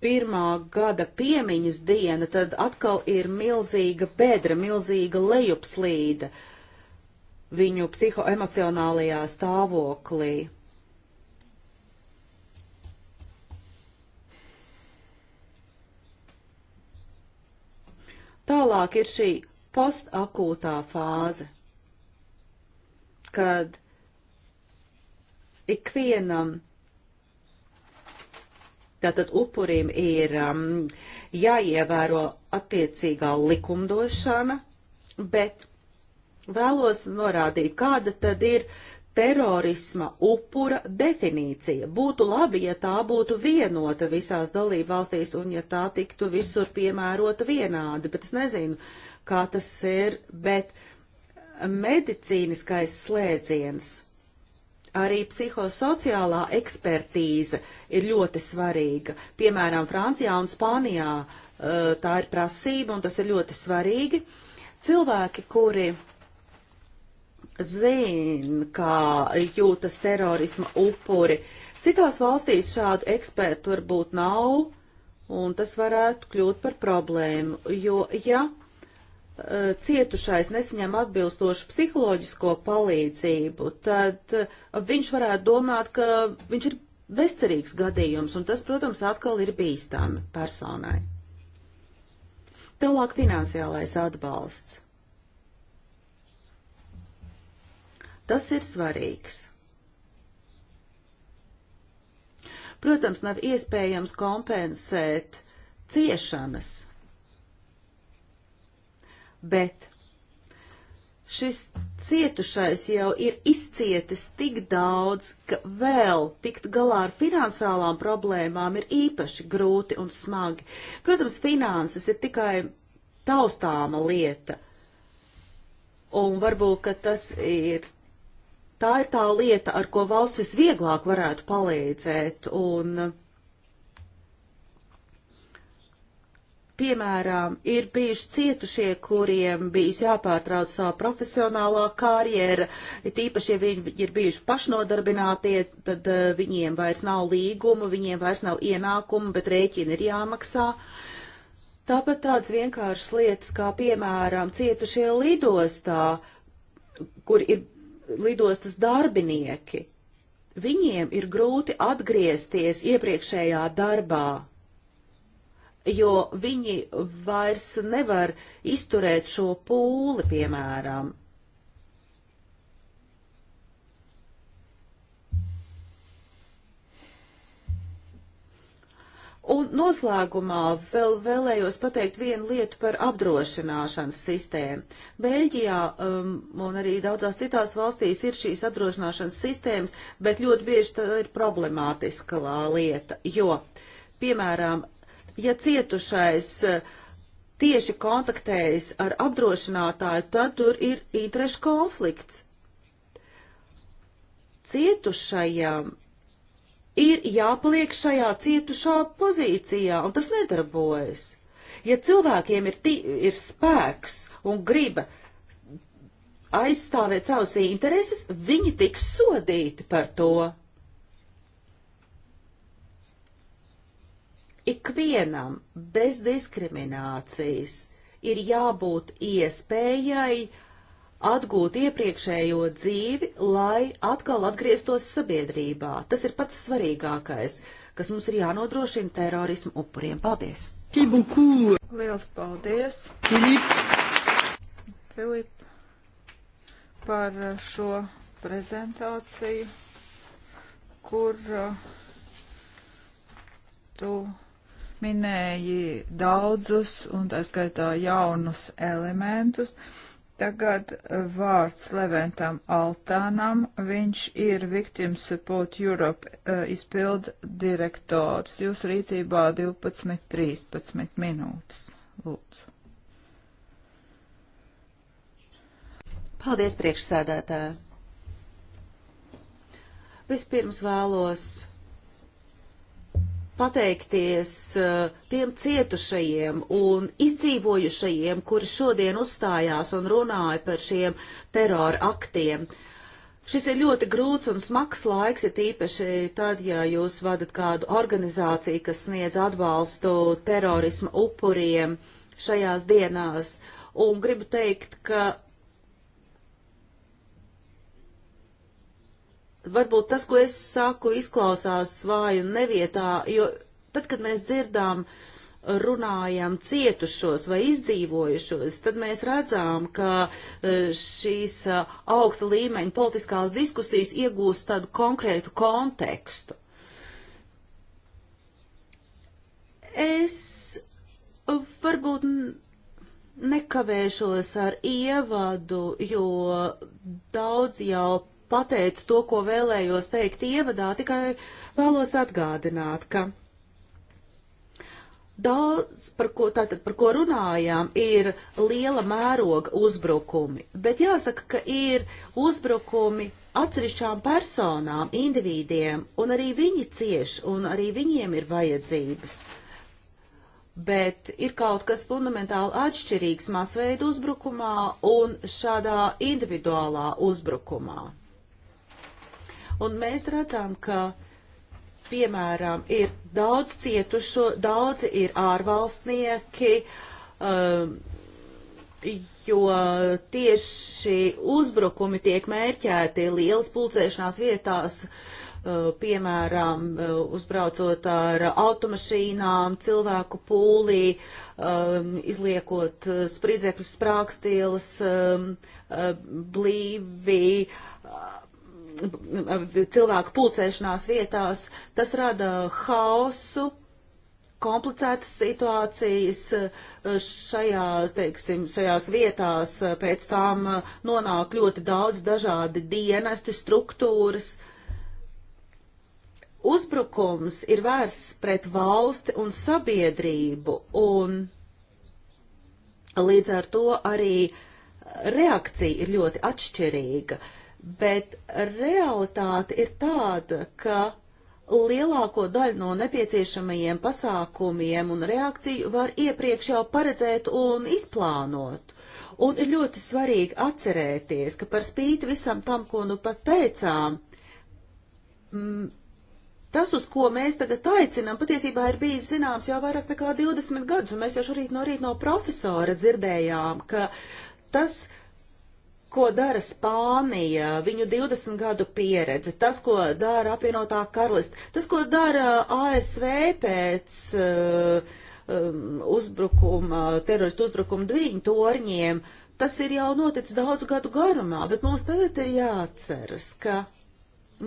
pirmā gada piemiņas diena, tad atkal ir milzīga bedra, milzīga lejupslīde. Uh, viņu psihoemocionālajā stāvoklī. Tālāk ir šī postakūtā fāze, kad ikvienam tātad upurim ir um, jāievēro attiecīgā likumdošana, bet vēlos norādīt, kāda tad ir terorisma upura definīcija. Būtu labi, ja tā būtu vienota visās dalību valstīs un ja tā tiktu visur piemērota vienādi, bet es nezinu, kā tas ir, bet medicīniskais slēdziens, arī psihosociālā ekspertīze ir ļoti svarīga. Piemēram, Francijā un Spānijā uh, tā ir prasība un tas ir ļoti svarīgi. Cilvēki, kuri zina, kā jūtas terorisma upuri. Citās valstīs šādu ekspertu varbūt nav, un tas varētu kļūt par problēmu, jo, ja eh, cietušais nesaņem atbilstošu psiholoģisko palīdzību, tad eh, viņš varētu domāt, ka viņš ir bezcerīgs gadījums, un tas, protams, atkal ir bīstami personai. Tālāk finansiālais atbalsts. Tas ir svarīgs. Protams, nav iespējams kompensēt ciešanas, bet šis cietušais jau ir izcietis tik daudz, ka vēl tikt galā ar finansiālām problēmām ir īpaši grūti un smagi. Protams, finanses ir tikai taustāma lieta, un varbūt, ka tas ir tā ir tā lieta, ar ko valsts visvieglāk varētu palīdzēt. Un, piemēram, ir bijuši cietušie, kuriem bijis jāpārtrauc savu profesionālā karjeru, tīpaši, ja viņi ir bijuši pašnodarbinātie, tad eh, viņiem vairs nav līguma, viņiem vairs nav ienākuma, bet rēķini ir jāmaksā. Tāpat tāds vienkāršs lietas, kā piemēram, cietušie lidostā, kur ir lidostas darbinieki. Viņiem ir grūti atgriezties iepriekšējā darbā, jo viņi vairs nevar izturēt šo pūli, piemēram. Un noslēgumā vēl vēlējos pateikt vienu lietu par apdrošināšanas sistēmu. Beļģijā um, un arī daudzās citās valstīs ir šīs apdrošināšanas sistēmas, bet ļoti bieži tā ir problemātiska lieta, jo, piemēram, ja cietušais uh, tieši kontaktējas ar apdrošinātāju, tad tur ir interešu konflikts. Cietušajam ir jāpaliek šajā cietušā pozīcijā, un tas nedarbojas. Ja cilvēkiem ir, tī, ir spēks un griba aizstāvēt savas intereses, viņi tiks sodīti par to. Ikvienam bez diskriminācijas ir jābūt iespējai uh, atgūt iepriekšējo dzīvi, lai atkal atgrieztos sabiedrībā. Tas ir pats svarīgākais, kas mums ir jānodrošina terorismu upuriem. Paldies! Liels paldies! Filip! Filip! Par šo prezentāciju, kur uh, tu minēji daudzus un tā skaitā jaunus elementus. Uh, Tagad eh, vārds Leventam Altānam. Viņš ir Victim Support Europe uh, eh, izpild direktors. Jūs rīcībā 12.13 minūtes. Lūdzu. Paldies, priekšsēdētāji! Vispirms vēlos pateikties eh, tiem cietušajiem un izdzīvojušajiem, kuri šodien uzstājās un runāja par šiem terora aktiem. Šis ir ļoti grūts un smags laiks, ir īpaši tad, ja jūs vadat kādu organizāciju, kas sniedz atbalstu terorisma upuriem šajās dienās. Un gribu teikt, ka varbūt tas, ko es saku, izklausās vāju nevietā, jo tad, kad mēs dzirdām, runājam cietušos vai izdzīvojušos, tad mēs redzām, ka e, šīs e, augsta līmeņa politiskās diskusijas iegūst tādu konkrētu kontekstu. Es varbūt nekavēšos ar ievadu, jo daudz jau pateicu to, ko vēlējos teikt ievadā, tikai vēlos atgādināt, ka daudz, par ko, tātad, par ko runājām, ir liela mēroga uzbrukumi, bet jāsaka, ka ir uzbrukumi atsevišķām personām, individiem, un arī viņi cieš, un arī viņiem ir vajadzības. Bet ir kaut kas fundamentāli atšķirīgs masveida uzbrukumā un šādā individuālā uzbrukumā. Un mēs redzam, ka piemēram, ir daudz cietušo, daudzi ir ārvalstnieki, um, jo tieši uzbrukumi tiek mērķēti lielas pulcēšanās vietās, uh, piemēram, uh, uzbraucot ar automašīnām, cilvēku pūlī, um, izliekot uh, spridzekļu sprākstīles, um, blīvi, cilvēku pulcēšanās vietās, tas rada hausu, komplicētas situācijas eh, šajās, teiksim, šajās vietās, eh, pēc tām eh, nonāk ļoti daudz dažādi dienesti, struktūras. Uzbrukums ir vērsts pret valsti un sabiedrību, un līdz ar to arī reakcija ir ļoti atšķirīga. Uh, bet realitāte ir tāda, ka lielāko daļu no nepieciešamajiem pasākumiem un reakciju var iepriekš jau paredzēt un izplānot. Un ir ļoti svarīgi atcerēties, ka par spīti visam tam, ko nu pat teicām, m, tas, uz ko mēs tagad aicinām, patiesībā ir bijis zināms jau vairāk nekā 20 gadus, un mēs jau šorīt no rīta no profesora dzirdējām, ka tas, uh, ko dara Spānija, viņu 20 gadu pieredze, tas, ko dara apvienotā karalista, tas, ko dara uh, ASV pēc uh, um, uzbrukuma, teroristu uzbrukuma dviņu torņiem, tas ir jau noticis daudz gadu garumā, bet mums tagad ir jāatceras, ka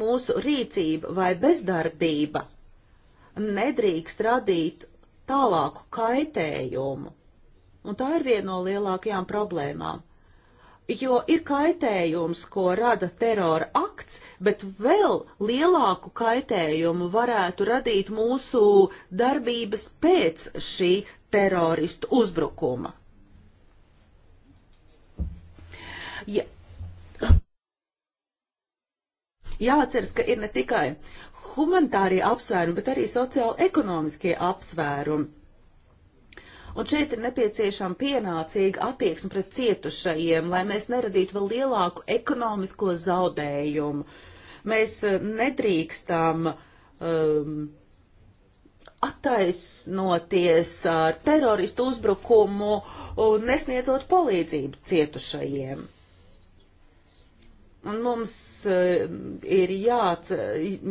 mūsu rīcība vai bezdarbība nedrīkst radīt tālāku kaitējumu. Un tā ir viena no lielākajām problēmām jo ir kaitējums, ko rada terora akts, bet vēl lielāku kaitējumu varētu radīt mūsu darbības pēc šī teroristu uzbrukuma. Ja. Jāatceras, ka ir ne tikai humanitārie apsvērumi, bet arī sociāli-ekonomiskie apsvērumi Un šeit ir nepieciešama pienācīga attieksme pret cietušajiem, lai mēs neradītu vēl lielāku ekonomisko zaudējumu. Mēs eh, nedrīkstam um, attaisnoties ar teroristu uzbrukumu un nesniedzot palīdzību cietušajiem. Un mums eh, ir jāc,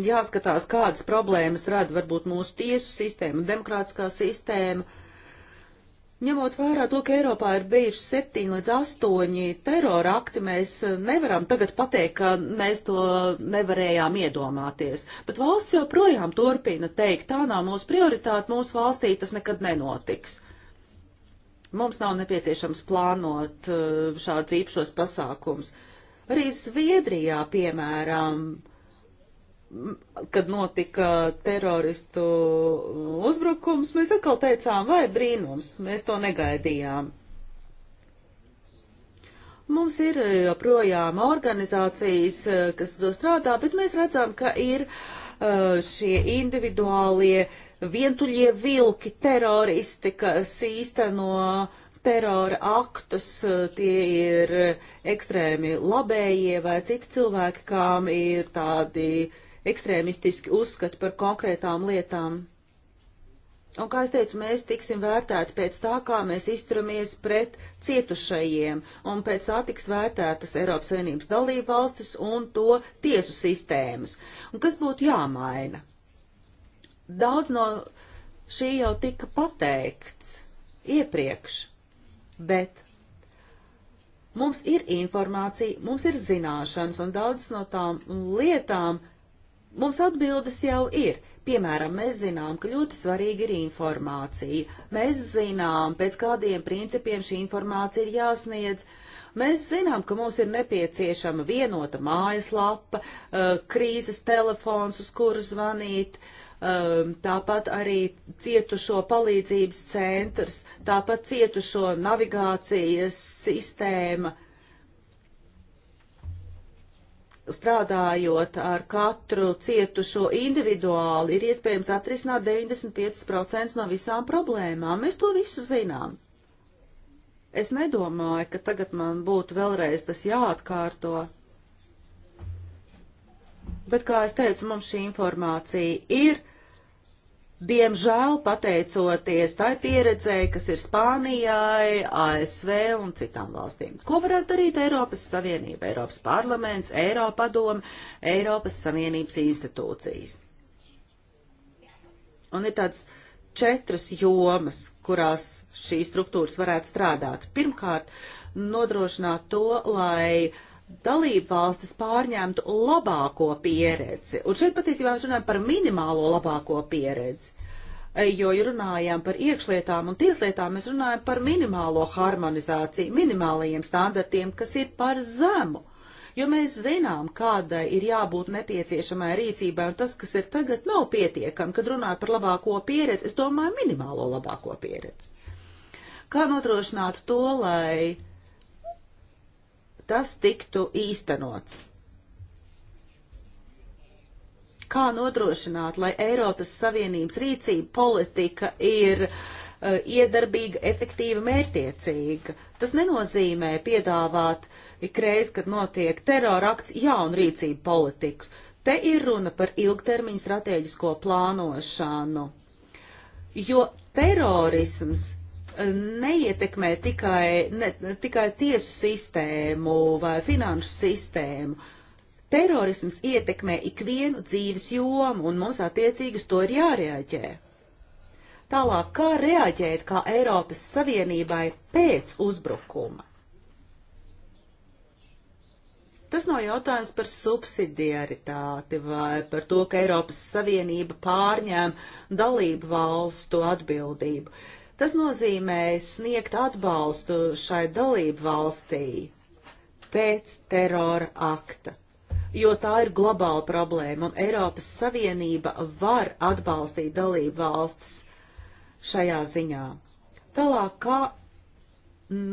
jāskatās, kādas problēmas rada varbūt mūsu tiesu sistēma, demokrātiskā sistēma, Ņemot vērā to, ka Eiropā ir bijuši septiņi līdz astoņi terora akti, mēs eh, nevaram tagad pateikt, ka mēs to nevarējām iedomāties. Bet valsts joprojām turpina teikt, tā nav mūsu prioritāte, mūsu valstī tas nekad nenotiks. Mums nav nepieciešams plānot eh, šādus īpašos pasākums. Arī Zviedrijā, piemēram, uh, kad notika teroristu uzbrukums, mēs atkal teicām, vai brīnums, mēs to negaidījām. Mums ir eh, joprojām organizācijas, eh, kas to strādā, bet mēs redzam, ka ir eh, šie individuālie vientuļie vilki, teroristi, kas īsteno terora aktus, tie ir ekstrēmi labējie vai citi cilvēki, kām ir tādi uh, ekstrēmistiski uzskati par konkrētām lietām. Un, kā es teicu, mēs tiksim vērtēti pēc tā, kā mēs izturamies pret cietušajiem, un pēc tā tiks vērtētas Eiropas Savienības dalību valstis un to tiesu sistēmas. Un kas būtu jāmaina? Daudz no šī jau tika pateikts iepriekš, bet mums ir informācija, mums ir zināšanas, un daudzas no tām lietām Mums atbildes jau ir. Piemēram, mēs zinām, ka ļoti svarīga ir informācija. Mēs zinām, pēc kādiem principiem šī informācija ir jāsniedz. Mēs zinām, ka mums ir nepieciešama vienota mājaslapa, uh, krīzes telefons, uz kuru zvanīt, um, tāpat arī cietušo palīdzības centrs, tāpat cietušo navigācijas sistēma strādājot ar katru cietušo individuāli, ir iespējams atrisināt 95% no visām problēmām. Mēs to visu zinām. Es nedomāju, ka tagad man būtu vēlreiz tas jāatkārto. Bet, kā es teicu, mums šī informācija ir Diemžēl, pateicoties tai pieredzēji, kas ir Spānijai, ASV un citām valstīm. Ko varētu darīt Eiropas Savienība, Eiropas parlaments, Eiropadoma, Eiropas Savienības institūcijas? Un ir tāds četras jomas, kurās šīs struktūras varētu strādāt. Pirmkārt, nodrošināt to, lai uh, dalībvalstis pārņemtu labāko pieredzi. Un šeit patiesībā mēs runājam par minimālo labāko pieredzi. E, jo runājam par iekšlietām un tieslietām, mēs runājam par minimālo harmonizāciju, minimālajiem standartiem, kas ir par zemu. Jo mēs zinām, kādai ir jābūt nepieciešamai rīcībai, un tas, kas ir tagad, nav pietiekami. Kad runāju par labāko pieredzi, es domāju minimālo labāko pieredzi. Kā nodrošināt to, lai uh, tas tiktu īstenots. Kā nodrošināt, lai Eiropas Savienības rīcība politika ir uh, iedarbīga, efektīva, mērtiecīga? Tas nenozīmē piedāvāt ikreiz, kad notiek terorakts, jaunu rīcību politiku. Te ir runa par ilgtermiņu strateģisko plānošanu, jo terorisms neietekmē tikai, ne, tikai tiesu sistēmu vai finanšu sistēmu. Terorisms ietekmē ikvienu dzīves jomu, un mums attiecīgi uz to ir jārēģē. Tālāk, kā reaģēt kā Eiropas Savienībai pēc uzbrukuma? Tas nav jautājums par subsidiaritāti vai par to, ka Eiropas Savienība pārņēma dalību valstu atbildību. Uh, Tas nozīmē sniegt atbalstu šai dalību valstī pēc terora akta jo tā ir globāla problēma, un Eiropas Savienība var atbalstīt dalību valstis šajā ziņā. Tālāk, kā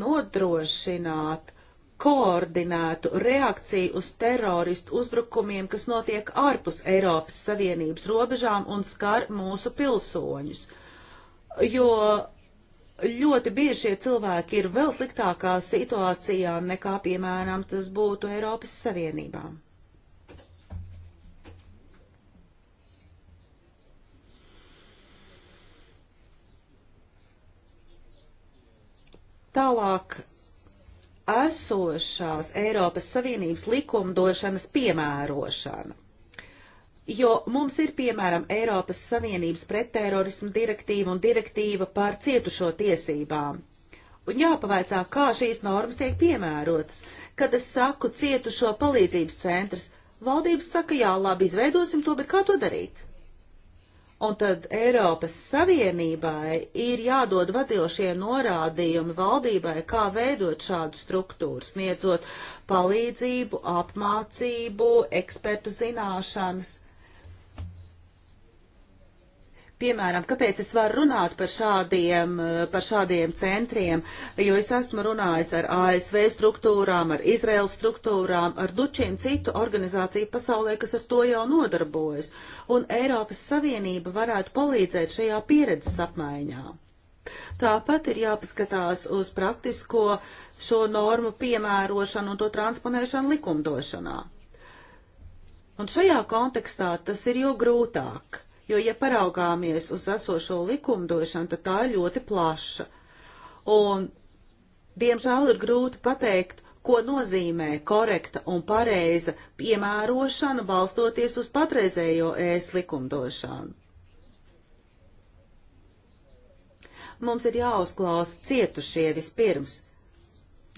nodrošināt koordinētu reakciju uz teroristu uzbrukumiem, kas notiek ārpus Eiropas Savienības robežām un skar mūsu pilsoņus – jo ļoti bieži šie cilvēki ir vēl sliktākā situācijā nekā, piemēram, tas būtu Eiropas Savienībā. Tālāk esošās Eiropas Savienības likumdošanas piemērošana jo mums ir, piemēram, Eiropas Savienības pretterorismu direktīva un direktīva par cietušo tiesībām. Un jāpavaicā, kā šīs normas tiek piemērotas. Kad es saku cietušo palīdzības centrs, valdības saka, jā, labi, izveidosim to, bet kā to darīt? Un tad Eiropas Savienībai ir jādod vadošie norādījumi valdībai, kā veidot šādu struktūru, sniedzot palīdzību, apmācību, ekspertu zināšanas. Piemēram, kāpēc es varu runāt par šādiem, eh, par šādiem centriem, jo es esmu runājis ar ASV struktūrām, ar Izraels struktūrām, ar dučiem citu organizāciju pasaulē, kas ar to jau nodarbojas. Un Eiropas Savienība varētu palīdzēt šajā pieredzes apmaiņā. Tāpat ir jāpaskatās uz praktisko šo normu piemērošanu un to transponēšanu likumdošanā. Un šajā kontekstā tas ir jo grūtāk jo, ja paraugāmies uz esošo likumdošanu, tad tā ir ļoti plaša. Un, diemžēl, ir grūti pateikt, ko nozīmē korekta un pareiza piemērošana balstoties uz patreizējo ēs likumdošanu. Mums ir jāuzklausa cietušie vispirms,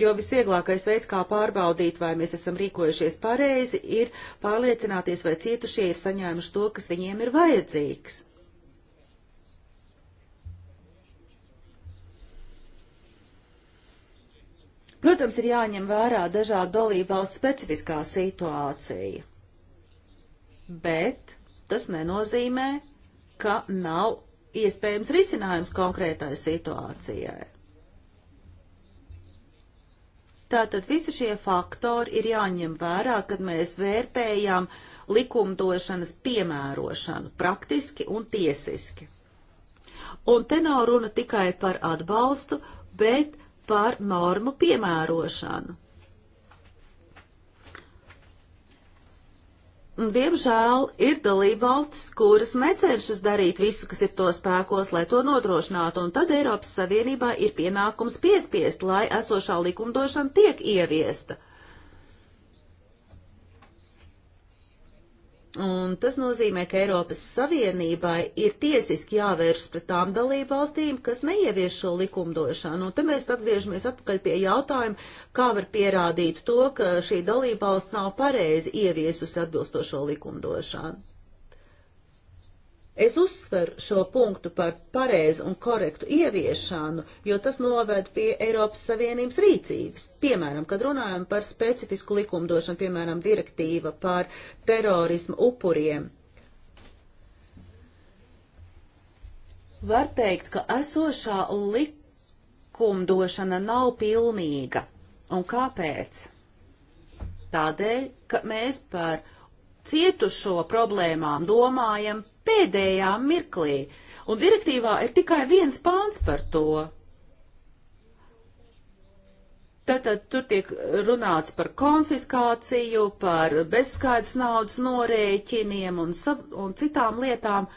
Jo visvieglākais veids, kā pārbaudīt, vai mēs esam rīkojušies pareizi, ir pārliecināties, vai cietušie ir saņēmuši to, kas viņiem ir vajadzīgs. Protams, ir jāņem vērā dažādu dalību valstu specifiskā situācija, bet tas nenozīmē, ka nav iespējams risinājums konkrētai situācijai. Tātad visi šie faktori ir jāņem vērā, kad mēs vērtējam likumdošanas piemērošanu praktiski un tiesiski. Un te nav runa tikai par atbalstu, bet par normu piemērošanu. Diemžēl ir dalībvalstis, kuras necenšas darīt visu, kas ir to spēkos, lai to nodrošinātu, un tad Eiropas Savienībā ir pienākums piespiest, lai esošā likumdošana tiek ieviesta. Un tas nozīmē, ka Eiropas Savienībai ir tiesiski jāvērš pret tām dalību valstīm, kas neievieš šo likumdošanu. Un te mēs atgriežamies atpakaļ pie jautājuma, kā var pierādīt to, ka šī dalība valsts nav pareizi ieviesusi atbilstošo likumdošanu. Es uzsveru šo punktu par pareizu un korektu ieviešanu, jo tas noved pie Eiropas Savienības rīcības. Piemēram, kad runājam par specifisku likumdošanu, piemēram, direktīva par terorismu upuriem. Var teikt, ka esošā likumdošana nav pilnīga. Un kāpēc? Tādēļ, ka mēs par cietušo problēmām domājam pēdējā mirklī, un direktīvā ir tikai viens pāns par to. Tātad tur tiek runāts par konfiskāciju, par bezskaidrs naudas norēķiniem un, sab, un citām lietām,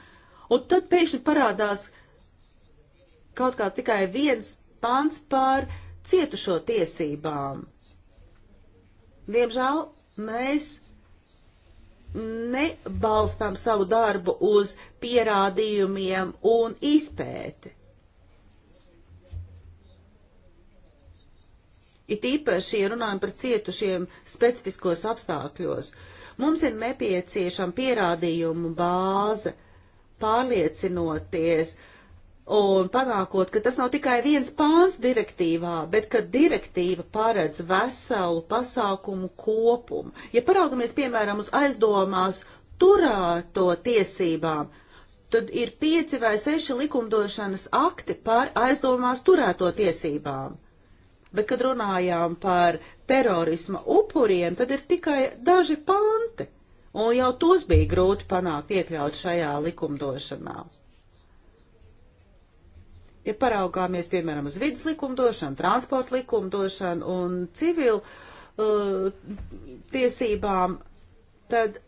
un tad pēkšņi parādās kaut kā tikai viens pants par cietušo tiesībām. Diemžēl mēs nebalstām savu darbu uz pierādījumiem un izpēti. It īpaši, ja runājam par cietušiem specifiskos apstākļos, mums ir nepieciešama pierādījumu bāze, pārliecinoties, uh, un panākot, ka tas nav tikai viens pāns direktīvā, bet ka direktīva paredz veselu pasākumu kopumu. Ja paraugamies, piemēram, uz aizdomās turēto tiesībām, tad ir pieci vai seši likumdošanas akti par aizdomās turēto tiesībām. Bet, kad runājām par terorisma upuriem, tad ir tikai daži panti, un jau tos bija grūti panākt iekļaut šajā likumdošanā. Ja paraugāmies, piemēram, uz vidas likumdošanu, transporta likumdošanu un civilu uh, tiesībām, tad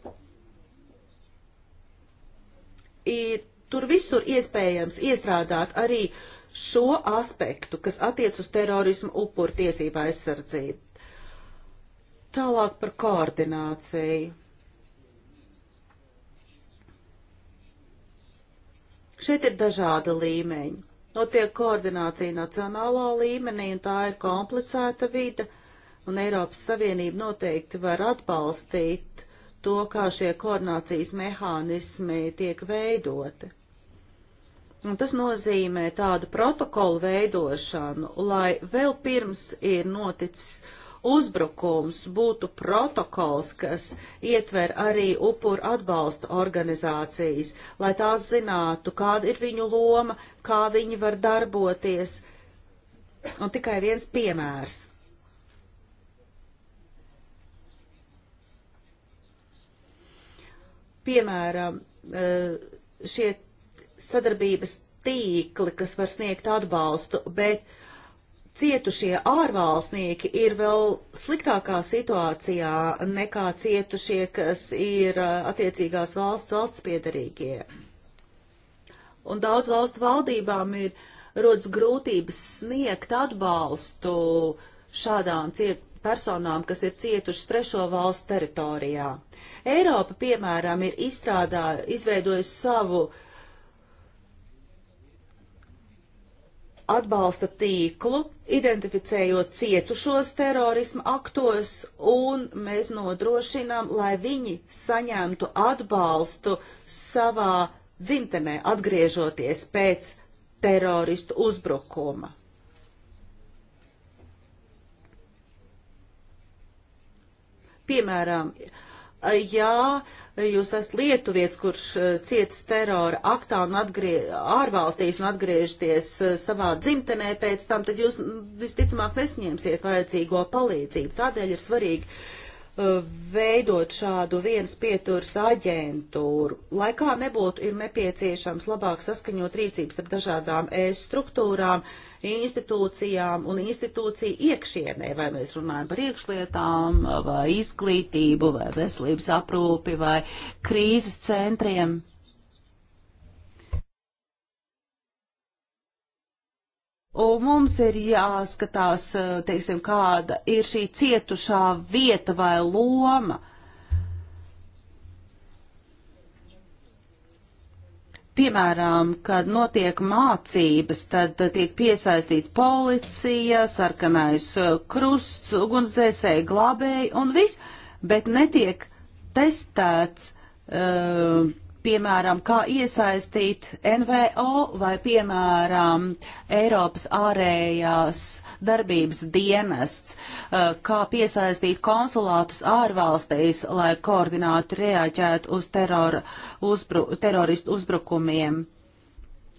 ir tur visur iespējams iestrādāt arī šo aspektu, kas attiec uz terorismu upuru tiesību aizsardzību. Tālāk par koordināciju. Šeit ir dažāda līmeņa. Notiek koordinācija nacionālā līmenī, un tā ir komplicēta vide, un Eiropas Savienība noteikti var atbalstīt to, kā šie koordinācijas mehānismi tiek veidoti. Un tas nozīmē tādu protokolu veidošanu, lai vēl pirms ir noticis uzbrukums būtu protokols, kas ietver arī upuru atbalsta organizācijas, lai tās zinātu, kāda ir viņu loma, kā viņi var darboties. Un tikai viens piemērs. Piemēram, eh, šie sadarbības tīkli, kas var sniegt atbalstu, bet cietušie ārvalstnieki ir vēl sliktākā situācijā nekā cietušie, kas ir attiecīgās valsts valsts piedarīgie. Un daudz valstu valdībām ir rodas grūtības sniegt atbalstu šādām ciet personām, kas ir cietušas trešo valstu teritorijā. Eiropa, piemēram, ir izstrādā, izveidojusi savu uh, atbalsta tīklu, identificējot cietušos terorisma aktos, un mēs nodrošinām, lai viņi saņemtu atbalstu savā dzimtenē, atgriežoties pēc teroristu uzbrukuma. Piemēram, uh, ja jūs esat lietuvietis, kurš e, cietis terora aktā un atgrie, ārvalstīs un atgriežties e, savā dzimtenē pēc tam, tad jūs visticamāk nesņemsiet vajadzīgo palīdzību. Tādēļ ir svarīgi uh, veidot šādu vienas pieturas aģentūru, lai kā nebūtu, ir nepieciešams labāk saskaņot rīcības ar dažādām e struktūrām, uh, institūcijām un institūciju iekšienē, vai mēs runājam par iekšlietām, vai izglītību, vai veselības aprūpi, vai krīzes centriem. Un mums ir jāskatās, teiksim, kāda ir šī cietušā vieta vai loma. Uh, Piemēram, kad notiek mācības, tad tiek piesaistīta policija, sarkanais uh, krusts, ugunsdzēsēji glābēji un viss, bet netiek testēts uh, piemēram, kā iesaistīt NVO vai, piemēram, Eiropas ārējās darbības dienests, uh, kā piesaistīt konsulātus ārvalstīs, lai koordinātu reaģētu uz terora, uzbru, teroristu uzbrukumiem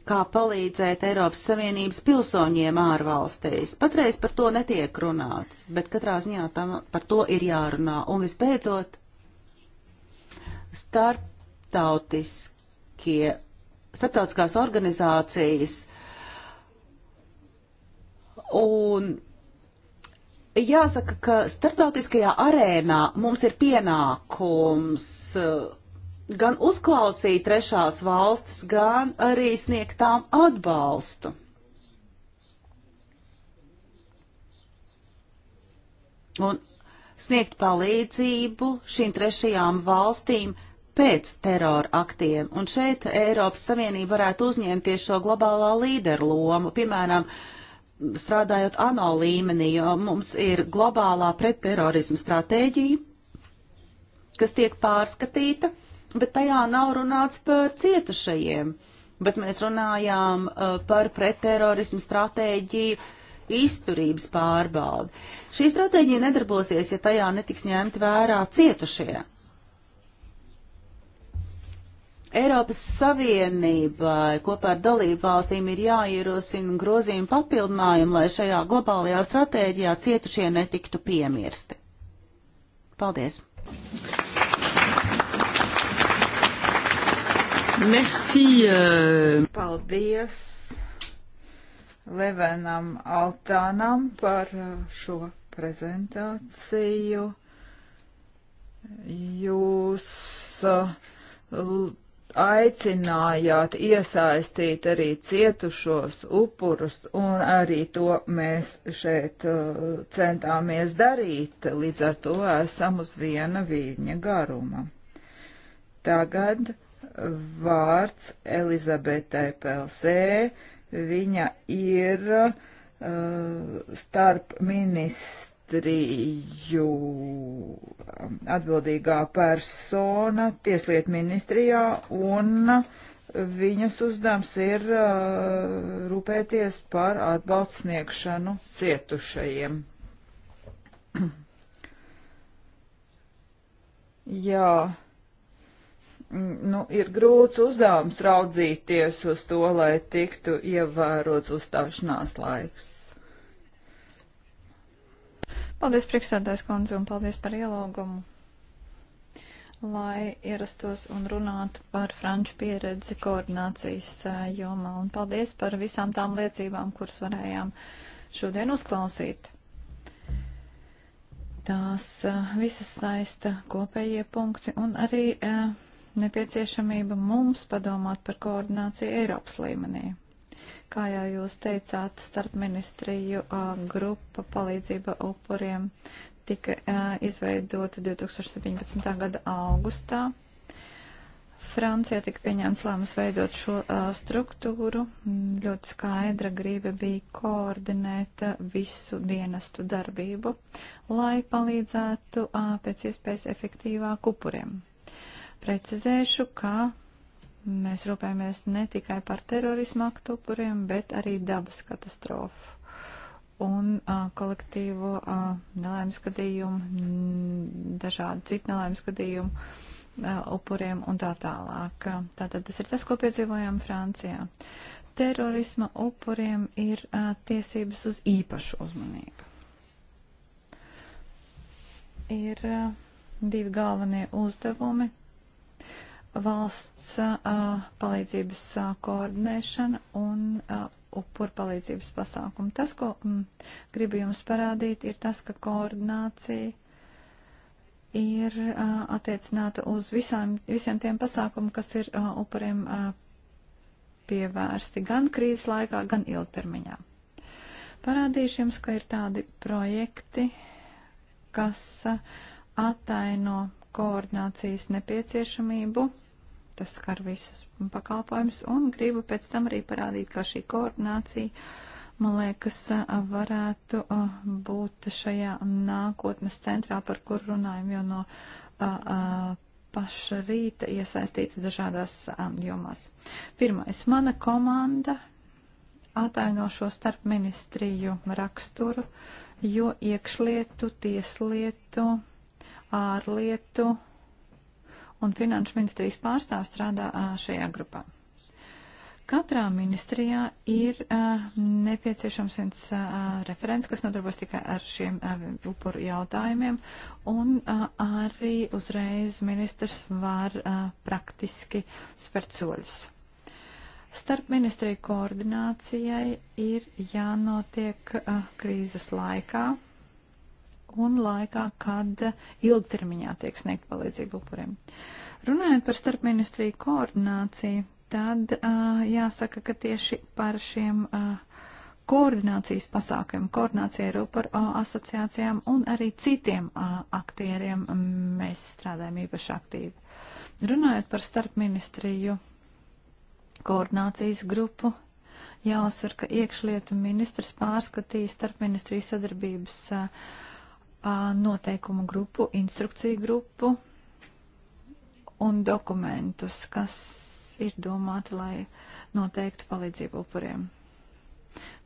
kā palīdzēt Eiropas Savienības pilsoņiem ārvalstīs. Patreiz par to netiek runāts, bet katrā ziņā tam par to ir jārunā. Un visbeidzot, starp starptautiskie, starptautiskās organizācijas. Un jāsaka, ka starptautiskajā arēnā mums ir pienākums eh, gan uzklausīt trešās valstis, gan arī sniegt tām atbalstu. Un sniegt palīdzību šīm trešajām valstīm pēc terora aktiem. Un šeit Eiropas Savienība varētu uzņemties šo globālā līderu lomu, piemēram, strādājot ANO līmenī, jo mums ir globālā pretterorisma stratēģija, kas tiek pārskatīta, bet tajā nav runāts par cietušajiem. Bet mēs runājām uh, par pretterorismu stratēģiju izturības pārbaudi. Šī stratēģija nedarbosies, ja tajā netiks ņemti vērā cietušie. Eiropas Savienībai kopā ar dalību valstīm ir jāierosina grozījuma papildinājumi, lai šajā globālajā stratēģijā cietušie netiktu piemirsti. Paldies! Merci! Uh... Paldies Levenam Altānam par uh, šo prezentāciju. Jūs uh, aicinājāt iesaistīt arī cietušos upurus, un arī to mēs šeit uh, centāmies darīt, līdz ar to esam uz viena viņa garuma. Tagad vārds Elizabetei Pelsē, viņa ir uh, starp ministrs ministriju um, atbildīgā persona tieslietu ministrijā un viņas uzdevums ir uh, rūpēties par atbalstu sniegšanu cietušajiem. Jā, nu, ir grūts uzdevums raudzīties uz to, lai tiktu ievērots uzstāšanās laiks. Paldies, priekšsēdājs kundze, un paldies par ielaugumu, lai ierastos un runātu par franču pieredzi koordinācijas jomā. Un paldies par visām tām liecībām, kuras varējām šodien uzklausīt. Tās visas saista kopējie punkti un arī nepieciešamība mums padomāt par koordināciju Eiropas līmenī. Kā jau jūs teicāt, starp ministriju grupa palīdzība upuriem tika izveidota 2017. gada augustā. Francijā tika pieņēmts lēmums veidot šo uh, struktūru. Ļoti skaidra grība bija koordinēt visu dienestu darbību, lai palīdzētu uh, pēc iespējas efektīvāk upuriem. Precizēšu, ka Mēs rūpējamies ne tikai par terorismu aktu upuriem, bet arī dabas katastrofu un uh, kolektīvo uh, nelaimes gadījumu, dažādu citu nelaimes gadījumu uh, upuriem un tā tālāk. Tātad tas ir tas, ko piedzīvojām Francijā. Terorisma upuriem ir uh, tiesības uz īpašu uzmanību. Ir uh, divi galvenie uzdevumi, valsts palīdzības koordinēšana un upur palīdzības pasākumu. Tas, ko m, mm, gribu jums parādīt, ir tas, ka koordinācija ir uh, attiecināta uz visām, visiem tiem pasākumiem, kas ir uh, upuriem uh, pievērsti gan krīzes laikā, gan ilgtermiņā. Parādīšu jums, ka ir tādi projekti, kas uh, ataino koordinācijas nepieciešamību. Tas skar visus pakalpojumus un gribu pēc tam arī parādīt, kā šī koordinācija, man liekas, varētu būt šajā nākotnes centrā, par kur runājam jau no paša rīta iesaistīta dažādās jomās. Pirmais, mana komanda ataino šo starp ministriju raksturu, jo iekšlietu, tieslietu, ārlietu un finanšu ministrijas pārstāvs strādā šajā grupā. Katrā ministrijā ir uh, nepieciešams viens uh, referents, kas nodarbojas tikai ar šiem uh, upuru jautājumiem, un uh, arī uzreiz ministrs var uh, praktiski spērt soļus. Starp ministriju koordinācijai ir jānotiek uh, krīzes laikā un laikā, kad ilgtermiņā tiek sniegt palīdzību upuriem. Runājot par starpministriju koordināciju, tad uh, jāsaka, ka tieši par šiem uh, koordinācijas pasākumiem, koordinācija ar upuru uh, asociācijām un arī citiem uh, aktieriem mēs strādājam īpaši aktīvi. Runājot par starpministriju koordinācijas grupu, jāsaka, ka iekšlietu ministrs pārskatīja starpministriju sadarbības uh, noteikumu grupu, instrukciju grupu un dokumentus, kas ir domāti, lai noteiktu palīdzību upuriem.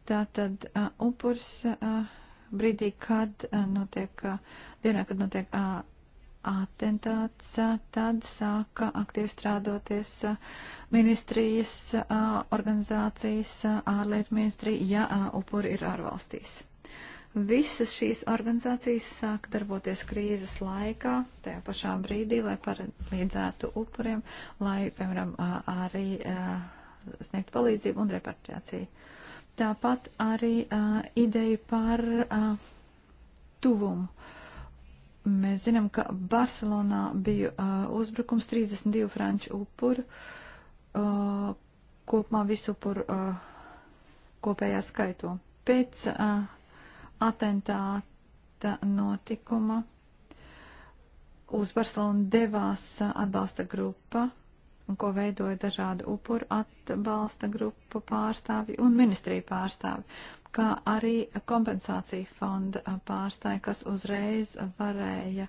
Tātad uh, upurs uh, brīdī, kad uh, notiek, uh, dienā, kad notiek uh, atentāts, uh, tad sāka aktīvi strādoties uh, ministrijas, uh, organizācijas, uh, ārlietu ministrija, ja uh, upuri ir ārvalstīs. Visas šīs organizācijas sāk darboties krīzes laikā, tajā pašā brīdī, lai palīdzētu upuriem, lai, piemēram, arī sniegt palīdzību un repatriāciju. Tāpat arī uh, ideja par uh, tuvumu. Mēs zinām, ka Barcelonā bija uh, uzbrukums 32 franču upuru, uh, kopumā visu upuru uh, kopējā skaito. Pēc uh, atentāta notikuma uz Barcelonu devās atbalsta grupa, ko veidoja dažādu upuru atbalsta grupu pārstāvi un ministriju pārstāvi, kā arī kompensācija fonda pārstāvi, kas uzreiz varēja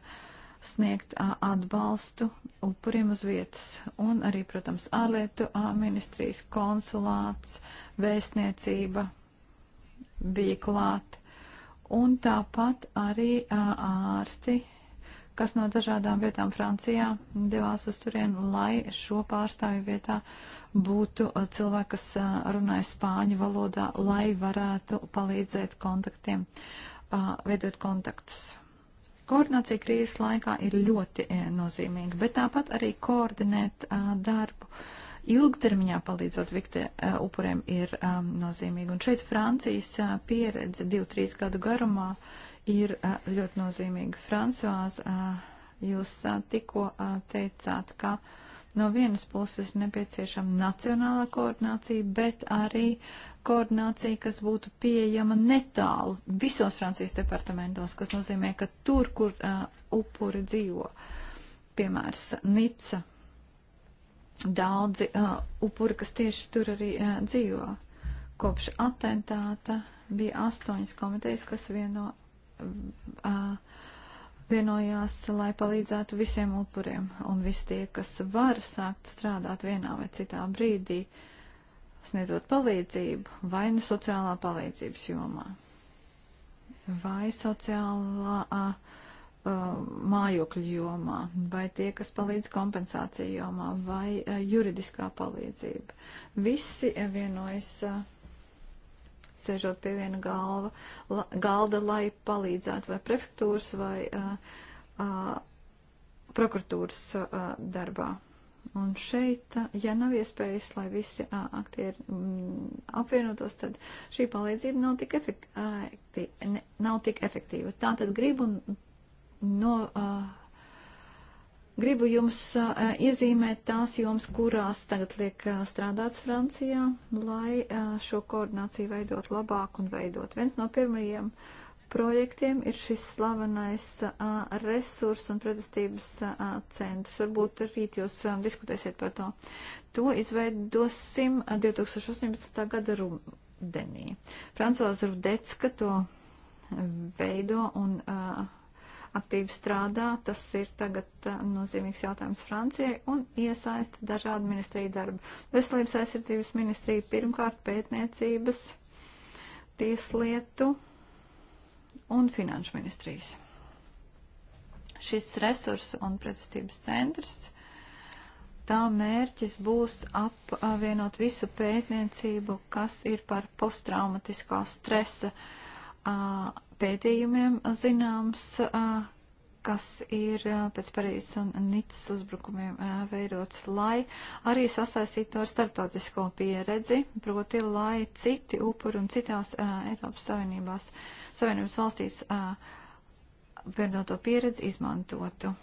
sniegt atbalstu upuriem uz vietas. Un arī, protams, ārlietu ministrijas konsulāts, vēstniecība bija klāta Un tāpat arī ārsti, kas no dažādām vietām Francijā devās uz turienu, lai šo pārstāvju vietā būtu cilvēki, kas runāja spāņu valodā, lai varētu palīdzēt kontaktiem, veidot kontaktus. Koordinācija krīzes laikā ir ļoti nozīmīga, bet tāpat arī koordinēt darbu ilgtermiņā palīdzot viktē uh, eh, upuriem ir um, ehm, nozīmīga. Un šeit Francijas uh, pieredze 2-3 gadu garumā ir uh, ļoti nozīmīga. Francoāze, uh, jūs uh, tikko uh, teicāt, ka no vienas puses ir nepieciešama nacionālā koordinācija, bet arī koordinācija, kas būtu pieejama netālu visos Francijas departamentos, kas nozīmē, ka tur, kur uh, upuri dzīvo, piemērs Nica daudzi uh, upuri, kas tieši tur arī uh, dzīvo. Kopš atentāta bija astoņas komitejas, kas vieno, uh, vienojās, lai palīdzētu visiem upuriem. Un visi tie, kas var sākt strādāt vienā vai citā brīdī, sniedzot palīdzību vai nu sociālā palīdzības jomā, vai sociālā. Uh, Uh, mājokļu jomā, vai tie, kas palīdz kompensāciju jomā, vai uh, juridiskā palīdzība. Visi vienojas, uh, sēžot pie viena galva, la, galda, lai palīdzētu vai prefektūras vai a, a, prokuratūras a, darbā. Un šeit, ja nav iespējas, lai visi a, aktieri m, mm, apvienotos, tad šī palīdzība nav tik, efekti, a, ne, nav tik efektīva. Tā tad grib un no, uh, gribu jums uh, iezīmēt tās jomas, kurās tagad liek uh, strādāts Francijā, lai šo koordināciju veidot labāk un veidot. Viens no pirmajiem projektiem ir šis slavenais uh, resursu un pretestības uh, centrs. Varbūt rīt jūs uh, diskutēsiet par to. To izveidosim 2018. gada rudenī. Francoza Rudecka to veido un uh, aktīvi strādā. Tas ir tagad nozīmīgs jautājums Francijai un iesaista dažādu ministriju darbu. Veselības aizsardzības ministrija pirmkārt pētniecības, tieslietu un finanšu ministrijas. Šis resursu un pretestības centrs, tā mērķis būs apvienot visu pētniecību, kas ir par posttraumatiskā stresa uh, pētījumiem zināms, kas ir pēc Parīzes un Nicas uzbrukumiem veidots, lai arī sasaistītu to ar starptautisko pieredzi, proti, lai citi upuri un citās Eiropas Savienībās, Savienības valstīs vienoto pieredzi izmantotu.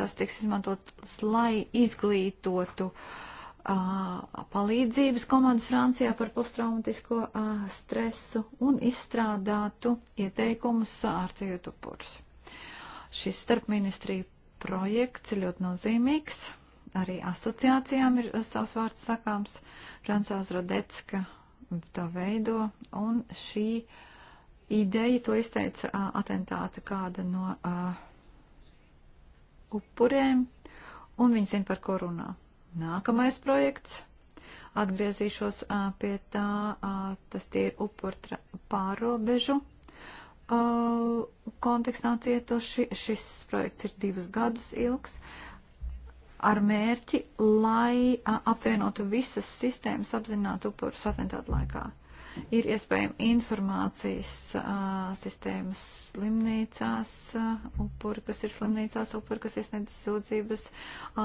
Tas tiks izmantots, lai izglītotu uh, palīdzības komandas Francijā par posttraumatisko stresu un izstrādātu ieteikumus ārstējot upurus. Šis starpministrija projekts ir ļoti nozīmīgs. Arī asociācijām ir savs vārds sakāms. Francās Rodecka to veido un šī ideja to izteica atentāta kāda no uh, upuriem un viņi zina, par ko runā. Nākamais projekts. Atgriezīšos a, pie tā, a, tas tie ir upurtra pārobežu a, kontekstā cietoši. Šis projekts ir divus gadus ilgs ar mērķi, lai apvienotu visas sistēmas apzinātu upurus atentātu laikā ir iespējama informācijas uh, sistēmas slimnīcās, uh, upuri, kas ir slimnīcās, upuri, kas iesniedz sūdzības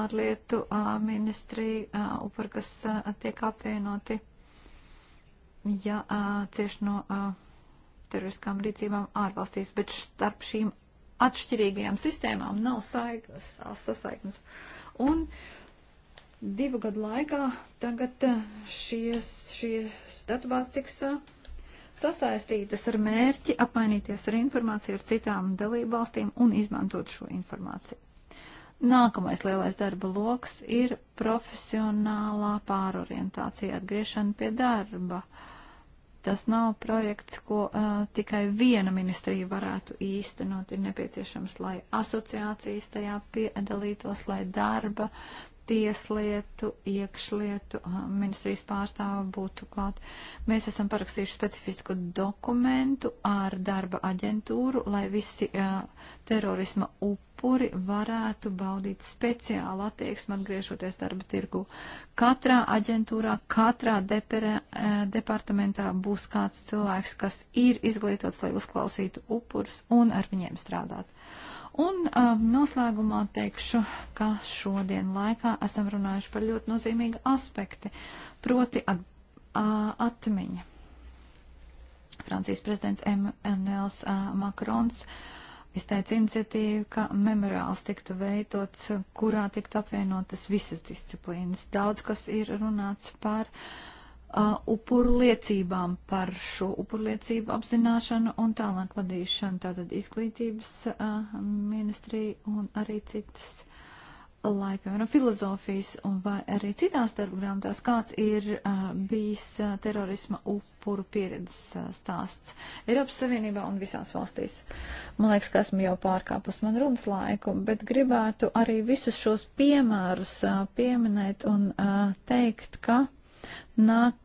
ārlietu uh, ministrija, uh, upuri, kas uh, tiek apvienoti, ja uh, cieši no uh, teroriskām rīcībām ārvalstīs, bet starp šīm atšķirīgajām sistēmām nav saiknes, sasaiknes. Un, uh, Divu gadu laikā tagad eh, šies, šies datubāzes tiks eh, sasaistītas ar mērķi apmainīties ar informāciju ar citām dalībvalstīm un izmantot šo informāciju. Nākamais lielais darba lokus ir profesionālā pārorientācija, atgriešana pie darba. Tas nav projekts, ko uh, tikai viena ministrija varētu īstenot. Ir nepieciešams, lai asociācijas tajā piedalītos, lai darba tieslietu, iekšlietu ministrijas pārstāva būtu klāt. Mēs esam parakstījuši specifisku dokumentu ar darba aģentūru, lai visi uh, terorisma upuri varētu baudīt speciālu attieksmi atgriežoties darba tirgu. Katrā aģentūrā, katrā depere, uh, departamentā būs kāds cilvēks, kas ir izglītots, lai uzklausītu upurus un ar viņiem strādātu. Un um, noslēgumā teikšu, ka šodien laikā esam runājuši par ļoti nozīmīgu aspekti, proti at, uh, atmiņa. Francijas prezidents Emmanuels uh, Makrons izteica iniciatīvu, ka memoriāls tiktu veidots, kurā tiktu apvienotas visas disciplīnas. Daudz kas ir runāts par uh, uh, upurliecībām par šo upurliecību apzināšanu un tālāk vadīšanu. Tātad izglītības uh, ministrija un arī citas, lai piemēram nu, filozofijas un vai arī citās darba grāmatās, kāds ir uh, bijis uh, terorisma upuru pieredzes uh, stāsts Eiropas Savienībā un visās valstīs. Man liekas, ka esmu jau pārkāpus man runas laiku, bet gribētu arī visus šos piemērus uh, pieminēt un uh, teikt, ka nāk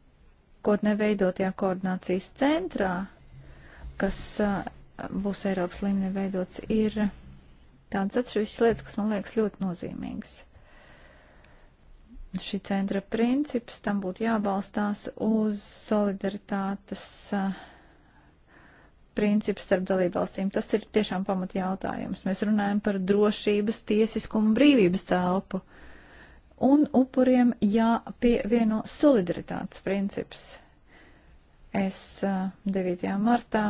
nākotnē veidotajā koordinācijas centrā, kas uh, būs Eiropas līmenī veidots, ir tādas atsevišķas lietas, kas man liekas ļoti nozīmīgas. Šī centra princips tam būtu jābalstās uz solidaritātes uh, princips starp dalībvalstīm. Tas ir tiešām pamat jautājums. Mēs runājam par drošības, tiesiskumu, brīvības telpu. Uh, un upuriem jāpievieno solidaritātes princips. Es 9. martā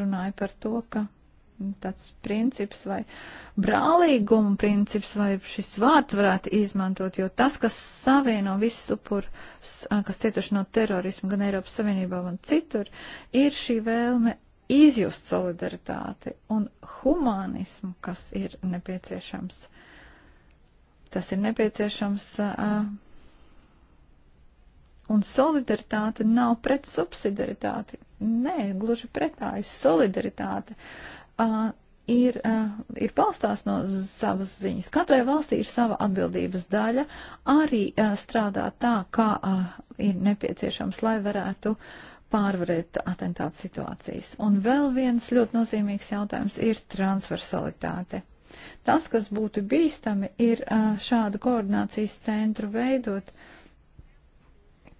runāju par to, ka tāds princips vai brālīguma princips vai šis vārds varētu izmantot, jo tas, kas savieno visus upurus, kas cietuši no terorismu gan Eiropas Savienībā, gan citur, ir šī vēlme izjust solidaritāti un humanismu, kas ir nepieciešams. Uh, Tas ir nepieciešams. Un solidaritāte nav pret subsidiaritāti. Nē, gluži pretēji. Solidaritāte uh, ir, uh, ir balstās no savas ziņas. Katrai valstī ir sava atbildības daļa arī uh, strādāt tā, kā uh, ir nepieciešams, lai varētu pārvarēt atentātu situācijas. Un vēl viens ļoti nozīmīgs jautājums ir transversalitāte. Tas, kas būtu bīstami, ir šādu koordinācijas centru veidot,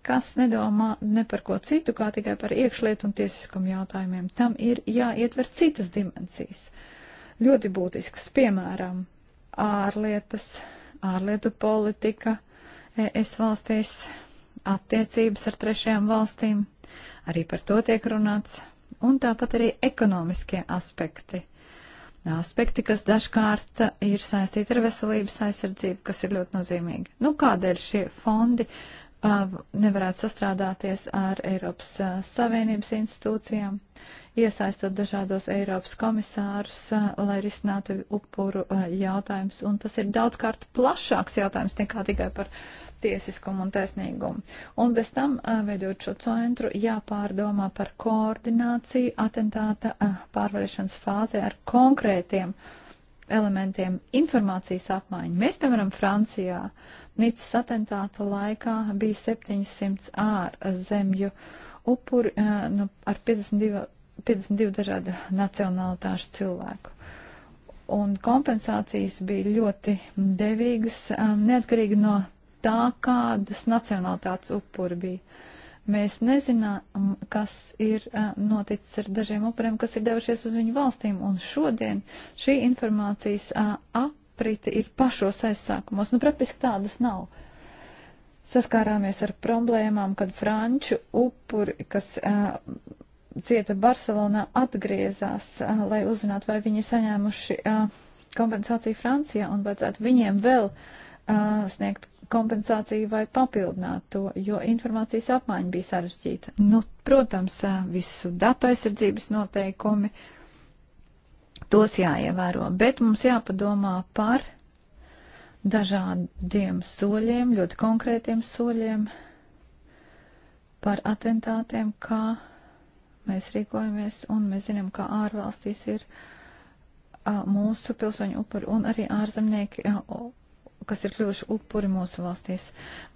kas nedomā ne par ko citu, kā tikai par iekšlietu un tiesiskumu jautājumiem. Tam ir jāietver citas dimensijas. Ļoti būtiskas, piemēram, ārlietas, ārlietu politika, es valstīs, attiecības ar trešajām valstīm, arī par to tiek runāts, un tāpat arī ekonomiskie aspekti aspekti, kas dažkārt ir saistīti ar veselības aizsardzību, kas ir ļoti nozīmīgi. Nu, kādēļ šie fondi uh, nevarētu sastrādāties ar Eiropas uh, Savienības institūcijām? Uh, iesaistot dažādos Eiropas komisārus, eh, lai risinātu upuru eh, jautājumus. Un tas ir daudzkārt plašāks jautājums nekā tikai par tiesiskumu un taisnīgumu. Un bez tam, eh, veidot šo centru, jāpārdomā par koordināciju atentāta pārvarēšanas fāzē ar konkrētiem elementiem informācijas apmaiņu. Mēs, piemēram, Francijā Nicas atentāta laikā bija 700 ārzemju upuri nu, ar 52 52 dažādu nacionālitāšu cilvēku. Un kompensācijas bija ļoti devīgas, um, neatkarīgi no tā, kādas nacionālitātes upuri bija. Mēs nezinām, kas ir uh, noticis ar dažiem upuriem, kas ir devušies uz viņu valstīm, un šodien šī informācijas uh, aprite ir pašos aizsākumos. Nu, praktiski tādas nav saskārāmies ar problēmām, kad franču upuri, kas uh, cieta Barcelonā, atgriezās, uh, lai uzzinātu, vai viņi ir saņēmuši uh, kompensāciju Francijā un vajadzētu viņiem vēl uh, sniegt kompensāciju vai papildināt to, jo informācijas apmaiņa bija sarežģīta. Nu, protams, visu datu aizsardzības noteikumi, tos jāievēro, bet mums jāpadomā par dažādiem soļiem, ļoti konkrētiem soļiem, par atentātiem, kā mēs rīkojamies, un mēs zinām, ka ārvalstīs ir a, mūsu pilsoņu upuri un arī ārzemnieki, a, o, kas ir kļuvuši upuri mūsu valstīs.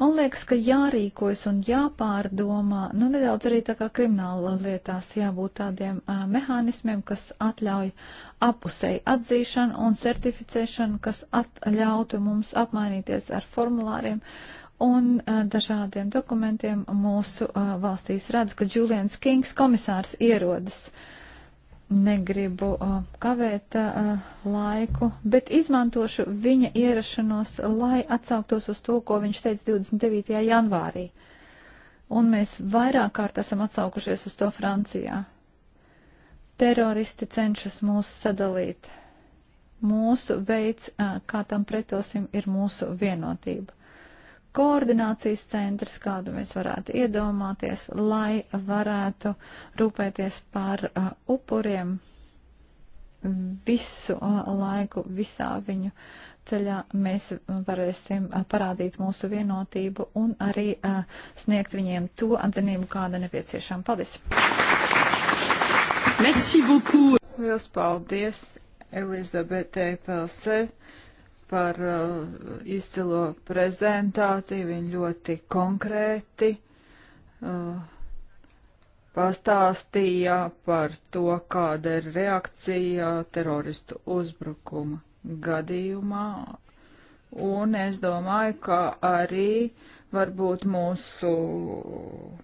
Man liekas, ka jārīkojas un jāpārdomā, nu nedaudz arī tā kā krimināla lietās jābūt tādiem a, mehānismiem, kas atļauj apusēji atzīšanu un certificēšanu, kas atļautu mums apmainīties ar formulāriem un eh, dažādiem dokumentiem mūsu eh, valstīs redzu, ka Julians Kings komisārs ierodas. Negribu eh, kavēt laiku, bet izmantošu viņa ierašanos, lai atsauktos uz to, ko viņš teica 29. janvārī. Un mēs vairāk kārt esam atsaukušies uz to Francijā. Teroristi cenšas mūs sadalīt. Mūsu veids, kā tam pretosim, ir mūsu vienotība koordinācijas centrs, kādu mēs varētu iedomāties, lai varētu rūpēties par uh, upuriem visu uh, laiku, visā viņu ceļā. Mēs varēsim uh, parādīt mūsu vienotību un arī uh, sniegt viņiem to atzinību, kāda nepieciešama. Paldies! Merci beaucoup! Liels paldies Elizabetei Pelsei! par uh, izcilo prezentāciju. Viņa ļoti konkrēti uh, pastāstīja par to, kāda ir reakcija teroristu uzbrukuma gadījumā. Un es domāju, ka arī varbūt mūsu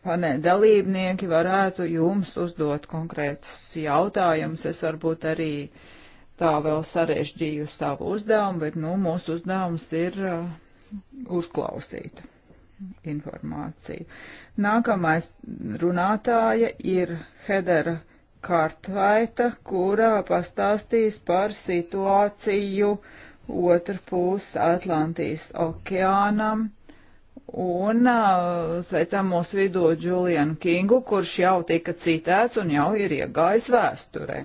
panē dalībnieki varētu jums uzdot konkrētus jautājumus. Es varbūt arī uh, tā vēl sarežģīju savu uzdevumu, bet nu, mūsu uzdevums ir uh, uzklausīt informāciju. Nākamais runātāja ir Hedera Kārtvaita, kurā pastāstīs par situāciju otru pusi Atlantijas okeānam. Un uh, sveicam mūsu vidū Džulianu Kingu, kurš jau tika citēts un jau ir iegājis vēsturē.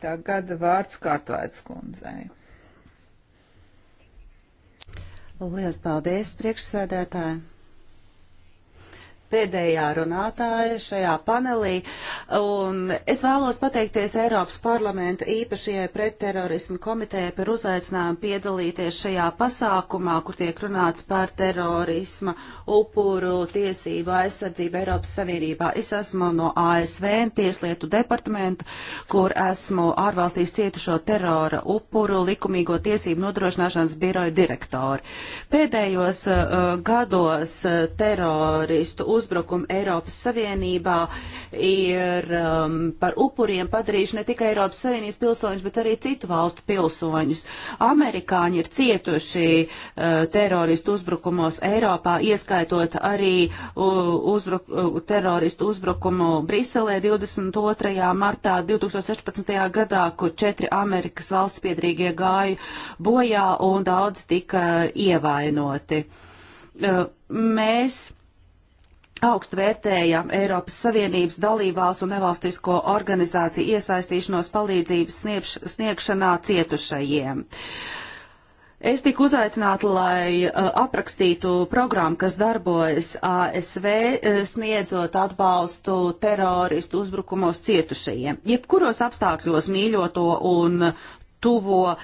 Tagad vārds kārtvētas kundzei. Lielas paldies, priekšsēdētāji! pēdējā runātāja šajā panelī, un es vēlos pateikties Eiropas parlamenta īpašajai pretterorismu komitejai par uzaicinājumu piedalīties šajā pasākumā, kur tiek runāts par terorisma upuru tiesību aizsardzību Eiropas Savienībā. Es esmu no ASV Tieslietu departamentu, kur esmu ārvalstīs cietušo terora upuru likumīgo tiesību nodrošināšanas biroja direktori. Pēdējos uh, gados uh, teroristu uzbrukumu Eiropas Savienībā ir um, par upuriem padarījuši ne tikai Eiropas Savienības pilsoņus, bet arī citu valstu pilsoņus. Amerikāņi ir cietuši uh, teroristu uzbrukumos Eiropā, ieskaitot arī uh, uzbruk, uh, teroristu uzbrukumu Briselē 22. martā 2016. gadā, kur četri Amerikas valsts piedrīgie gāja bojā un daudz tika uh, ievainoti. Uh, mēs augstu vērtējam Eiropas Savienības dalībvalstu un nevalstisko organizāciju iesaistīšanos palīdzības sniegš sniegšanā cietušajiem. Es tiku uzaicināta, lai uh, aprakstītu programmu, kas darbojas ASV, uh, sniedzot atbalstu teroristu uzbrukumos cietušajiem. Jebkuros apstākļos mīļoto un tuvo uh,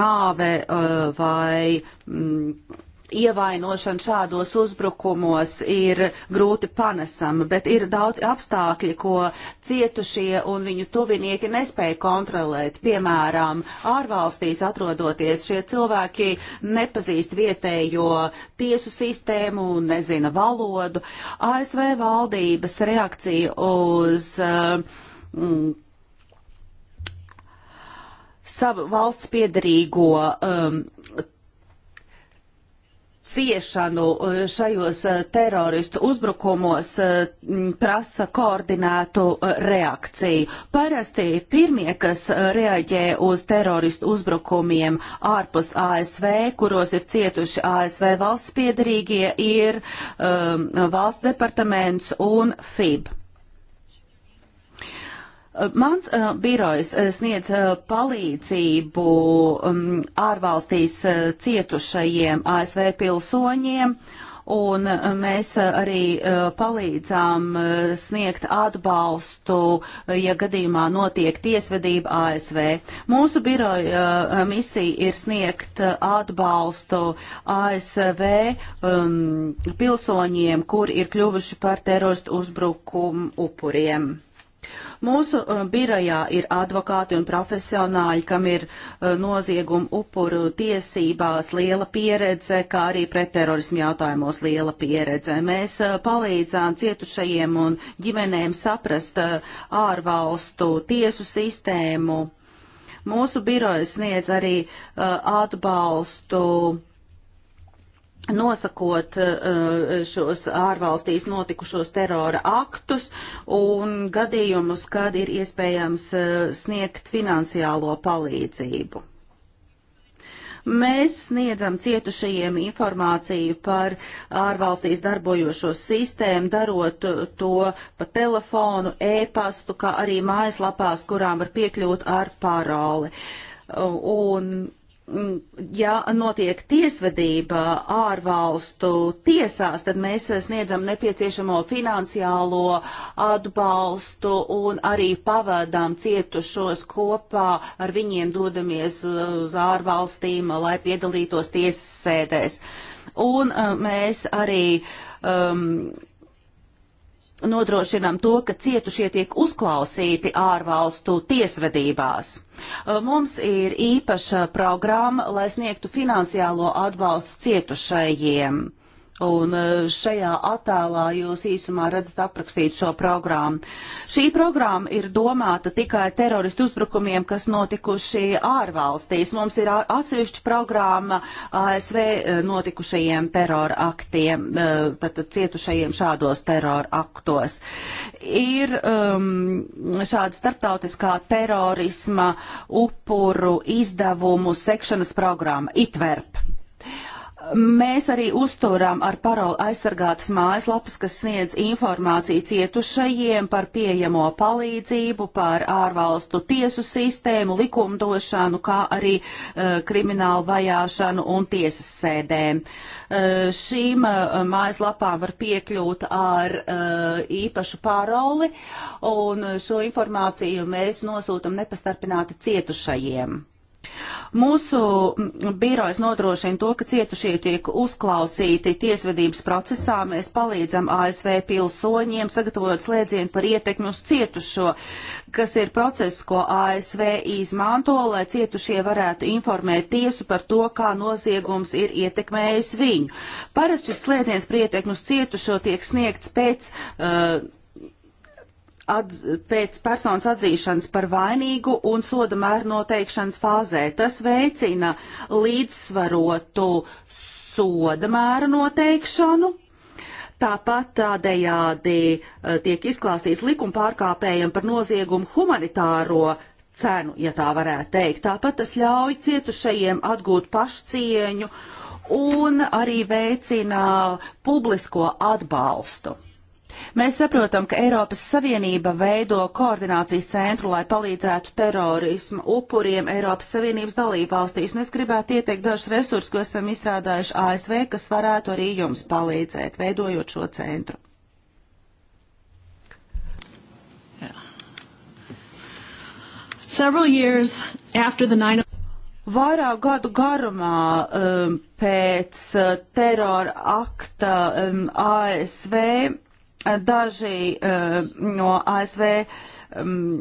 nāve uh, vai mm, ievainošana šādos uzbrukumos ir grūti panesama, bet ir daudz apstākļi, ko cietušie un viņu tuvinieki nespēja kontrolēt. Piemēram, ārvalstīs atrodoties šie cilvēki nepazīst vietējo tiesu sistēmu, nezina valodu. ASV valdības reakcija uz. Uh, mm, savu valsts piedarīgo um, ciešanu e, šajos e, teroristu uzbrukumos e, prasa koordinētu reakciju. Parasti pirmie, kas reaģē uz teroristu uzbrukumiem ārpus ASV, kuros ir cietuši ASV valsts piedarīgie, ir um, valsts departaments un FIB. Uh, mans uh, birojs uh, sniedz uh, palīdzību um, ārvalstīs uh, cietušajiem ASV pilsoņiem. Un uh, mēs arī palīdzām sniegt atbalstu, ja gadījumā notiek tiesvedība ASV. Mūsu biroja misija ir sniegt atbalstu ASV um, pilsoņiem, kur ir kļuvuši par teroristu uzbrukumu upuriem. Mūsu uh, birojā ir advokāti un profesionāļi, kam ir uh, nozieguma upuru tiesībās liela pieredze, kā arī pretterorismu jautājumos liela pieredze. Mēs uh, palīdzām cietušajiem un ģimenēm saprast uh, ārvalstu tiesu sistēmu. Mūsu biroja sniedz arī uh, atbalstu nosakot eh, šos ārvalstīs notikušos terora aktus un gadījumus, kad ir iespējams eh, sniegt finansiālo palīdzību. Mēs sniedzam cietušajiem informāciju par ārvalstīs darbojošo sistēmu, darot to pa telefonu, e-pastu, kā arī mājaslapās, kurām var piekļūt ar paroli. Un Mm, ja notiek tiesvedība ārvalstu tiesās, tad mēs sniedzam nepieciešamo finansiālo atbalstu un arī pavadām cietušos kopā ar viņiem dodamies uh, uz ārvalstīm, lai piedalītos tiesas sēdēs. Un uh, mēs arī um, nodrošinām to, ka cietušie tiek uzklausīti ārvalstu tiesvedībās. Uh, mums ir īpaša programma, lai sniegtu finansiālo atbalstu cietušajiem. Un eh, šajā attēlā jūs īsumā redzat aprakstīt šo programmu. Šī programma ir domāta tikai teroristu uzbrukumiem, kas notikuši ārvalstīs. Mums ir atsevišķa programma ASV eh, notikušajiem terora aktiem, tātad eh, cietušajiem šādos terora aktos. Ir um, šāda starptautiskā terorisma upuru izdevumu sekšanas programma ITVERP Mēs arī uzturām ar paroli aizsargātas mājaslapas, kas sniedz informāciju cietušajiem par pieejamo palīdzību, par ārvalstu tiesu sistēmu, likumdošanu, kā arī uh, kriminālu vajāšanu un tiesas sēdēm. Uh, šīm uh, mājaslapām var piekļūt ar uh, īpašu paroli, un šo informāciju mēs nosūtam nepastarpināti cietušajiem. Mūsu birojas nodrošina to, ka cietušie tiek uzklausīti tiesvedības procesā. Mēs palīdzam ASV pilsoņiem sagatavot slēdzienu par ietekmi uz cietušo, kas ir process, ko ASV izmanto, lai cietušie varētu informēt tiesu par to, kā noziegums ir ietekmējis viņu. Parasti šis slēdziens par ietekmi uz cietušo tiek sniegts pēc. Uh, atz, pēc personas atzīšanas par vainīgu un soda mēru noteikšanas fāzē. Tas veicina līdzsvarotu soda mēru noteikšanu. Tāpat tādējādi e, tiek izklāstīts likuma pārkāpējiem par noziegumu humanitāro cenu, ja tā varētu teikt. Tāpat tas ļauj cietušajiem atgūt pašcieņu un arī veicina publisko atbalstu. Mēs saprotam, ka Eiropas Savienība veido koordinācijas centru, lai palīdzētu terorismu upuriem Eiropas Savienības dalībvalstīs, un es gribētu ieteikt dažus resursus, ko esam izstrādājuši ASV, kas varētu arī jums palīdzēt, veidojot šo centru. Yeah. Vairāk gadu garumā um, pēc uh, terora akta um, ASV daži eh, no ASV mm,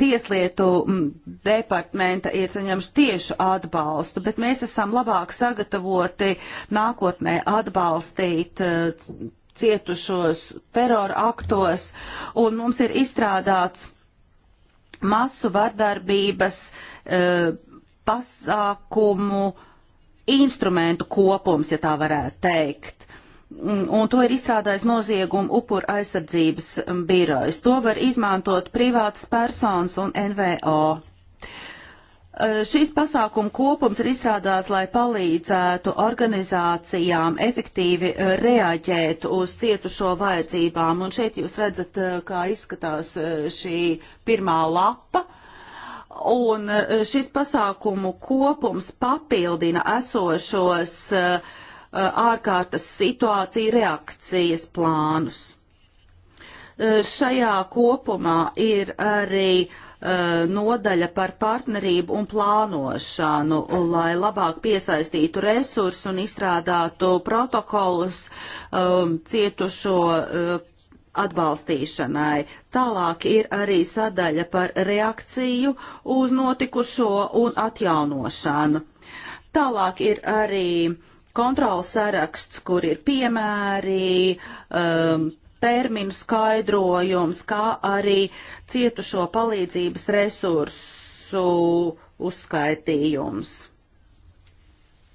tieslietu mm, departamenta ir saņemši tiešu atbalstu, bet mēs esam labāk sagatavoti nākotnē atbalstīt eh, cietušos terora aktos, un mums ir izstrādāts masu vardarbības eh, pasākumu instrumentu kopums, ja tā varētu teikt Mm, un to ir izstrādājis nozieguma upura aizsardzības birojs. To var izmantot privātas personas un NVO. Eh, Šīs pasākuma kopums ir izstrādāts, lai palīdzētu organizācijām efektīvi eh, reaģēt uz cietušo vajadzībām. Un šeit jūs redzat, eh, kā izskatās šī pirmā lapa. Un šis pasākumu kopums papildina esošos uh, Uh, ārkārtas situāciju reakcijas plānus. Uh, šajā kopumā ir arī uh, nodaļa par partnerību un plānošanu, lai labāk piesaistītu resursus un izstrādātu protokolus um, cietušo uh, atbalstīšanai. Tālāk ir arī sadaļa par reakciju uz notikušo un atjaunošanu. Tālāk ir arī uh, kontrols saraksts, kur ir piemēri, um, terminu skaidrojums, kā arī cietušo palīdzības resursu uzskaitījums.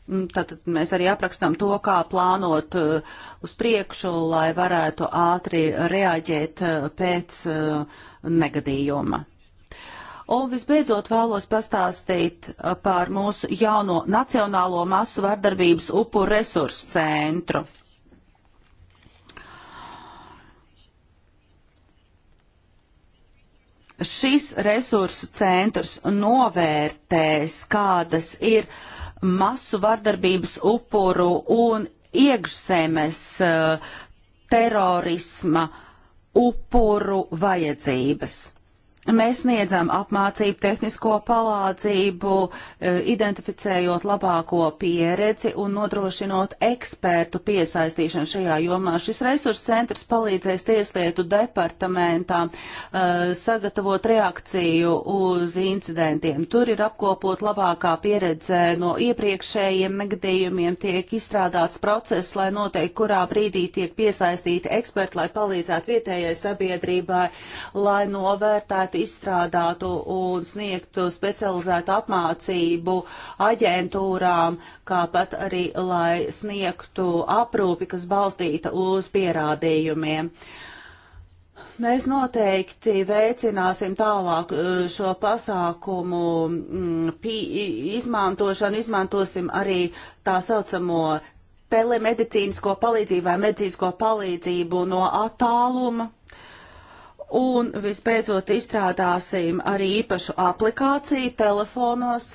Mm, tātad mēs arī aprakstām to, kā plānot uh, uz priekšu, lai varētu ātri reaģēt uh, pēc uh, negadījuma. Un visbeidzot vēlos pastāstīt uh, par mūsu jauno Nacionālo masu vardarbības upuru resursu centru. Šis resursu centrs novērtēs, kādas ir masu vardarbības upuru un iekšzemes uh, terorisma upuru vajadzības. Mēs sniedzam apmācību, tehnisko palādzību, e, identificējot labāko pieredzi un nodrošinot ekspertu piesaistīšanu šajā jomā. Šis resursu centrs palīdzēs tieslietu departamentām e, sagatavot reakciju uz incidentiem. Tur ir apkopot labākā pieredze no iepriekšējiem negadījumiem, tiek izstrādāts process, lai noteikti, kurā brīdī tiek piesaistīti eksperti, lai palīdzētu vietējai sabiedrībai, lai novērtētu izstrādātu un sniegtu specializētu apmācību aģentūrām, kā pat arī, lai sniegtu aprūpi, kas balstīta uz pierādījumiem. Mēs noteikti veicināsim tālāk uh, šo pasākumu mm, izmantošanu, izmantosim arī tā saucamo telemedicīnisko palīdzību vai medicīnisko palīdzību no attāluma un vispēcot izstrādāsim arī īpašu aplikāciju telefonos.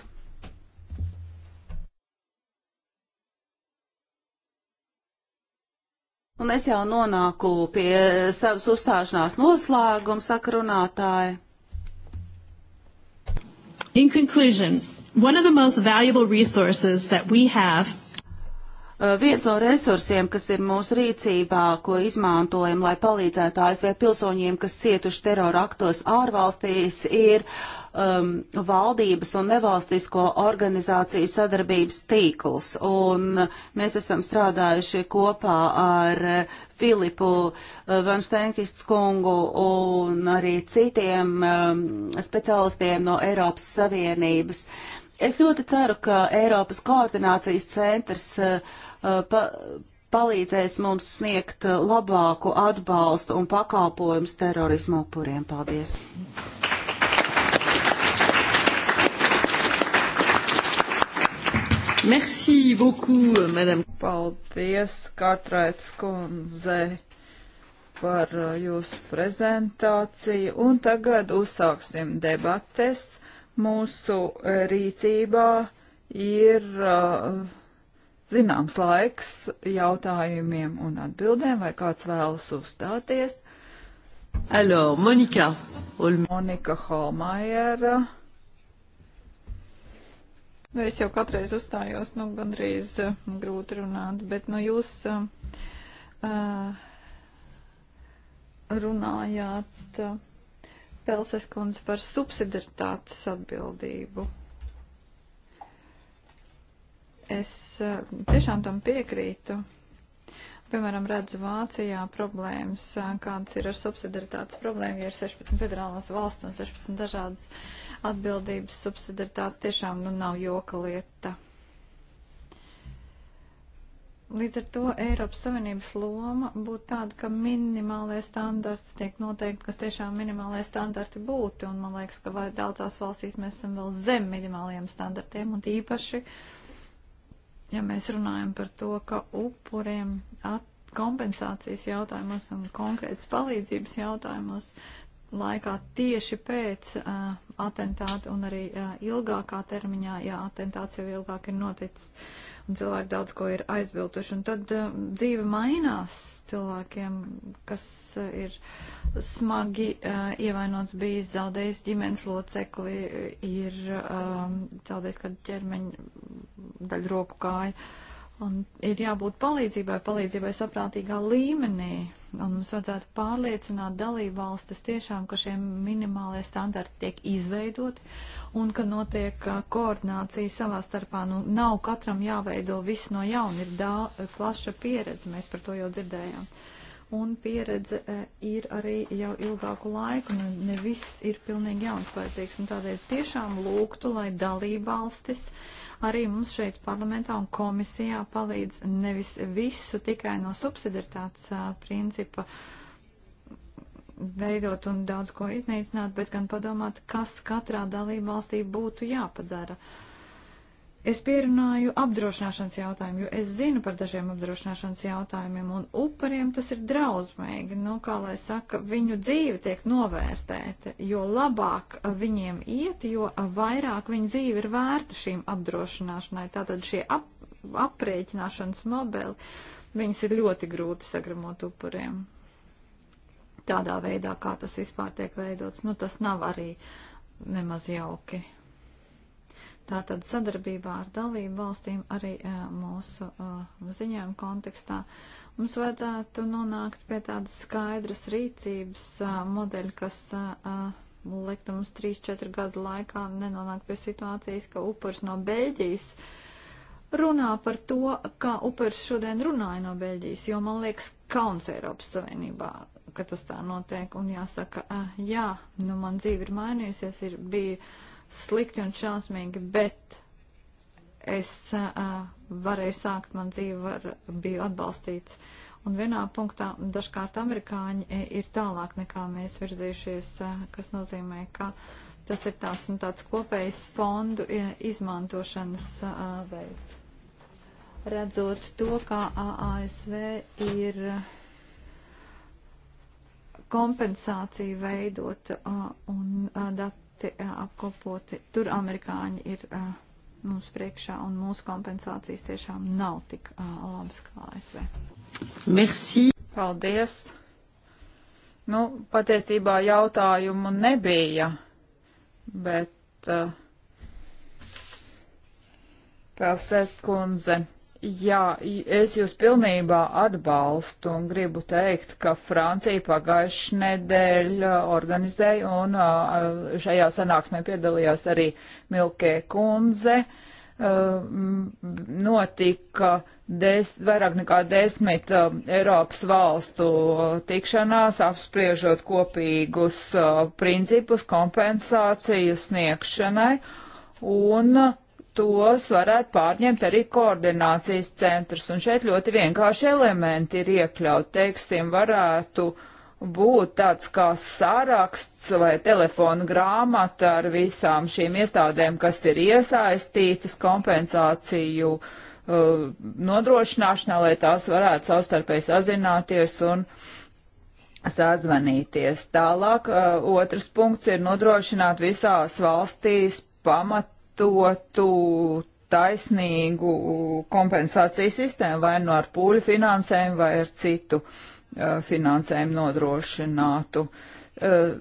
Un es jau nonāku pie savas uzstāšanās noslēguma sakrunātāja. In conclusion, one of the most valuable resources that we have Uh, viens no resursiem, kas ir mūsu rīcībā, ko izmantojam, lai palīdzētu ASV pilsoņiem, kas cietuši terora aktos ārvalstīs, ir um, valdības un nevalstisko organizāciju sadarbības tīkls. Un uh, mēs esam strādājuši kopā ar uh, Filipu Vanšteinkists kungu un arī citiem um, specialistiem no Eiropas Savienības. Um, Es ļoti ceru, ka Eiropas koordinācijas centrs uh, uh, pa, palīdzēs mums sniegt uh, labāku atbalstu un pakalpojumus terorismu upuriem. Paldies! Merci beaucoup, madame. Paldies, Kārtraits kundze, par jūsu prezentāciju. Un tagad uzsāksim debates mūsu e, rīcībā ir e, zināms laiks jautājumiem un atbildēm, vai kāds vēlas uzstāties. Alo, Monika. Ol... Monika Holmajera. Nu, es jau katreiz uzstājos, nu, gandrīz uh, grūti runāt, bet, nu, jūs uh, runājāt. Uh, Pelses kundze par subsidaritātes atbildību. Es eh, tiešām tam piekrītu. Piemēram, redzu Vācijā problēmas, eh, kādas ir ar subsidaritātes problēmu, ja ir 16 federālās valsts un 16 dažādas atbildības subsidaritāte tiešām nu, nav joka lieta. Līdz ar to Eiropas Savienības loma būtu tāda, ka minimālai standarti tiek noteikti, kas tiešām minimālai standarti būtu, un man liekas, ka vai daudzās valstīs mēs esam vēl zem minimālajiem standartiem, un īpaši, ja mēs runājam par to, ka upuriem kompensācijas jautājumos un konkrētas palīdzības jautājumos laikā tieši pēc uh, atentāta un arī uh, ilgākā termiņā, ja atentāts jau ilgāk ir noticis un cilvēki daudz ko ir aizbilduši. Un tad uh, dzīve mainās cilvēkiem, kas uh, ir smagi uh, ievainots bijis, zaudējis ģimenes locekli, ir uh, zaudējis kādu ķermeņu daļu roku kāju. Uh, Un ir jābūt palīdzībai, palīdzībai saprātīgā līmenī. Un mums vajadzētu pārliecināt dalību valstis tiešām, ka šie minimālie standarti tiek izveidoti un ka notiek uh, koordinācija savā starpā. Nu, nav katram jāveido viss no jauna, ir dā, uh, plaša pieredze, mēs par to jau dzirdējām. Un pieredze uh, ir arī jau ilgāku laiku, nu, ne viss ir pilnīgi jauns vajadzīgs. Un tādēļ tiešām lūgtu, lai dalību valstis. Uh, arī mums šeit parlamentā un komisijā palīdz nevis visu tikai no subsidiaritātes principa veidot un daudz ko iznīcināt, bet gan padomāt, kas katrā dalība valstī būtu jāpadara. Uh, Es pierunāju apdrošināšanas jautājumu, jo es zinu par dažiem apdrošināšanas jautājumiem, un upuriem tas ir drausmīgi. Nu, kā lai saka, viņu dzīve tiek novērtēta, jo labāk viņiem iet, jo vairāk viņu dzīve ir vērta šīm apdrošināšanai. Tātad šie ap, aprēķināšanas mobili, viņas ir ļoti grūti sagramot upuriem. Tādā veidā, kā tas vispār tiek veidots, nu, tas nav arī nemaz jauki. Tātad sadarbībā ar dalību valstīm arī mūsu ziņojuma kontekstā mums vajadzētu nonākt pie tādas skaidras rīcības modeļa, kas likt mums 3-4 gadu laikā nenonākt pie situācijas, ka upurs no Beļģijas runā par to, kā upurs šodien runāja no Beļģijas, jo man liekas kauns Eiropas Savienībā, ka tas tā notiek. Un jāsaka, jā, nu man dzīve ir mainījusies, ir bija slikti un šausmīgi, bet es uh, varēju sākt, man dzīve var, bija atbalstīts. Un vienā punktā dažkārt amerikāņi ir tālāk nekā mēs virzījušies, uh, kas nozīmē, ka tas ir tāds, nu, tāds kopējs fondu izmantošanas uh, veids. Redzot to, kā ASV ir kompensāciju veidot un dat ļoti apkopoti. Tur amerikāņi ir mums priekšā un mūsu kompensācijas tiešām nav tik labas kā ASV. Merci. Paldies. Nu, patiesībā jautājumu nebija, bet uh, Pelsēs kundze Jā, es jūs pilnībā atbalstu un gribu teikt, ka Francija pagājuši nedēļ uh, organizēja un uh, šajā sanāksmē piedalījās arī Milkē kundze. Uh, notika des, vairāk nekā desmit Eiropas valstu tikšanās, apspriežot kopīgus principus kompensāciju sniegšanai un tos varētu pārņemt arī koordinācijas centrs. Un šeit ļoti vienkārši elementi ir iekļaut. Teiksim, varētu būt tāds kā saraksts vai telefona grāmata ar visām šīm iestādēm, kas ir iesaistītas kompensāciju uh, nodrošināšanā, lai tās varētu savstarpēji sazināties un sazvanīties. Tālāk uh, otrs punkts ir nodrošināt visās valstīs pamat izmantotu taisnīgu kompensāciju sistēmu vai nu no ar pūļu finansējumu vai ar citu uh, finansējumu nodrošinātu. Uh,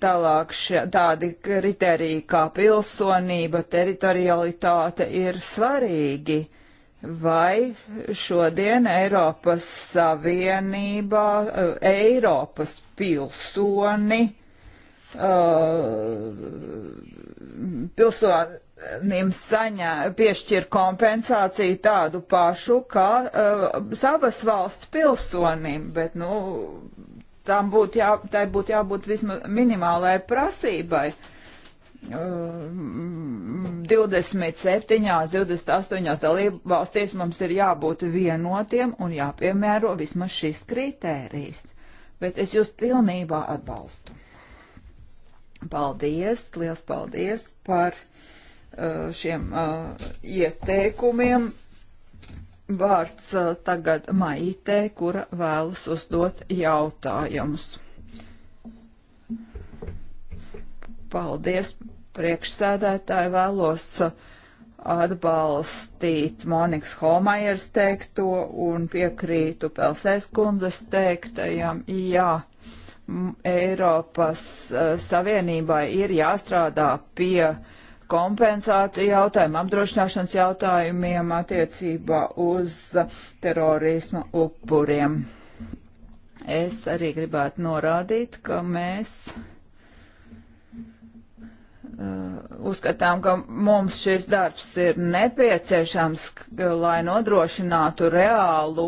tālāk šie, tādi kriteriji kā pilsonība, teritorialitāte ir svarīgi. Vai šodien Eiropas Savienībā uh, Eiropas pilsoni, uh, pilsoni viņiem saņā, piešķir kompensāciju tādu pašu, kā uh, savas valsts pilsonim, bet, nu, tam būtu jā, tai būtu jābūt vismaz minimālai prasībai. Uh, 27, 28 dalību valstīs mums ir jābūt vienotiem un jāpiemēro vismaz šis kritērijs. Bet es jūs pilnībā atbalstu. Paldies, liels paldies par Eh, šiem eh, ieteikumiem. Vārds eh, tagad Maitē, kura vēlas uzdot jautājumus. Paldies, priekšsēdētāji, vēlos atbalstīt Monikas Holmajers teikto un piekrītu Pelsēs kundzes teiktajam. Jā, Eiropas Savienībai ir jāstrādā pie uh, kompensāciju jautājumu, apdrošināšanas jautājumiem attiecībā uz terorismu upuriem. Es arī gribētu norādīt, ka mēs uh, uzskatām, ka mums šis darbs ir nepieciešams, lai nodrošinātu reālu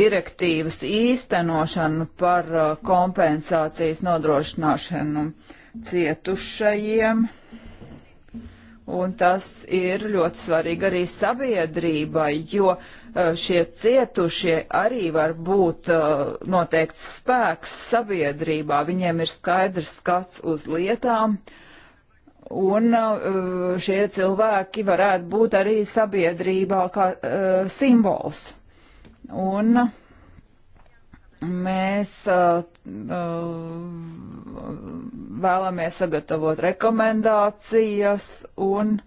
direktīvas īstenošanu par uh, kompensācijas nodrošināšanu cietušajiem. Un tas ir ļoti svarīgi arī sabiedrībai, jo uh, šie cietušie arī var būt uh, noteikts spēks sabiedrībā. Viņiem ir skaidrs skats uz lietām, un uh, šie cilvēki varētu būt arī sabiedrībā kā simbols. Un mēs vēlamies sagatavot rekomendācijas un e,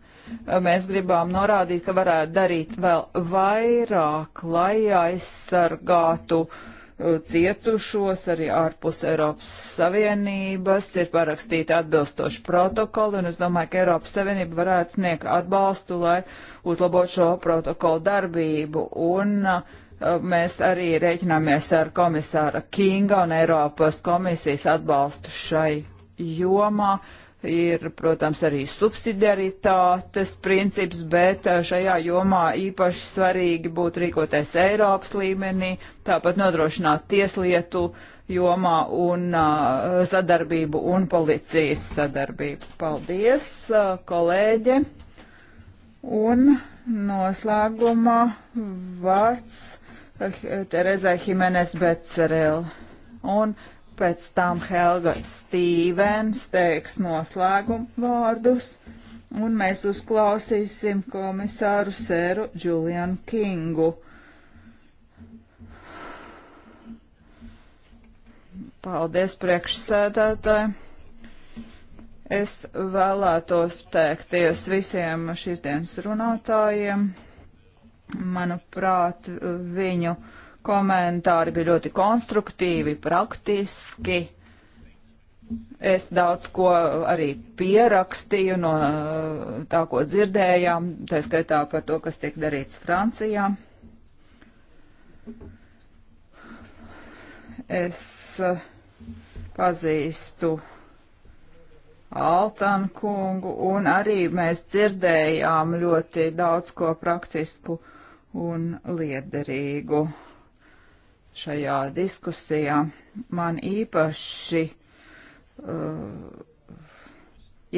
mēs gribām norādīt, ka varētu darīt vēl vairāk, lai aizsargātu e, cietušos arī ārpus Eiropas Savienības. Ir parakstīti atbilstoši protokoli, un es domāju, ka Eiropas Savienība varētu sniegt atbalstu, lai uzlabotu šo protokolu darbību. Un, uh, mēs arī rēķināmies ar komisāra Kinga un Eiropas komisijas atbalstu šai jomā. Ir, protams, arī subsidiaritātes princips, bet eh, šajā jomā īpaši svarīgi būtu rīkoties Eiropas līmenī, tāpat nodrošināt tieslietu jomā un uh, sadarbību un policijas sadarbību. Paldies, uh, kolēģi! Un noslēgumā vārds Terezai Himenes Becerel. Un pēc tam Helga Stīvens teiks noslēgumu vārdus, un mēs uzklausīsim komisāru sēru Julianu Kingu. Paldies priekšsēdētāji. Es vēlētos teikties visiem šīs dienas runātājiem. Manuprāt, viņu komentāri bija ļoti konstruktīvi, praktiski. Es daudz ko arī pierakstīju no eh, tā, ko dzirdējām, tā skaitā par to, kas tiek darīts Francijā. Es eh, pazīstu Altānu kungu, un arī mēs dzirdējām ļoti daudz ko praktisku un liederīgu šajā diskusijā. Man īpaši uh,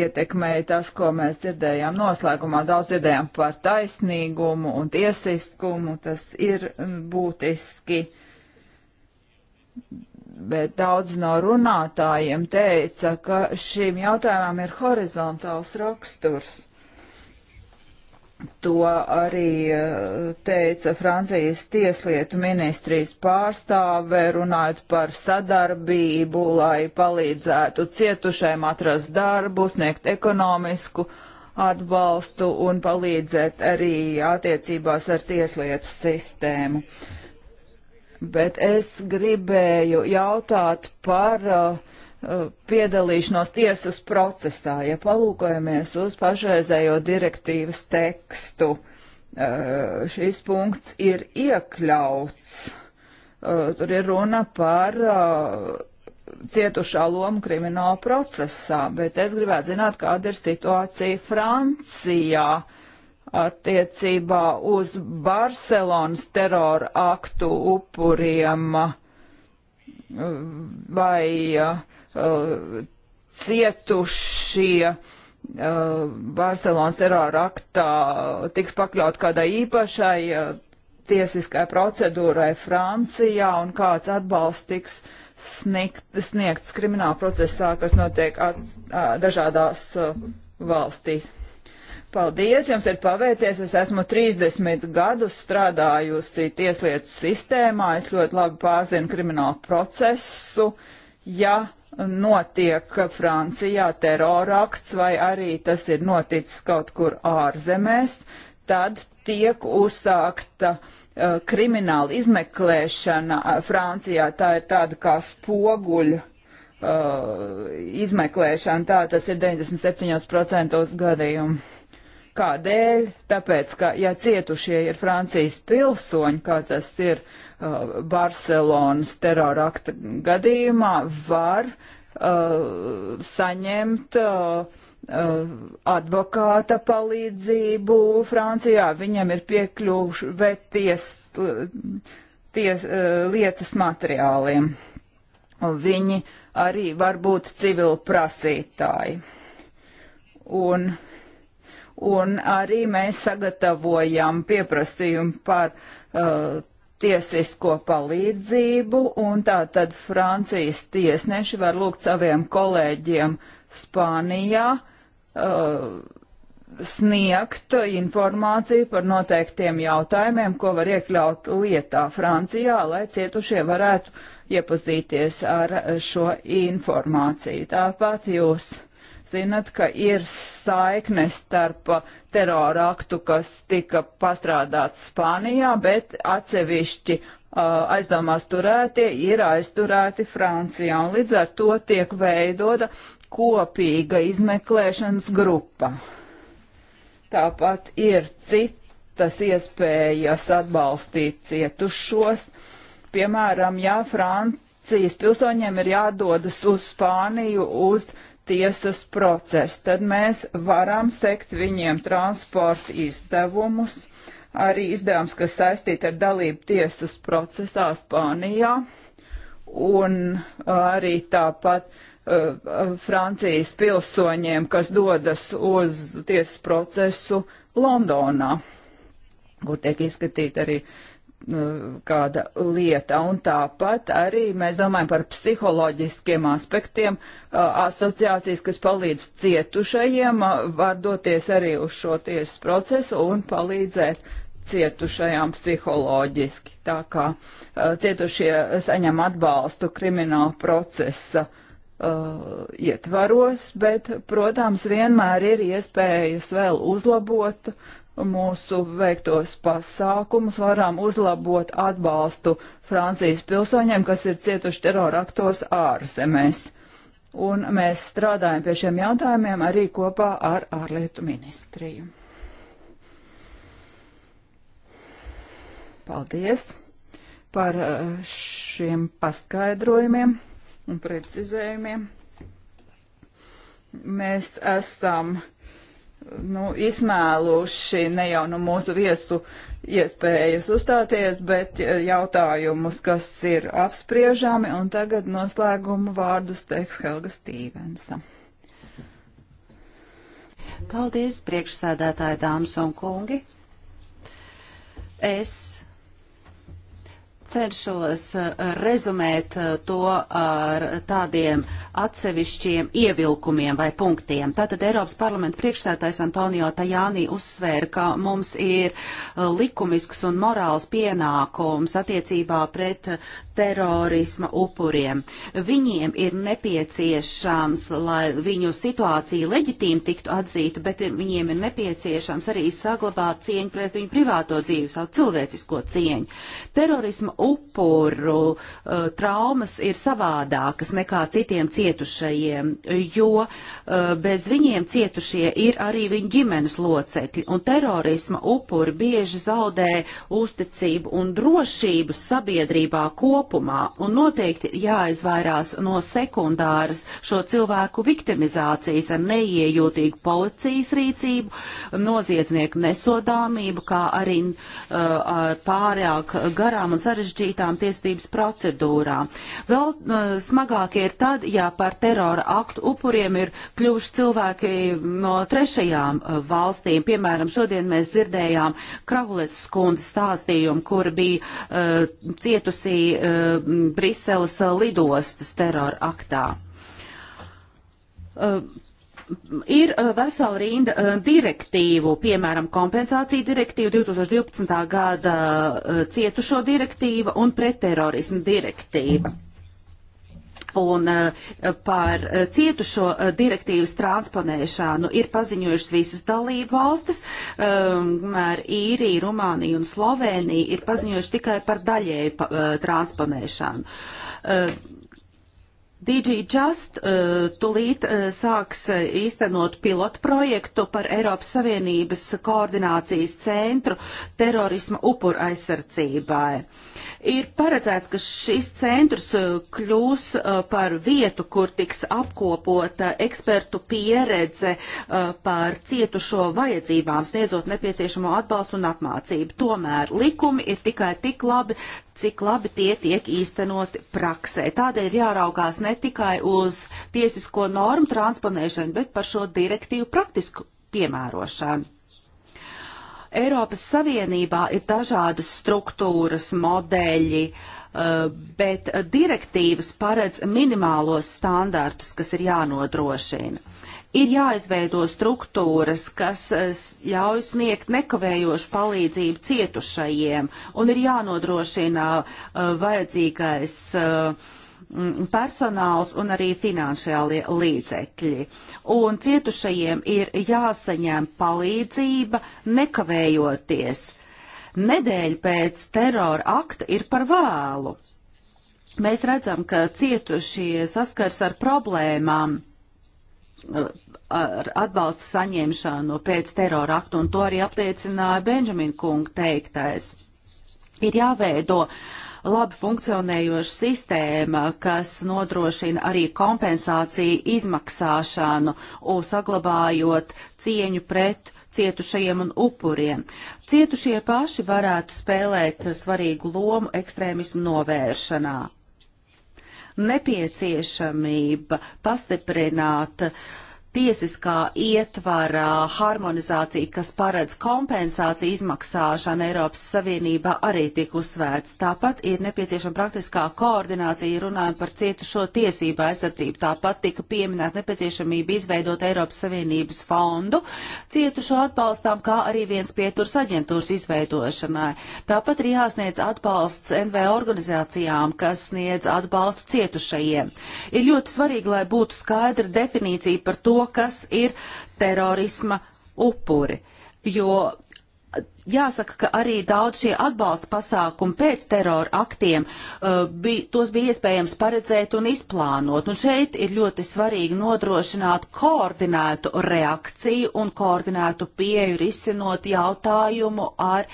ietekmēja tas, ko mēs dzirdējām noslēgumā. Daudz dzirdējām par taisnīgumu un tiesiskumu. Tas ir būtiski. Bet daudz no runātājiem teica, ka šīm jautājumām ir horizontāls raksturs. To arī eh, teica Francijas tieslietu ministrijas pārstāve, runājot par sadarbību, lai palīdzētu cietušajiem atrast darbu, sniegt ekonomisku atbalstu un palīdzēt arī attiecībās ar tieslietu sistēmu. Bet es gribēju jautāt par uh, Uh, piedalīšanos tiesas procesā, ja palūkojamies uz pašreizējo direktīvas tekstu. Uh, šis punkts ir iekļauts. Uh, tur ir runa par cietušā loma krimināla procesā, bet es gribētu zināt, kāda ir situācija Francijā attiecībā uz Barcelonas terora aktu upuriem vai uh, uh, cietušie uh, Barcelonas terora aktā tiks pakļaut kādai īpašai uh, tiesiskai procedūrai Francijā un kāds atbalsts tiks sniegt, sniegts krimināla procesā, kas notiek at, a, uh, dažādās a, uh, valstīs. Paldies, jums ir paveicies. Es esmu 30 gadus strādājusi tieslietu sistēmā. Es ļoti labi pārzinu kriminālu procesu. Ja notiek Francijā terorakts vai arī tas ir noticis kaut kur ārzemēs, tad tiek uzsākta uh, krimināla izmeklēšana uh, Francijā. Tā ir tāda kā spoguļa uh, izmeklēšana, tā tas ir 97% gadījumu. Kādēļ? Tāpēc, ka ja cietušie ir Francijas pilsoņi, kā tas ir uh, Uh, Barcelonas terorakta gadījumā var uh, saņemt uh, uh advokāta palīdzību Francijā. Viņam ir piekļuvuši ties, ties, uh, lietas materiāliem. Viņi arī var būt civili prasītāji. Un, un arī mēs sagatavojam pieprasījumu par uh, tiesisko palīdzību, un tātad Francijas tiesneši var lūgt saviem kolēģiem Spānijā uh, sniegt informāciju par noteiktiem jautājumiem, ko var iekļaut lietā Francijā, lai cietušie varētu iepazīties ar šo informāciju. Tāpat jūs zinat, ka ir saikne starp terora aktu, kas tika pastrādāts Spānijā, bet atsevišķi uh, aizdomās turētie ir aizturēti Francijā, un līdz ar to tiek veidota kopīga izmeklēšanas grupa. Tāpat ir citas iespējas atbalstīt cietušos, piemēram, ja Francija Vācijas pilsoņiem ir jādodas uz Spāniju uz tiesas process, tad mēs varam sekt viņiem transporta izdevumus, arī izdevums, kas saistīti ar dalību tiesas procesā Spānijā, un arī tāpat uh, uh, Francijas pilsoņiem, kas dodas uz tiesas procesu Londonā, kur tiek izskatīti arī kāda lieta. Un tāpat arī mēs domājam par psiholoģiskiem aspektiem. Asociācijas, kas palīdz cietušajiem, var doties arī uz šo tiesas procesu un palīdzēt cietušajām psiholoģiski. Tā kā cietušie saņem atbalstu krimināla procesa uh, ietvaros, bet, protams, vienmēr ir iespējas vēl uzlabot uh, mūsu veiktos pasākumus, varam uzlabot atbalstu Francijas pilsoņiem, kas ir cietuši teroraktos ārzemēs. Un mēs strādājam pie šiem jautājumiem arī kopā ar ārlietu ministriju. Paldies par uh, šiem paskaidrojumiem un precizējumiem. Mēs esam uh, nu, izsmēluši ne jau nu mūsu viesu iespējas uzstāties, bet e, jautājumus, kas ir apspriežami, un tagad noslēguma vārdus teiks Helga Stīvensa. Paldies, priekšsēdētāji, dāmas un kungi! Es cenšos eh, rezumēt eh, to ar tādiem atsevišķiem ievilkumiem vai punktiem. Tātad Eiropas parlamenta priekšsētājs Antonio Tajānī uzsvēra, ka mums ir eh, likumisks un morāls pienākums attiecībā pret terorisma upuriem. Viņiem ir nepieciešams, lai viņu situācija leģitīmi tiktu atzīta, bet viņiem ir nepieciešams arī saglabāt cieņu pret viņu privāto dzīvi, savu cilvēcisko cieņu. Terorisma upuru uh, traumas ir savādākas nekā citiem cietušajiem, jo uh, bez viņiem cietušie ir arī viņu ģimenes locekļi, un terorisma upuri bieži zaudē uzticību un drošību sabiedrībā kopumā kopumā, un noteikti ir jāizvairās no sekundāras šo cilvēku viktimizācijas ar neiejūtīgu policijas rīcību, noziedznieku nesodāmību, kā arī uh, ar pārāk garām un sarežģītām tiesības procedūrām. Vēl uh, smagāk ir tad, ja par terora aktu upuriem ir kļuvuši cilvēki no trešajām uh, valstīm. Piemēram, šodien mēs dzirdējām Kravlets kundzes stāstījumu, kur bija uh, cietusī uh, Eh, Briseles lidostas terora aktā. Eh, ir eh, vesela rinda direktīvu, piemēram, kompensācija direktīva, 2012. gada cietušo direktīva un pretterorismu direktīva. Mm un eh, par eh, cietušo eh, direktīvas transponēšanu ir paziņojušas visas dalību valstis, kamēr ehm, Īrija, Rumānija un Slovenija ir paziņojuši tikai par daļēju transponēšanu. DG Just uh, tulīt uh, sāks uh, īstenot pilotu projektu par Eiropas Savienības koordinācijas centru terorisma upuru aizsardzībai. Ir paredzēts, ka šis centrs uh, kļūs uh, par vietu, kur tiks apkopota ekspertu pieredze uh, par cietušo vajadzībām, sniedzot nepieciešamo atbalstu un apmācību. Tomēr likumi ir tikai tik labi, cik labi tie tiek īstenoti praksē. Tādēļ ir jāraugās ne tikai uz tiesisko normu transponēšanu, bet par šo direktīvu praktisku piemērošanu. Eiropas Savienībā ir dažādas struktūras, modeļi, uh, Eh, bet direktīvas paredz minimālos standartus, kas ir jānodrošina. Ir jāizveido struktūras, kas eh, ļauj sniegt nekavējošu palīdzību cietušajiem, un ir jānodrošina eh, vajadzīgais personāls un arī finansiālie līdzekļi. Un cietušajiem ir jāsaņem palīdzība nekavējoties nedēļa pēc terora akta ir par vēlu. Mēs redzam, ka cietušie saskars ar problēmām uh, ar atbalsta saņemšanu pēc terora aktu, un to arī apliecināja Benžamina kunga teiktais. Ir jāveido labi funkcionējoša sistēma, kas nodrošina arī kompensāciju izmaksāšanu, saglabājot cieņu pret cietušajiem un upuriem. Cietušie paši varētu spēlēt svarīgu lomu ekstrēmismu novēršanā. Nepieciešamība pastiprināt uh, tiesiskā ietvara harmonizācija, kas paredz kompensāciju izmaksāšanu Eiropas Savienībā, arī tika uzsvērts. Tāpat ir nepieciešama praktiskā koordinācija runājot par cietušo tiesību aizsardzību. Tāpat tika pieminēta nepieciešamība izveidot Eiropas Savienības fondu cietušo atbalstām, kā arī viens pieturs aģentūras izveidošanai. Tāpat ir jāsniedz atbalsts NVO organizācijām, kas sniedz atbalstu cietušajiem. Ir ļoti svarīgi, lai būtu skaidra definīcija par to, kas ir terorisma upuri. Jo Jāsaka, ka arī daudz šie atbalsta pasākumi pēc terora aktiem, uh, bij, tos bija iespējams paredzēt un izplānot. Un šeit ir ļoti svarīgi nodrošināt koordinētu reakciju un koordinētu pieeju risinot jautājumu ar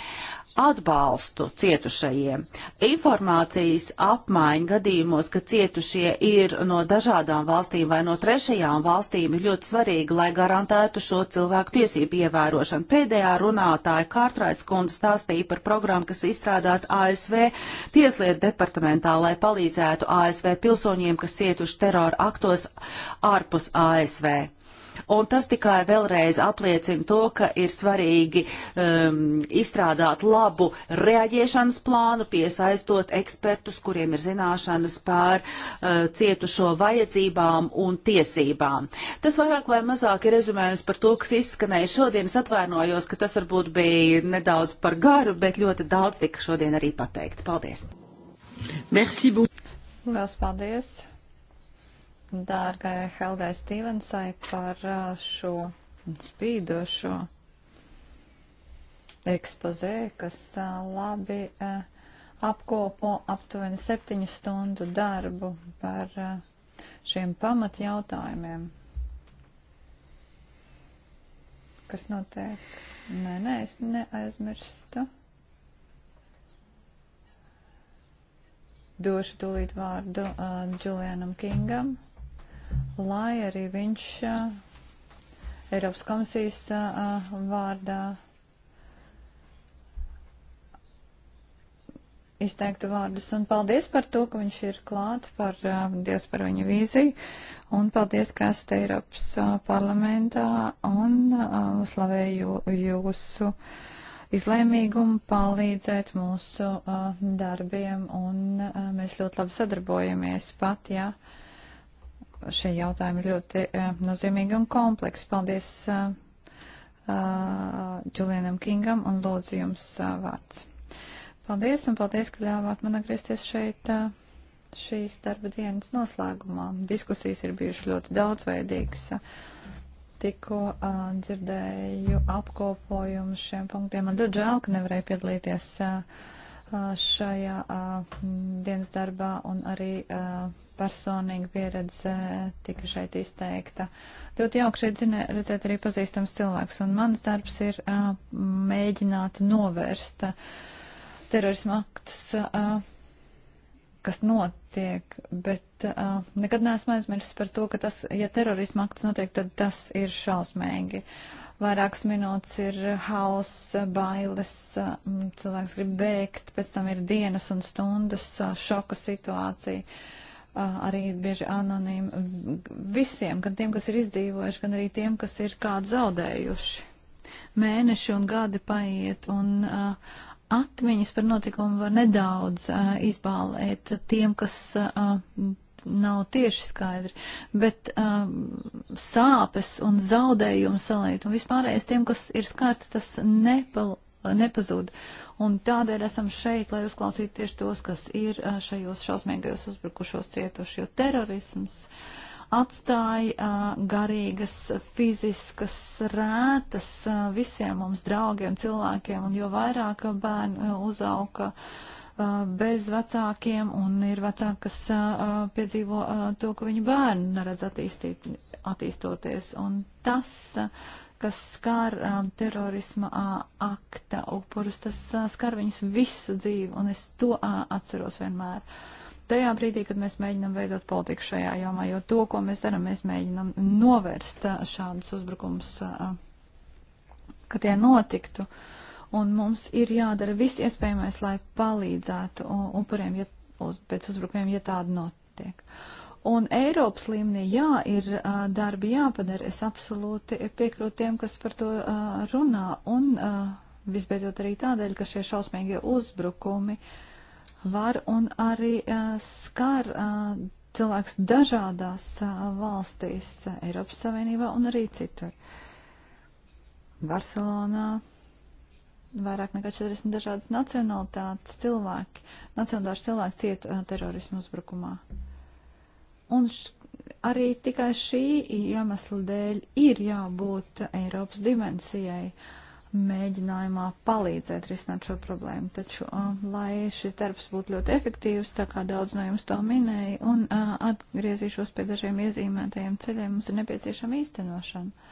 atbalstu cietušajiem. Informācijas apmaiņa gadījumos, ka cietušie ir no dažādām valstīm vai no trešajām valstīm, ir ļoti svarīga, lai garantētu šo cilvēku tiesību ievērošanu. Pēdējā runātāja Kārtraits kundze stāstīja par programmu, kas izstrādāta ASV Tieslietu departamentā, lai palīdzētu ASV pilsoņiem, kas cietuši terora aktos ārpus ASV. Un tas tikai vēlreiz apliecina to, ka ir svarīgi um, izstrādāt labu reaģēšanas plānu, piesaistot ekspertus, kuriem ir zināšanas pār uh, cietušo vajadzībām un tiesībām. Tas vairāk vai mazāk ir rezumējums par to, kas izskanēja šodien. Es atvainojos, ka tas varbūt bija nedaudz par garu, bet ļoti daudz tika šodien arī pateikts. Paldies! Merci beaucoup! Lielas paldies! dārgai Helgai Stevensai par šo spīdošo ekspozē, kas labi apkopo aptuveni septiņu stundu darbu par šiem pamatjautājumiem. Kas notiek? Nē, nē, es neaizmirstu. Došu tūlīt vārdu uh, Julianam Kingam lai arī viņš Eiropas komisijas vārdā izteiktu vārdus. Un paldies par to, ka viņš ir klāt, par, paldies par viņa vīziju. Un paldies, ka esat Eiropas parlamentā un slavēju jūsu izlēmīgumu palīdzēt mūsu darbiem. Un mēs ļoti labi sadarbojamies pat, jā. Ja šie jautājumi ir ļoti uh, nozīmīgi un kompleksi. Paldies uh, eh, Džulienam eh, Kingam un lūdzu jums uh, vārds. Paldies un paldies, ka ļāvāt man atgriezties šeit uh, šīs darba dienas noslēgumā. Diskusijas ir bijušas ļoti daudzveidīgas. Tikko uh, dzirdēju apkopojumu šiem punktiem. Man ļoti žēl, ka nevarēju piedalīties uh, šajā uh, dienas darbā un arī. Uh, personīga pieredze eh, tika šeit izteikta. Ļoti jauki šeit zinē, redzēt arī pazīstams cilvēks, un mans darbs ir uh, mēģināt novērst uh, terorismu aktus, uh, kas notiek, bet uh, nekad neesmu aizmirsis par to, ka tas, ja terorismu akts notiek, tad tas ir šausmīgi. Vairākas minūtes ir hausa, bailes, uh, cilvēks grib bēgt, pēc tam ir dienas un stundas uh, šoka situācija. Uh, arī bieži anonīmi visiem, gan tiem, kas ir izdzīvojuši, gan arī tiem, kas ir kādu zaudējuši. Mēneši un gadi paiet, un uh, atmiņas par notikumu var nedaudz uh, izbālēt tiem, kas uh, nav tieši skaidri, bet um, sāpes un zaudējumu salīt un vispārējais tiem, kas ir skārti, tas nepal, nepazūd. Un tādēļ esam šeit, lai uzklausītu tieši tos, kas ir šajos šausmīgajos uzbrukušos cietuši, jo terorisms atstāja garīgas, fiziskas rētas visiem mums draugiem, cilvēkiem, un jo vairāk bērnu uzauga bez vecākiem, un ir vecāki, kas uh, piedzīvo uh, to, ka viņu bērni neredz attīstīt, attīstoties. Un tas uh, kas skar um, terorisma uh, akta upurus, tas uh, skar viņus visu dzīvi, un es to uh, atceros vienmēr. Tajā brīdī, kad mēs mēģinam veidot politiku šajā jomā, jo to, ko mēs darām, mēs mēģinam novērst uh, šādus uzbrukumus, uh, ka tie notiktu. Un mums ir jādara viss iespējamais, lai palīdzētu upuriem, ja, uz, pēc uzbrukumiem, ja tādi notiek. Uh, Un Eiropas līmenī, jā, ir uh, darbi jāpadara. Es absolūti piekrūtu tiem, kas par to uh, runā. Un uh, visbeidzot arī tādēļ, ka šie šausmīgie uzbrukumi var un arī uh, skar uh, cilvēks dažādās uh, valstīs, uh, Eiropas Savienībā un arī citur. Barcelonā vairāk nekā 40 dažādas nacionalitātes cilvēki, nacionālās cilvēki ciet uh, terorismu uzbrukumā. Uh, Un arī tikai šī iemesla dēļ ir jābūt Eiropas dimensijai mēģinājumā palīdzēt risināt šo problēmu. Taču, lai šis darbs būtu ļoti efektīvs, tā kā daudz no jums to minēja, un atgriezīšos pie dažiem iezīmētajiem ceļiem, mums ir nepieciešama īstenošana.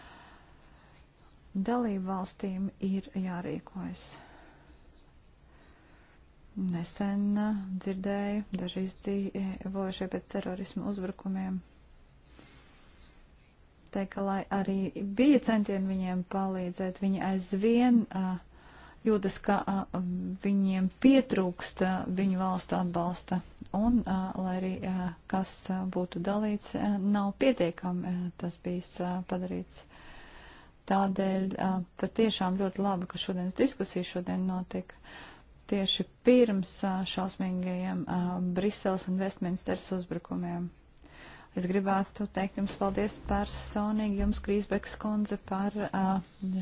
Dalību valstīm ir jārīkojas. Nesen dzirdēju, daži izdzīvojušie pēc terorismu uzbrukumiem teikt, ka lai arī bija centieni viņiem palīdzēt, viņi aizvien uh, jūtas, ka uh, viņiem pietrūkst uh, viņu valstu atbalsta. Un, uh, lai arī uh, kas uh, būtu dalīts, uh, nav pietiekami uh, tas bijis uh, padarīts. Tādēļ uh, patiešām ļoti labi, ka šodienas diskusija šodien notika. Uh, tieši pirms šausmīgajiem Briseles un Vestminsteras uzbrukumiem. Es gribētu teikt jums paldies personīgi jums, Grīsbeks kundze, par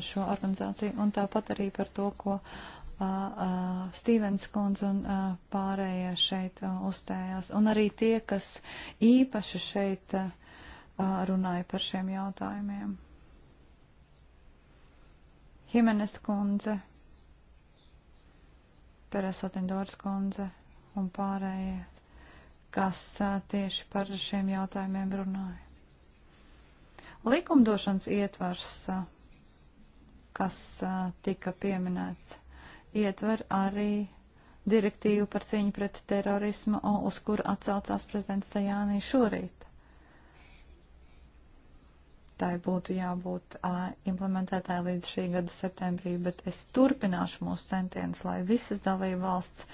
šo organizāciju un tāpat arī par to, ko Stīvens kundze un pārējie šeit uzstājās. Un arī tie, kas īpaši šeit runāja par šiem jautājumiem. Himenes kundze Peresotindors kundze un pārējie, kas tieši par šiem jautājumiem runāja. Likumdošanas ietvars, kas tika pieminēts, ietver arī direktīvu par cīņu pret terorismu, uz kuru atsaucās prezidents Tajānī šorīt tai būtu jābūt uh, implementētai līdz šī gada septembrī, bet es turpināšu mūsu centienus, lai visas dalība valsts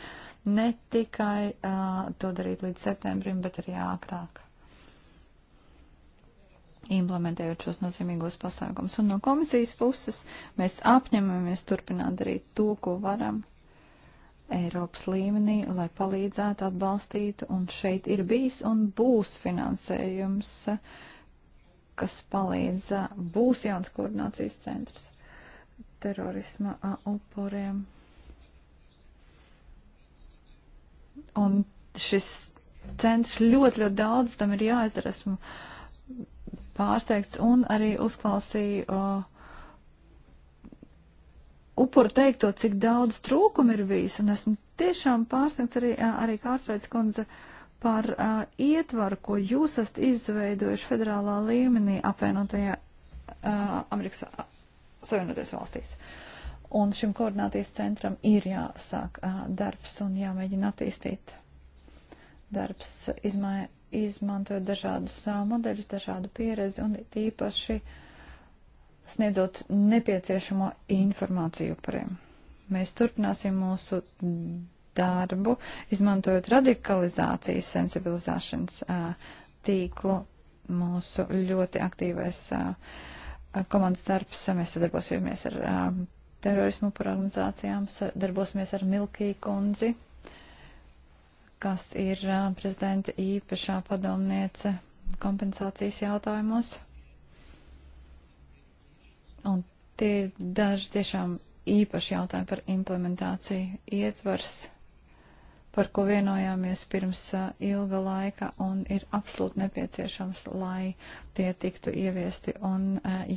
ne tikai uh, to darīt līdz septembrim, bet arī ātrāk. Implementējot šos nozīmīgos pasākumus. Un no komisijas puses mēs apņemamies turpināt darīt to, ko varam Eiropas līmenī, lai palīdzētu, atbalstītu, un šeit ir bijis un būs finansējums. Uh, kas palīdz. Būs jauns koordinācijas centrs terorisma upuriem. Un šis centrs ļoti, ļoti daudz tam ir jāizdara. Esmu pārsteigts un arī uzklausīju uh, upuru teikto, cik daudz trūkumu ir bijis. Un esmu tiešām pārsteigts arī, arī Kārtveits kundze. Uh, par uh, ietvaru, ko jūs esat izveidojuši federālā līmenī apvienotajā uh, Amerikas Savienoties valstīs. Un šim koordinācijas centram ir jāsāk uh, darbs un jāmēģina attīstīt darbs, izmai, izmantojot dažādus uh, modeļus, dažādu pieredzi un tīpaši sniedzot nepieciešamo informāciju pariem. Mēs turpināsim mūsu darbu, izmantojot radikalizācijas sensibilizēšanas tīklu mūsu ļoti aktīvais komandas darbs. Mēs sadarbosimies ar terorismu par organizācijām, sadarbosimies ar Milkī kundzi, kas ir prezidenta īpašā padomniece kompensācijas jautājumos. Un tie ir daži tiešām īpaši jautājumi par implementāciju ietvars par ko vienojāmies pirms ilga laika un ir absolūti nepieciešams, lai tie tiktu ieviesti un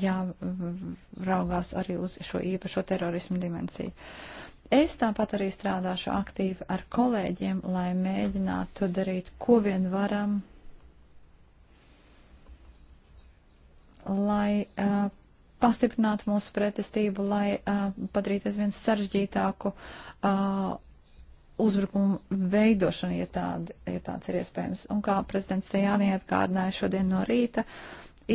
jāraugās arī uz šo īpašo terorismu dimensiju. Es tāpat arī strādāšu aktīvi ar kolēģiem, lai mēģinātu darīt, ko vien varam, lai uh, pastiprinātu mūsu pretestību, lai uh, padarītu aizvien sarežģītāku uh, uzbrukumu veidošanu, ja, tāda, ja tāds ir iespējams. Un kā prezidents Tajānī atgādināja šodien no rīta,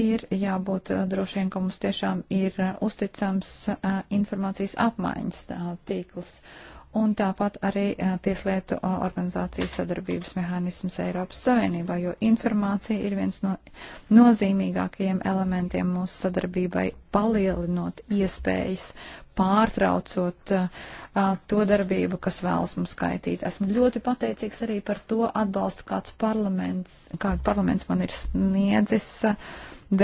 ir jābūt eh, droši vien, ka mums tiešām ir eh, uzticams eh, informācijas apmaiņas tīkls. Uh, un tāpat arī tieslietu organizācijas sadarbības mehānisms Eiropas Savienībā, jo informācija ir viens no nozīmīgākajiem elementiem mūsu sadarbībai, palielinot iespējas, pārtraucot uh, to darbību, kas vēlas mums skaitīt. Esmu ļoti pateicīgs arī par to atbalstu, kāds parlaments, kādu parlaments man ir sniedzis, uh,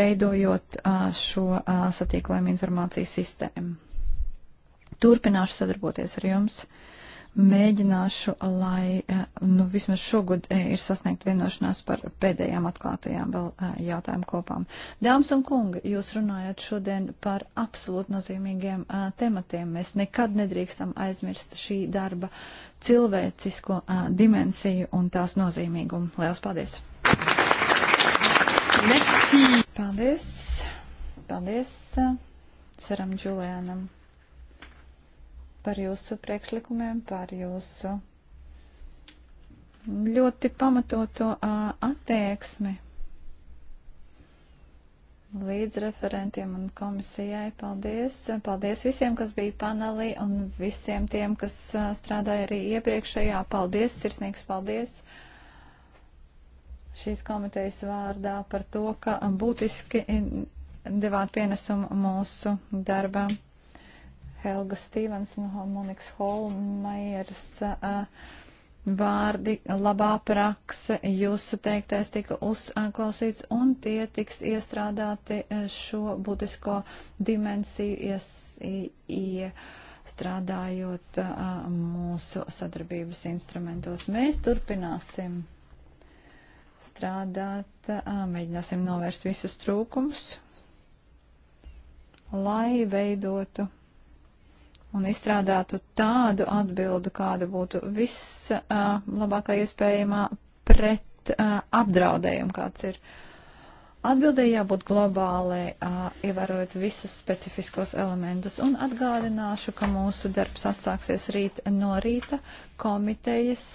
veidojot uh, šo satīklējumu informācijas sistēmu turpināšu sadarboties ar jums. Mēģināšu, lai eh, nu, vismaz šogad eh, ir sasniegt vienošanās par pēdējām atklātajām vēl eh, jautājumu kopām. Dāmas un kungi, jūs runājat šodien par absolūti nozīmīgiem tematiem. Mēs nekad nedrīkstam aizmirst šī darba cilvēcisko dimensiju un tās nozīmīgumu. Lielas paldies! Merci. Paldies! Paldies Saram Džulianam! par jūsu priekšlikumiem, par jūsu ļoti pamatoto attieksmi līdz referentiem un komisijai. Paldies! Paldies visiem, kas bija panelī un visiem tiem, kas strādāja arī iepriekšējā. Paldies! Sirsnīgs paldies! Šīs komitejas vārdā par to, ka būtiski devāt pienesumu mūsu darbam. Helga Stīvens un Monikas Holmajeras vārdi, labā prakse, jūsu teiktais tika uzklausīts un tie tiks iestrādāti šo būtisko dimensiju ies, ie, strādājot mūsu sadarbības instrumentos. Mēs turpināsim strādāt, mēģināsim novērst visus trūkumus, lai veidotu un izstrādātu tādu atbildu, kāda būtu vislabākā uh, iespējamā pret uh, apdraudējumu, kāds ir. Atbildēji jābūt globālai, uh, ievērojot visus specifiskos elementus, un atgādināšu, ka mūsu darbs atsāksies rīt no rīta komitejas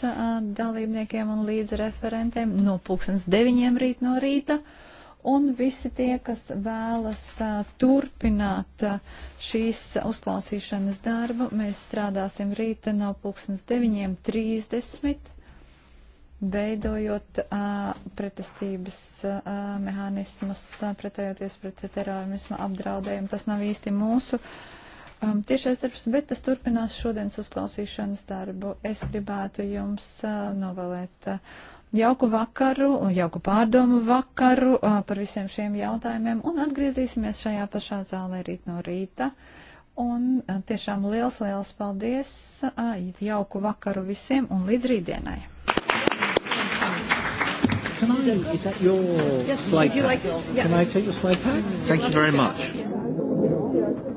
dalībniekiem un līdzreferentiem no pulkstens deviņiem rīt no rīta. Uh, un visi tie, kas vēlas turpināt šīs uzklausīšanas darbu, mēs strādāsim rīta no pulksnes 9.30, veidojot pretestības mehānismus, pretējoties pret terorismu apdraudējumu. Tas nav īsti mūsu. Um, tiešais darbs, bet tas turpinās šodienas uzklausīšanas darbu. Es gribētu jums uh, novēlēt uh, Jauku vakaru un jauku pārdomu vakaru par visiem šiem jautājumiem un atgriezīsimies šajā pašā zālē rīt no rīta. Un tiešām liels, liels paldies, jauku vakaru visiem un līdz rītdienai. Can I, is that your yes, slide? Would you like, yes. Can I take your slide back? Thank you very much.